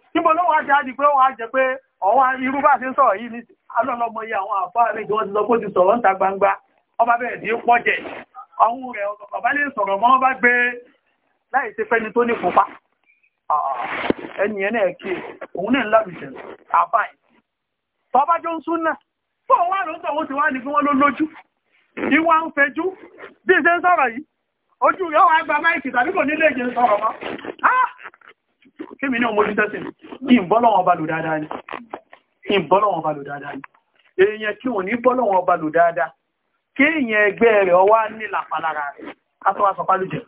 Speaker 1: níbo ló wà jẹ́ àdì pé wọ́n á jẹ pé ọ̀wọ́n irú bá ṣe ń sọ̀rọ̀ yìí ní alọ́lọ́mọye àwọn àfáà rẹ̀ tí wọ́n ti sọ pé ó ti sọ̀rọ̀ ń ta gbangba ọba bẹ̀rẹ̀ sí pọ̀ jẹ̀ ọ̀hún rẹ̀ ọba lè sọ̀rọ̀ mọ́ bá gbé láì ṣe fẹ́ni tó ní pupa ẹni ẹ̀ náà kí òun náà lábìṣẹ̀ àbáyé tọ́ba jọ ń sún náà fún òun wà lóòótọ́ òun ti wá ní kí wọ́n ló lójú ìwà ń fẹjú bí ṣe ń sọ̀rọ̀ yìí ojú yóò wá gba máìkì tàbí kò nílé ìjìn sọ̀rọ̀ mọ́ á kémi ní ọmọ ojútẹ́sì ní ìbọ́lọ̀wọ̀n ọba lò dáadáa ni ìbọ́lọ̀wọ̀n ọba lò dáadáa ni èèyàn tí ò ní bọ́lọ̀wọ̀n ọba lò dáadáa kí èèyàn ẹgbẹ́ rẹ̀ ọwá ní làpalára rẹ̀ kátọ́wà sọpálùjẹ̀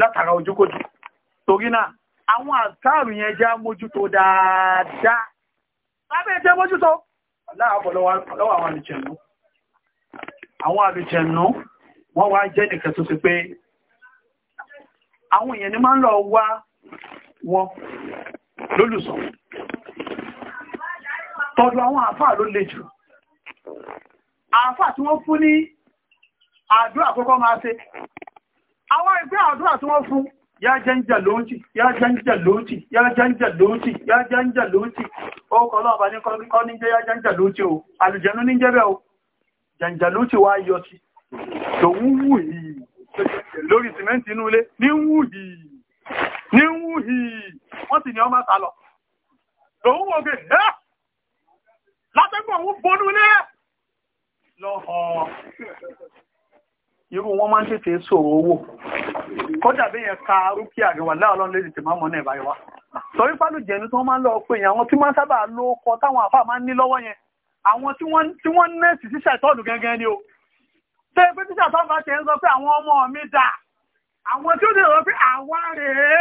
Speaker 1: látara ojúkòjì torí náà àwọn àtàrù yẹn já mójútó dáadáa lábẹ́ jẹ́ mójútó láàbọ̀ lọ́wọ́ àwọn àlùjẹ̀nú àwọn àlùjẹ̀nú wọ́n wá jẹ́ nìkan tó ti pé àwọn èèyàn ni máa ń lọ wá wọn lólùsọ tọ́jú àwọn àfáà ló le jù àfáà tí wọ́n fún ní àdúrà àkọ́kọ́ máa ṣe àwọn ìgbé àdúrà tí wọ́n fún yá jẹ́ǹjẹ̀ lóòtì yá jẹ́ǹjẹ̀ yá yá ní kọ́ ní jẹ́ yá jẹ́ǹjẹ̀ lóòtì o àlùjẹ̀nú ní jẹ́bẹ̀ o lóòtì wá yọ
Speaker 2: ní ń wú hì
Speaker 1: wọ́n sì ní ọmọ sá lòun wò gé ẹ́ látẹ́gbọ̀n òun bonú lé lọ́họ̀ irú wọn máa ń tètè sọ̀rọ̀ owó kọjá bí yẹn ka rúkìá àríwá láàrín lẹ́dí tí máa mọ́ náà ìbáyọ̀wá torí pálù jẹ̀nu tí máa ń lọ pé àwọn tí máa ń sábà ló kọ táwọn àfáà máa ń ní lọ́wọ́ yẹn àwọn tí wọ́n nẹ́ẹ̀sì sísà ìtọ́ọ̀lù gẹ́gẹ́ ni o tẹ́ pé sísà tó bá ń sọ pé àwọn ọmọ mi dáa àwọn tí ó lè rọ pé àwa rèé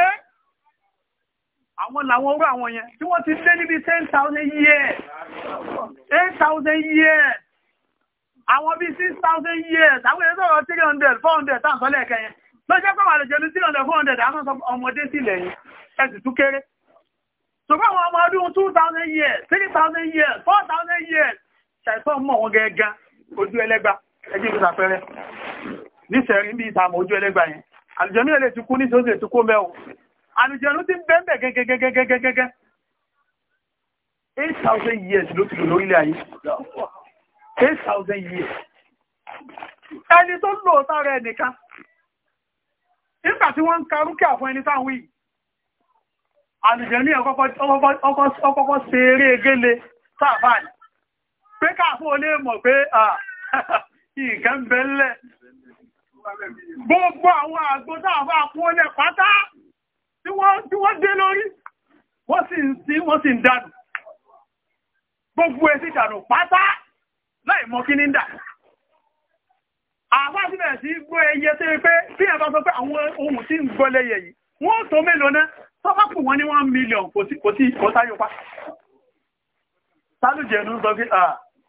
Speaker 1: àwọn làwọn orú àwọn yẹn tí wọ́n ti lé níbi 10,000 years 8,000 years àwọn bí 6,000 years àwọn èyí sọ̀rọ̀ 300 400 tàn sọ́lẹ̀ kẹyẹn ló jẹ́ pọ̀ àlejò ní 300 400 àwọn sọ ọmọdé sí ilẹ̀ yìí ẹ̀sì tún kéré ṣùgbọ́n àwọn ọmọ ọdún 2,000 years 3,000 years 4,000 years ṣàìsọ́ mọ̀ wọn gẹ́gẹ́ ojú ẹlẹ́gbà ẹgbẹ́ ìgbésàfẹ́rẹ́ níṣẹ̀rí bí ìtààmù ojú ẹlẹ́gbà yẹn àlùjànnú lè ti kú ní ìṣòsì ètò kó mẹ́wọ̀ àlùjànnú ti ń bẹ́ẹ̀ gẹ́gẹ́gẹ́gẹ́gẹ́gẹ́gẹ́ 8,000 years ló ti lò lórílẹ̀ ayé 8,000 years ẹni tó lò sára ẹnìkan nígbà tí wọ́n ń ka rúkẹ́ àfún ẹni táwọn yìí àlùjànnú ọkọ̀kọ́ ṣe eré egéle sáàbáà pé káàfún olè mọ̀ pé nǹkan [LAUGHS] bẹ́ẹ̀lẹ̀ Gbogbo àwọn àgbọ́dá àwọn àkúnlẹ̀ pátá tí wọ́n dé lórí, wọ́n sì ń sí, wọ́n sì ń dànù. Gbogbo èsì dànù pátá láì mọ̀ kí ní dà. Àwọn àti bẹ̀rẹ̀ sí gbọ́ ẹyẹ tí pé bí ẹ̀bá sọ pé àwọn ohun tí ń gbọ́ lẹ́yẹ yìí, wọ́n tó mélòó náà, sọ́pàpù wọn ní 1 million kò sí ìkọ́sáyópa. Tálùjẹ̀ ní ń sọ pé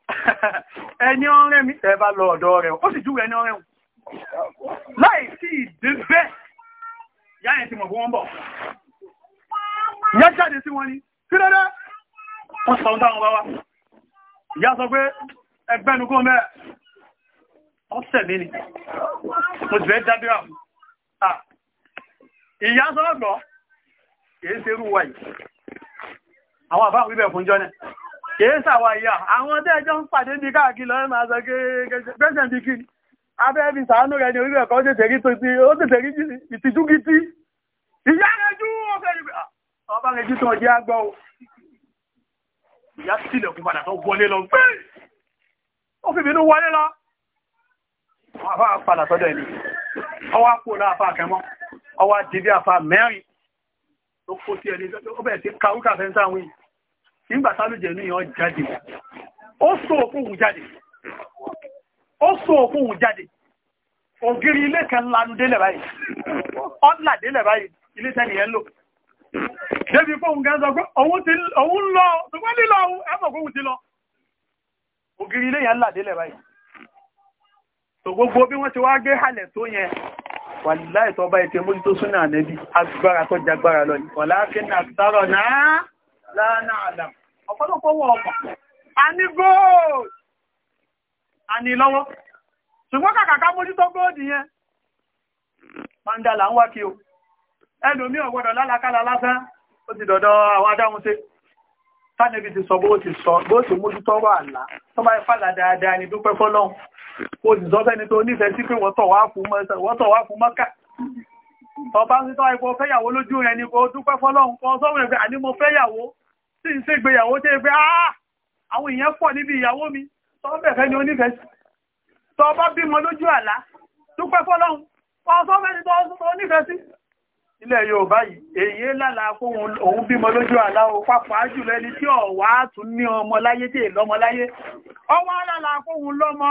Speaker 1: [LAUGHS] ẹni ọ̀rẹ́ mi ẹ̀bá lọ ọ̀dọ̀ rẹ̀, ó sì júwẹ́ ẹni ọ̀rẹ́ láì sí ìdí bẹ́ẹ̀ ìyá yẹn ti mọ̀ fún wọn bọ̀ ìyá jáde sí wọn ni kí lẹ́dẹ́ wọ́n sọ ohun táwọn bá wá ìyá sọ pé ẹgbẹ́nu kó mẹ́ ọ̀sẹ̀ mi ni mo jẹ́ dábíra ìyá sọ ọ̀gbọ́ kìí ṣe rú wa yìí àwọn àbá wíbẹ̀ fún jọ náà kìí ṣàwà ìyá àwọn tẹ́ẹ̀jọ́ ń pàdé bí káàkiri lọ́rẹ́ máa sọ gẹ́gẹ́ abẹ́bí sàánú rẹ̀ ni orí ẹ̀kọ́ tètè rí tó ti ó tètè rí ìtìjú gidi ìyá rẹ̀ jú ó fẹ́ rí ah, ọba rẹ̀ jú tó ọjẹ́ àgbọ̀ o ìyá sílẹ̀ kú padà tó wọlé lọ pé ó fi bínú wọlé lọ àfá padà sọ́dọ̀ ẹni ọwá kó lọ àfá kẹmọ́ ọwá dìbí àfá mẹ́rin tó kó sí ẹni ó bẹ̀rẹ̀ sí kàrúkà fẹ́ sáwọn yìí nígbà sálùjẹ̀ ní ìyàn jáde ó sọ òkú òun jáde ó sọ òkun òun jáde ògiri ilé kan lanu délẹ̀ báyìí ọ́nà délẹ̀ báyìí ilé tẹ́lẹ̀ yẹn lò débi fóun gẹ́sọ pé òun lọ ṣùgbọ́n lílọ ẹmọ̀ fóun ti lọ ògiri ilé yẹn là délẹ̀ báyìí tó gbogbo bí wọ́n ti wá gé halẹ̀ tó yẹn wà láì tọ́ báyìí tí ó mójútó súnà ànẹ́bí agbára tó jagbára lọ ọ̀lá a ní lọ́wọ́ ṣùgbọ́n kàkàká mójútó góòdì yẹn mandala ń wá kí o ẹlòmí ọ̀gbọ́dọ̀ lálàkálà lásán ó ti dọ̀dọ̀ àwọn adáhunṣe tánẹ́bí ti sọ bó ti sọ bó ti mójútó wà àlá tó bá fàlà dáadáa ní dúpẹ́ fọ́lọ́hun ó sì sọ fẹ́ni tó nífẹ̀ẹ́ sí pé wọ́tọ̀ wá fún mọ́kà ọba ń tọ́ ipò fẹ́yàwó lójú rẹ̀ ní kò dúpẹ́ fọ́lọ́hun kan sọ́wọ́n ẹgbẹ́ àní mo fẹ́yàwó tí ń ṣègbéyàwó tí ń àwọn èèyàn pọ̀ níbi ìyàwó mi tọ́bẹ̀fẹ́ lójú àlá o pàápàá jùlọ ẹni tí ọ̀wá tún ní ọmọ láyé tí èlọ́mọ láyé ọwọ́ lálà fóhun lọ́mọ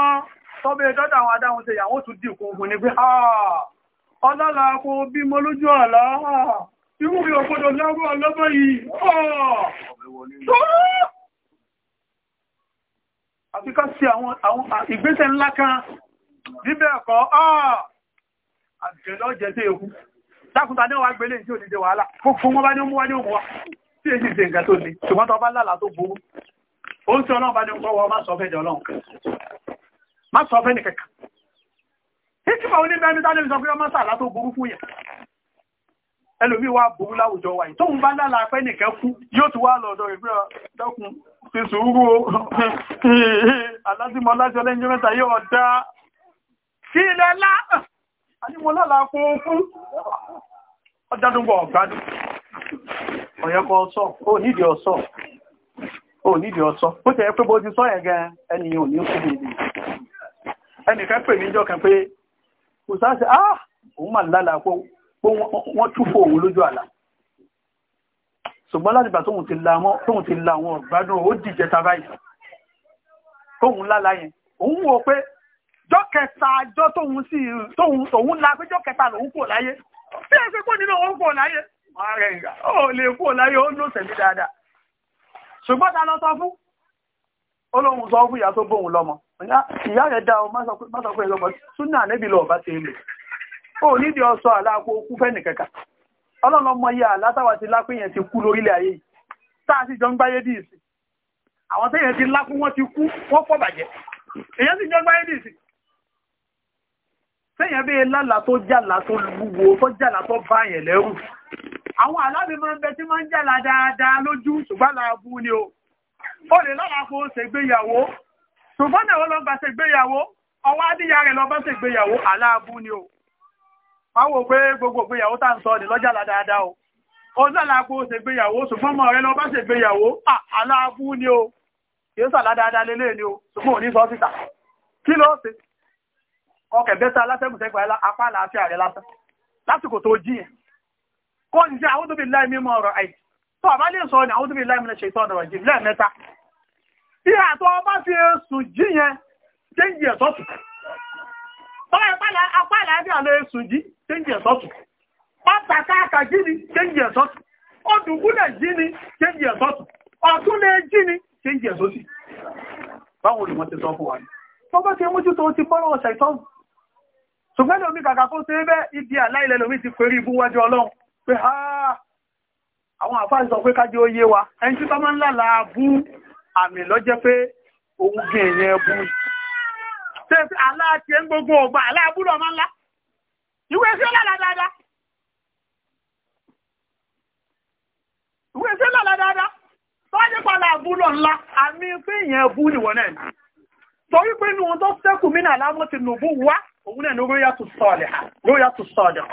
Speaker 1: tọ́bẹ̀ dọ́dà àwọn adáhun ṣe yàwó tún dìkù ogun ni pé ọlọ́lá kó bímọ lójú àlá irú mi lọ́rọ̀ ọlọ́mọ yìí àti ká sí àwọn ìgbésẹ̀ ńlá kan níbẹ̀ ẹ̀kọ́ ah! àjẹ́lọ́ jẹ́ sí ewu dákùntà ní ọwà gbélé tí ò ní jẹ wàhálà fún wọn bá ní ọmọwá ní ọmọwá tí èsì ìsẹ̀ nǹkan tó ní ṣùgbọ́n tó bá lálà tó burú ó ń sí ọlọ́run bá ní ọkọ̀ wọ má sọ fẹ́ jẹ ọlọ́run má sọ fẹ́ nìkẹ̀kà hikima ó ní bẹ́ẹ̀ni tá níbi sọ pé ọmọ sàlá tó burú fún yẹn ẹlòmíì wá burú láwùjọ wa yìí tóun bá lálà pẹ́ nìkẹ́ kú yóò tún wá lọ́dọ̀ ìgbé ọdọ́kun ti sùúrù alásìmọ̀ láṣọ lẹ́yìn mẹ́ta yóò dá sí ilẹ̀ lá anímọ̀lọ́lá fún fún ọjádúnbọ̀ ọ̀gbádù ọ̀yẹ́kọ̀ ọ̀sọ́ ó nídìí ọ̀sọ́ ó nídìí ọ̀sọ́ ó tẹ́ pé bó ti sọ ẹ̀gẹ́ ẹniyàn ka ṣùgbọ́n láti gbà tóhun ti la wọn ọ̀gbádùn ó dìjẹ́ tàbáyì tóhun lálá yẹn òun wò pé jọ́ kẹta jọ́ tóhun sí tóhun la pé jọ́ kẹta lòun kò láyé bí ẹ ṣe pé nínú òun kò láyé ó lè kò láyé ó ló tẹ̀lé dáadáa ṣùgbọ́n ta lọ sọ fún olóhun sọ fún ìyá tó bóhun lọ́mọ ìyá rẹ̀ dá o má sọ pé ìlọ́mọ súnà níbi lọ́ọ̀ bá ti lè ó nídìí ọsọ àlàkó kú fẹ́ nìkẹ́kẹ́ ọlọ́lọ́mọ yà látàwà ti lápé yẹn ti kú lórílẹ̀ ayé táà sì jọ ń gbáyé dìísì àwọn tẹ́yẹn ti lápú wọ́n ti kú wọ́n pọ̀ bàjẹ́ èyàn sì jọ ń gbáyé dìísì tẹ́yẹn bí lálà tó jàlà tó wúwo tó jàlà tó bá yẹn lẹ́rù àwọn aláàbí máa ń bẹ tí máa ń jàlà dáadáa lójú ṣùgbọ́n làábú ni o ó lè lọ́la kó ṣègbéyàwó ṣùgbọ́n náà lọ́ bá ṣègbéyàwó ọwọ́ adíyà rẹ̀ lọ́ bá ṣègbéyàwó aláàbú ni o máa wò pé gbogbo ìgbéyàwó tá ń sọ ní lọ́jà o ó ṣe gbéyàwó ṣùgbọ́n mọ̀ lọ bá ṣe gbéyàwó aláàbú ni o kì í sà o ṣùgbọ́n òní sọ síta kí ló ṣe ọkẹ̀ bẹ́ta apá àlàáfíà lásán lásìkò tó jí yẹn kó ní sí àwọn tó àbá lè sọ àwọn ṣe àtọ́ ọba fi sùn jí yẹn jẹ́ change ẹ̀ sọ́tù ọ̀tà káàkà jí ni change ẹ̀ sọ́tù ọdùnkúlẹ̀ jí ni change ẹ̀ sọ́tù ọ̀túnlẹ̀ jí ni change ẹ̀ sọ́tù báwo ni wọ́n ti sọ fún wa ní tó bá ti mójú tó ti fọ́rọ̀ ọ̀sẹ̀ ìtọ́ ṣùgbọ́n lómi kàkà kó ṣe bẹ́ ibi àláìlẹ̀ lómi ti pèrí ibú wájú ọlọ́run pé ha àwọn àfáà sọ pé kájọ oyé wa ẹni tí tọ́mọ́ ńlá làábú àmì lọ́jẹ́ pé òun gẹ̀ ẹ̀yẹn ẹbú ṣe aláàtì ẹ̀ ń gbogbo ọgbà aláàbúrò ọmọ ńlá iwe sí ọlọ́la dáadáa ìwé sí ọlọ́la dáadáa tó nípa làbúlò ńlá àmì pé bú nìwọ̀n náà torí pé inú tó sẹ́kù mínà lámọ́ ti wá òun náà ní róyàtù sọ́ọ̀dẹ̀kọ̀ róyàtù sọ́ọ̀lẹ̀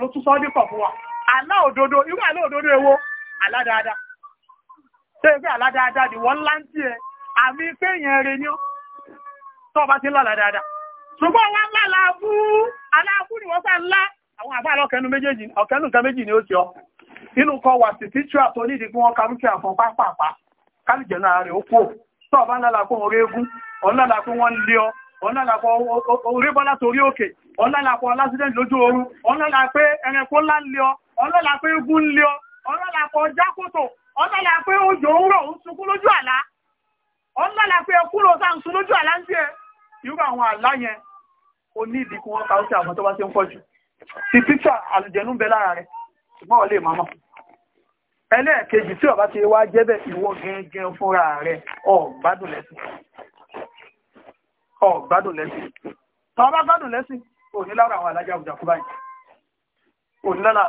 Speaker 1: ló tún sọ́ọ̀dẹ̀kọ̀ fún wa àlá òdodo irú àlá òdodo èwo àlá dáadáa tó ẹgbẹ́ àlá dáadáa ni wọ́n láńtí ẹ àmì pé rẹ ní ṣùgbọ́n wọn ńlá láàbú aláàbú ni wọ́n fẹ́ ńlá àwọn àbá alọ́kẹnu méjèèjì ọ̀kẹnu nǹkan méjì ni ó ti ọ inú kan wà sí títíra tó nídìí kí wọ́n àfọn pápápá kálìjẹ̀ náà rẹ̀ ó kú tó ọba ńlá orí ọ ọ̀nà orí bọ́lá torí òkè ọ̀nà lójú ọ̀nà ẹranko ọ ọ̀nà lé ọ ọ̀nà ọ̀nà òjò ń rọ̀ ń sunkún lójú àlá ọ̀nà lọ ń sun lójú irú àwọn àlá yẹn o ní ìdí kí wọ́n kàrúkẹ́ àwọn tó bá ṣe ń pọ̀ jù ti píṣà àlùjẹ̀nú bẹ lára rẹ̀ ṣùgbọ́n ọ̀lẹ́ ìmọ̀mọ́ ẹlẹ́ẹ̀kejì tí ọba ti wá jẹ́bẹ̀ ìwọ gẹ́gẹ́ fúnra rẹ̀ ò gbádùn lẹ́sìn ò gbádùn lẹ́sìn tọ́ bá gbádùn lẹ́sìn òní lára àwọn alájà òjàkú báyìí òní lára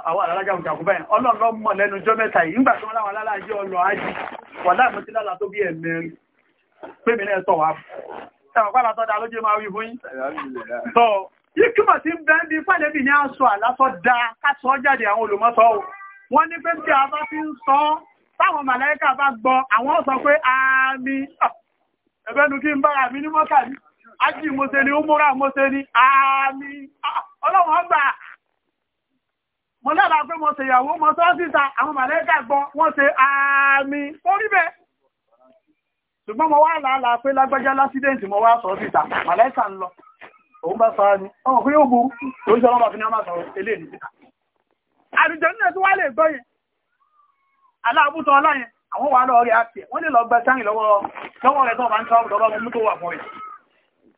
Speaker 1: àwọn ẹ̀wọ̀pàá látọ́dá ló jẹ́ máa wí fún yín. Tọ́ yíkímọ̀ sí bẹ́ẹ̀bí fàlẹ́bì ní aṣọ àlásọ́ da kásọ jáde àwọn olùmọ́sọ́ o. Wọ́n ní pé tí a bá fi ń sọ táwọn màláíkà bá gbọ́ àwọn sọ pé àmì ẹ̀bẹ́nu kí n bára mi ní mọ́kàlí. Ájì mo ṣe ni, ó múra mo ṣe ni, àmì ọlọ́wọ́n gbà. Mo lára pé mo ṣèyàwó, mo sọ́ síta, àwọn màláíkà gbọ́, wọ́n ṣe àmì. Orí bẹ́ẹ̀ ṣùgbọ́n mo wá làálàá pé lágbájá lásídẹ̀ǹtì mo wá sọ síta màláìsà ń lọ òun bá sọ ni ọmọ pé yóò burú ló ń sọ ọmọ fúnni ọmọ sọ eléyìí ní síta àdìjọ nínú tí wá lè gbọ́ yẹn aláàbùtọ ọlá yẹn àwọn wà lọ rí àti ẹ̀ wọ́n lè lọ gbẹ sáyìn lọ́wọ́ lọ́wọ́ rẹ̀ tó bá ń tọ́ ọ̀dọ́ mú tó wà fún ẹ̀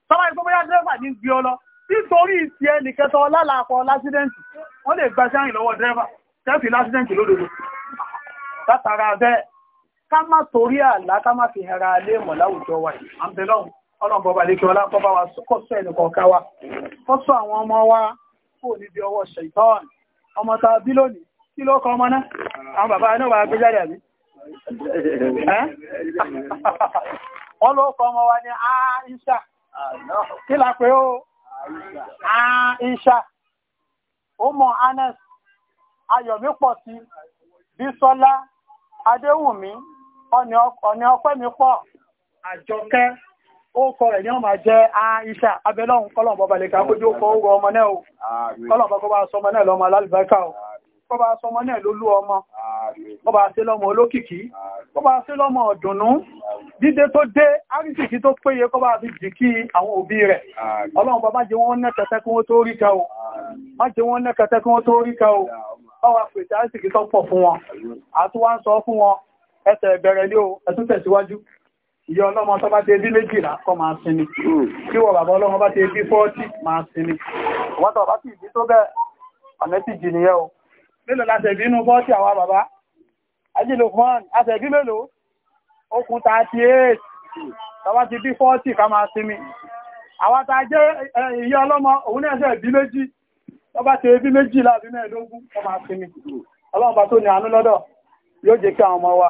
Speaker 1: tọ́wọ́ ìgbọ́gbọ́ yá dẹ́rẹ́fà ní gbí ọ lọ nítorí ti ẹnì kẹta ọlá làpọ̀ lásídẹ́ǹtì wọ́n lè gbẹ sáyìn lọ́wọ́ dẹ́rẹ́fà tẹ́fì lásídẹ́ǹtì lódodo látara bẹ́ẹ̀ ká má torí àlá ká má fi hẹra alé mọ̀ láwùjọ wa yìí àǹbẹ̀lọ́hùn ọlọ́pọ̀ bá lékè ọlá kọ́ bá wa kọ́sọ́ ẹnì kọ̀ọ̀kan wa kọ́sọ́ àwọn ọmọ wa kò níbi ọwọ́ ṣẹ̀tọ́n ọmọ ta bí lónìí kí ló kọ ọmọ náà àwọn bàbá náà wà gbé jáde àbí wọ́n ló Ayọ̀mí pọ̀ sí Bísọ́lá Adéwùmí ọ̀nà ọpẹ́ mi pọ̀ àjọkẹ́ ó kọ rẹ̀ ní ọmọ jẹ́ àìṣà abẹ́lọ́hun kọ́lọ̀ bọ́bá lè kàkójú ọkọ̀ owó ọmọ náà o kọ́lọ̀ bọ́ bá sọmọ náà lọ́mọ alálùbáríkà o kọ́ bá sọmọ náà lólú ọmọ kọ́ bá sí lọ́mọ olókìkí kọ́ bá sí lọ́mọ ọ̀dùnnú dídé tó dé áríṣìkí tó péye kọ́ bá fi jì kí àwọn òbí rẹ̀ ọlọ́run bàbá jẹ́ wọ́n ná o má o báwa pèsè áríṣìkí tó pọ̀ fún wọn àti wá ń sọ fún wọn ẹsẹ̀ ìbẹ̀rẹ̀ lé o ẹ̀tún tẹ̀síwájú ìyá ọlọ́mọ tó bá ti bí méjìlá kọ́ máa sinmi kí wọ bàbá ọlọ́mọ bá ti bí fọ́ọ̀tì máa sinmi wọ́n tó bá ti bí tó bẹ́ẹ̀ ọ̀nà sì jì nìyẹn o mélòó la ṣẹ̀bí inú fọ́ọ̀tì àwa bàbá ajílò fún àṣẹ̀bí mélòó okùn ta ti eight tó bá ti bí fọ́ọ̀tì ká máa sinmi àwa ta jẹ́ ìyá ọlọ́mọ òun náà ṣẹ̀ bí méjì tó bá ti bí méjìlá àbí mẹ́ẹ̀ẹ́dógún kọ́ máa sinmi ọlọ́mọba tó ní àánú lọ́dọ̀ yóò jẹ́ kí àwọn ọmọ wa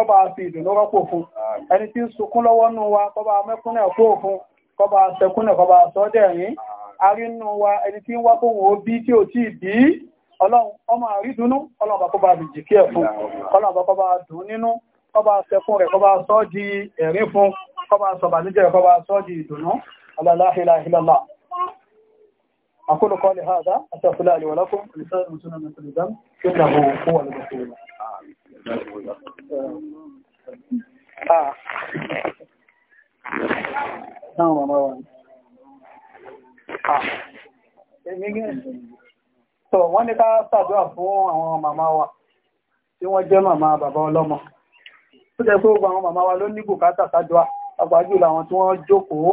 Speaker 1: kọba fi ìdùnnú rọ́pò fún ẹni tí ń sunkún lọ́wọ́ nù wa kọba mẹ́kúnnẹ̀ kó fún kọba sẹkúnnẹ̀ kọba sọ́dẹ̀rín arínú wa ẹni tí ń wá kóhùn ó bí tí ò tí ì bí ọlọ́run ọmọ àrídùnnú ọlọ́run bá kọba fi jìkí ẹ̀ fún ọlọ́run kọba dùn nínú kọba sẹkún rẹ̀ kọba sọ́ di ẹ̀rín fún kọba sọ̀bàníjẹ́ kọba sọ́ di ìdùnnú ọlọ́láhìláhìlọ́lá أقول قولي هذا أستغفر ولكم لسائر المسلمين من كل ذنب إنه هو الغفور
Speaker 2: Táwọn màmá wà ní. Èmi gẹ́gẹ́
Speaker 1: sọ wọ́n ní ká ṣàdúrà fún àwọn màmá wa tí wọ́n jẹ́ màmá bàbá ọlọ́mọ. Ó jẹ́ pé gbogbo àwọn màmá wa ló ní bùkátà ṣàdúrà, àpàjù làwọn tí wọ́n jókòó.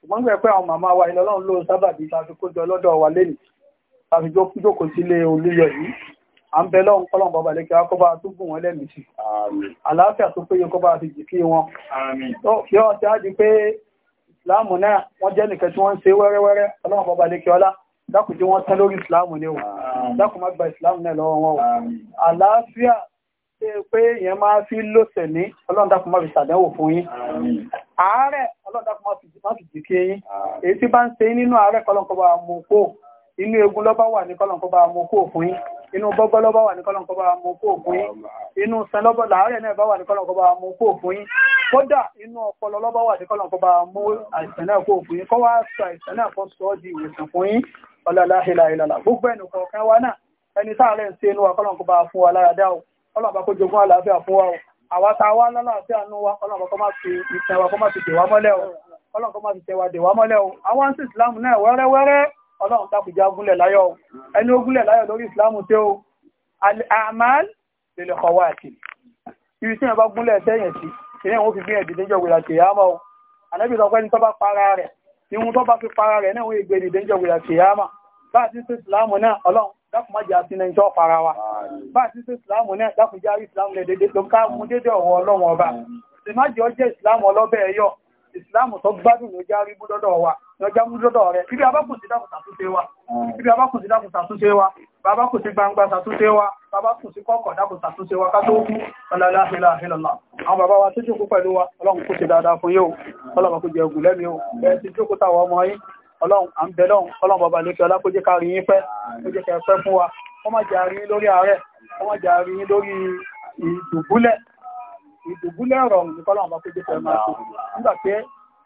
Speaker 1: Ṣùgbọ́n gbẹ̀ pé àwọn màmá wa ilẹ̀ ọlọ́run ló sábàbí ta fi kójọ lọ́dọ̀ wa lénìí. Ta fi jókòó sílé olúyọ yìí à ń bẹ lọ́hùn kọ́lọ́n bọ́ba lẹ́kẹ́ akọ́bá tó gùn wọn lẹ́mìí sí àlàáfíà tó péye kọ́ba ti jì kí wọn yọ ọ̀tí á di pé ìsìláàmù náà wọ́n jẹ́ nìkan tí wọ́n ń ṣe wẹ́rẹ́wẹ́rẹ́ kọ́lọ́n bọ́ba lẹ́kẹ́ ọlá dákun tí wọ́n tán lórí ìsìláàmù ni o dákun má gba ìsìláàmù náà lọ́wọ́ wọn o àlàáfíà ṣe pé èèyàn máa fi lọ́sẹ̀ ní ọlọ́run dákun má fi ṣàdánwò fún yín àárẹ̀ ọlọ́run dákun má fi jì kí yín èyí tí bá ń ṣe nínú àárẹ̀ kọ́lọ́n kọ́ba mú kó inú egun lọ́ba wà ní kọ́lọ́n kọ́ba mú inú bọ́gbọ́lọ́ bá wà ní kọ́lọ̀kọ́ bá mú kó fún yín inú sanlọ́bọ̀ láàárẹ̀ náà bá wà ní kọ́lọ̀kọ́ bá mú kó fún yín kódà inú ọpọlọ lọ́bọ̀ wà ní kọ́lọ̀kọ́ bá mú àìsàn náà kó fún yín kọ́ wá wa náà ẹni táàrẹ̀ ń ṣe inú wa kọ́lọ̀kọ́ bá fún wa lára dá o kọ́lọ̀ bá kó jogún àlàáfíà fún wa o àwa ta wá lálàáfíà nú wa kọ́lọ̀ bá kọ́ má ti ìtàn wa kọ́
Speaker 2: má ti tẹ̀ wá mọ́lẹ̀
Speaker 1: o kọ́lọ̀ kọ́ má ti tẹ̀ wá dè wá mọ́lẹ̀ o àwọn ọlọ́run dákùjá ogúnlẹ̀ láyọ̀ ẹni ogúnlẹ̀ láyọ̀ lórí ìsìláàmù tí ó àmàl lè kọwà àti ibi tí wọ́n bá gúnlẹ̀ sẹ́yìn sí ìrìn òun fi gbé ẹ̀dì déjọ́ wìlà tì yá mọ́ ànábì sọ pé ní tó bá para rẹ̀ ìhun tó bá fi para rẹ̀ náà wọ́n gbé ẹ̀dì déjọ́ wìlà tì yá mọ́ bá àti sí ìsìláàmù náà ọlọ́run dákùmájà sí ní ìjọ para wa bá àti sí ìsìláàmù náà dákùjá ìsìláàmù lè dédé tó ká mú dédé ọ̀wọ́ ọlọ́run ọba ìmájì ọjẹ́ ìsìláàmù ọlọ́bẹ̀ ẹ̀yọ́ ìsìláàmù tó gbádùn ló já rí bú lọ́dọ̀ wa lọ já mú lọ́dọ̀ rẹ̀ ibi abákùn sí dákùn ṣàtúnṣe wa ibi abákùn sí dákùn ṣàtúnṣe wa bàbá kù sí gbangba ṣàtúnṣe wa bàbá kù sí kọ́kọ̀ dákùn ṣàtúnṣe wa ká tó kú ọlọ́láhìlá àhìlọ́lá àwọn bàbá wa tó jókòó pẹ̀lú wa ọlọ́run kó ṣe dáadáa fún yóò ọlọ́run kó jẹ ògùn lẹ́mí o bẹ́ẹ̀ ti jókòó táwọn ọmọ yín ọlọ́run à ń bẹ lọ́run ọlọ́run bàbá lẹ́kẹ́ ọlá kó jẹ́ ká rí yín pẹ́ kó jẹ́ ká pẹ́ fún wa wọ́n má jà lórí àárẹ̀ wọ́n má jà lórí ìdùbúlẹ̀ ìdùbúlẹ̀ ọ̀rọ̀ ọ̀hún nìkan làwọn ọmọkùnrin tẹ̀ máa ṣe nígbà tí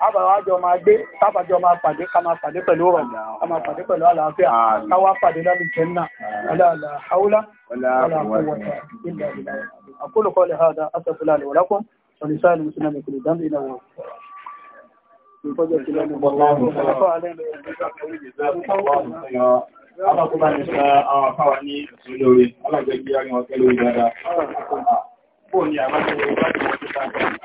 Speaker 1: àbàwà jọ máa gbé tábà jọ máa pàdé ká máa pàdé pẹ̀lú ọ̀rọ̀ ká máa pàdé pẹ̀lú àlàáfíà ká wá pàdé lálẹ́ jẹ́nà aláàlá haúlá aláàkúwọ̀ta ilẹ̀ ìlà أقول قولي هذا أسف الله ولكم ولسائر
Speaker 2: ṣe àwọn afáwà ní ìṣòlórí, ọlọ́gbẹ̀gbẹ̀ àwọn akẹ́lórí dáadáa bóò ni àwọn ẹgbẹ́ ìwádìí wọ́n ti bá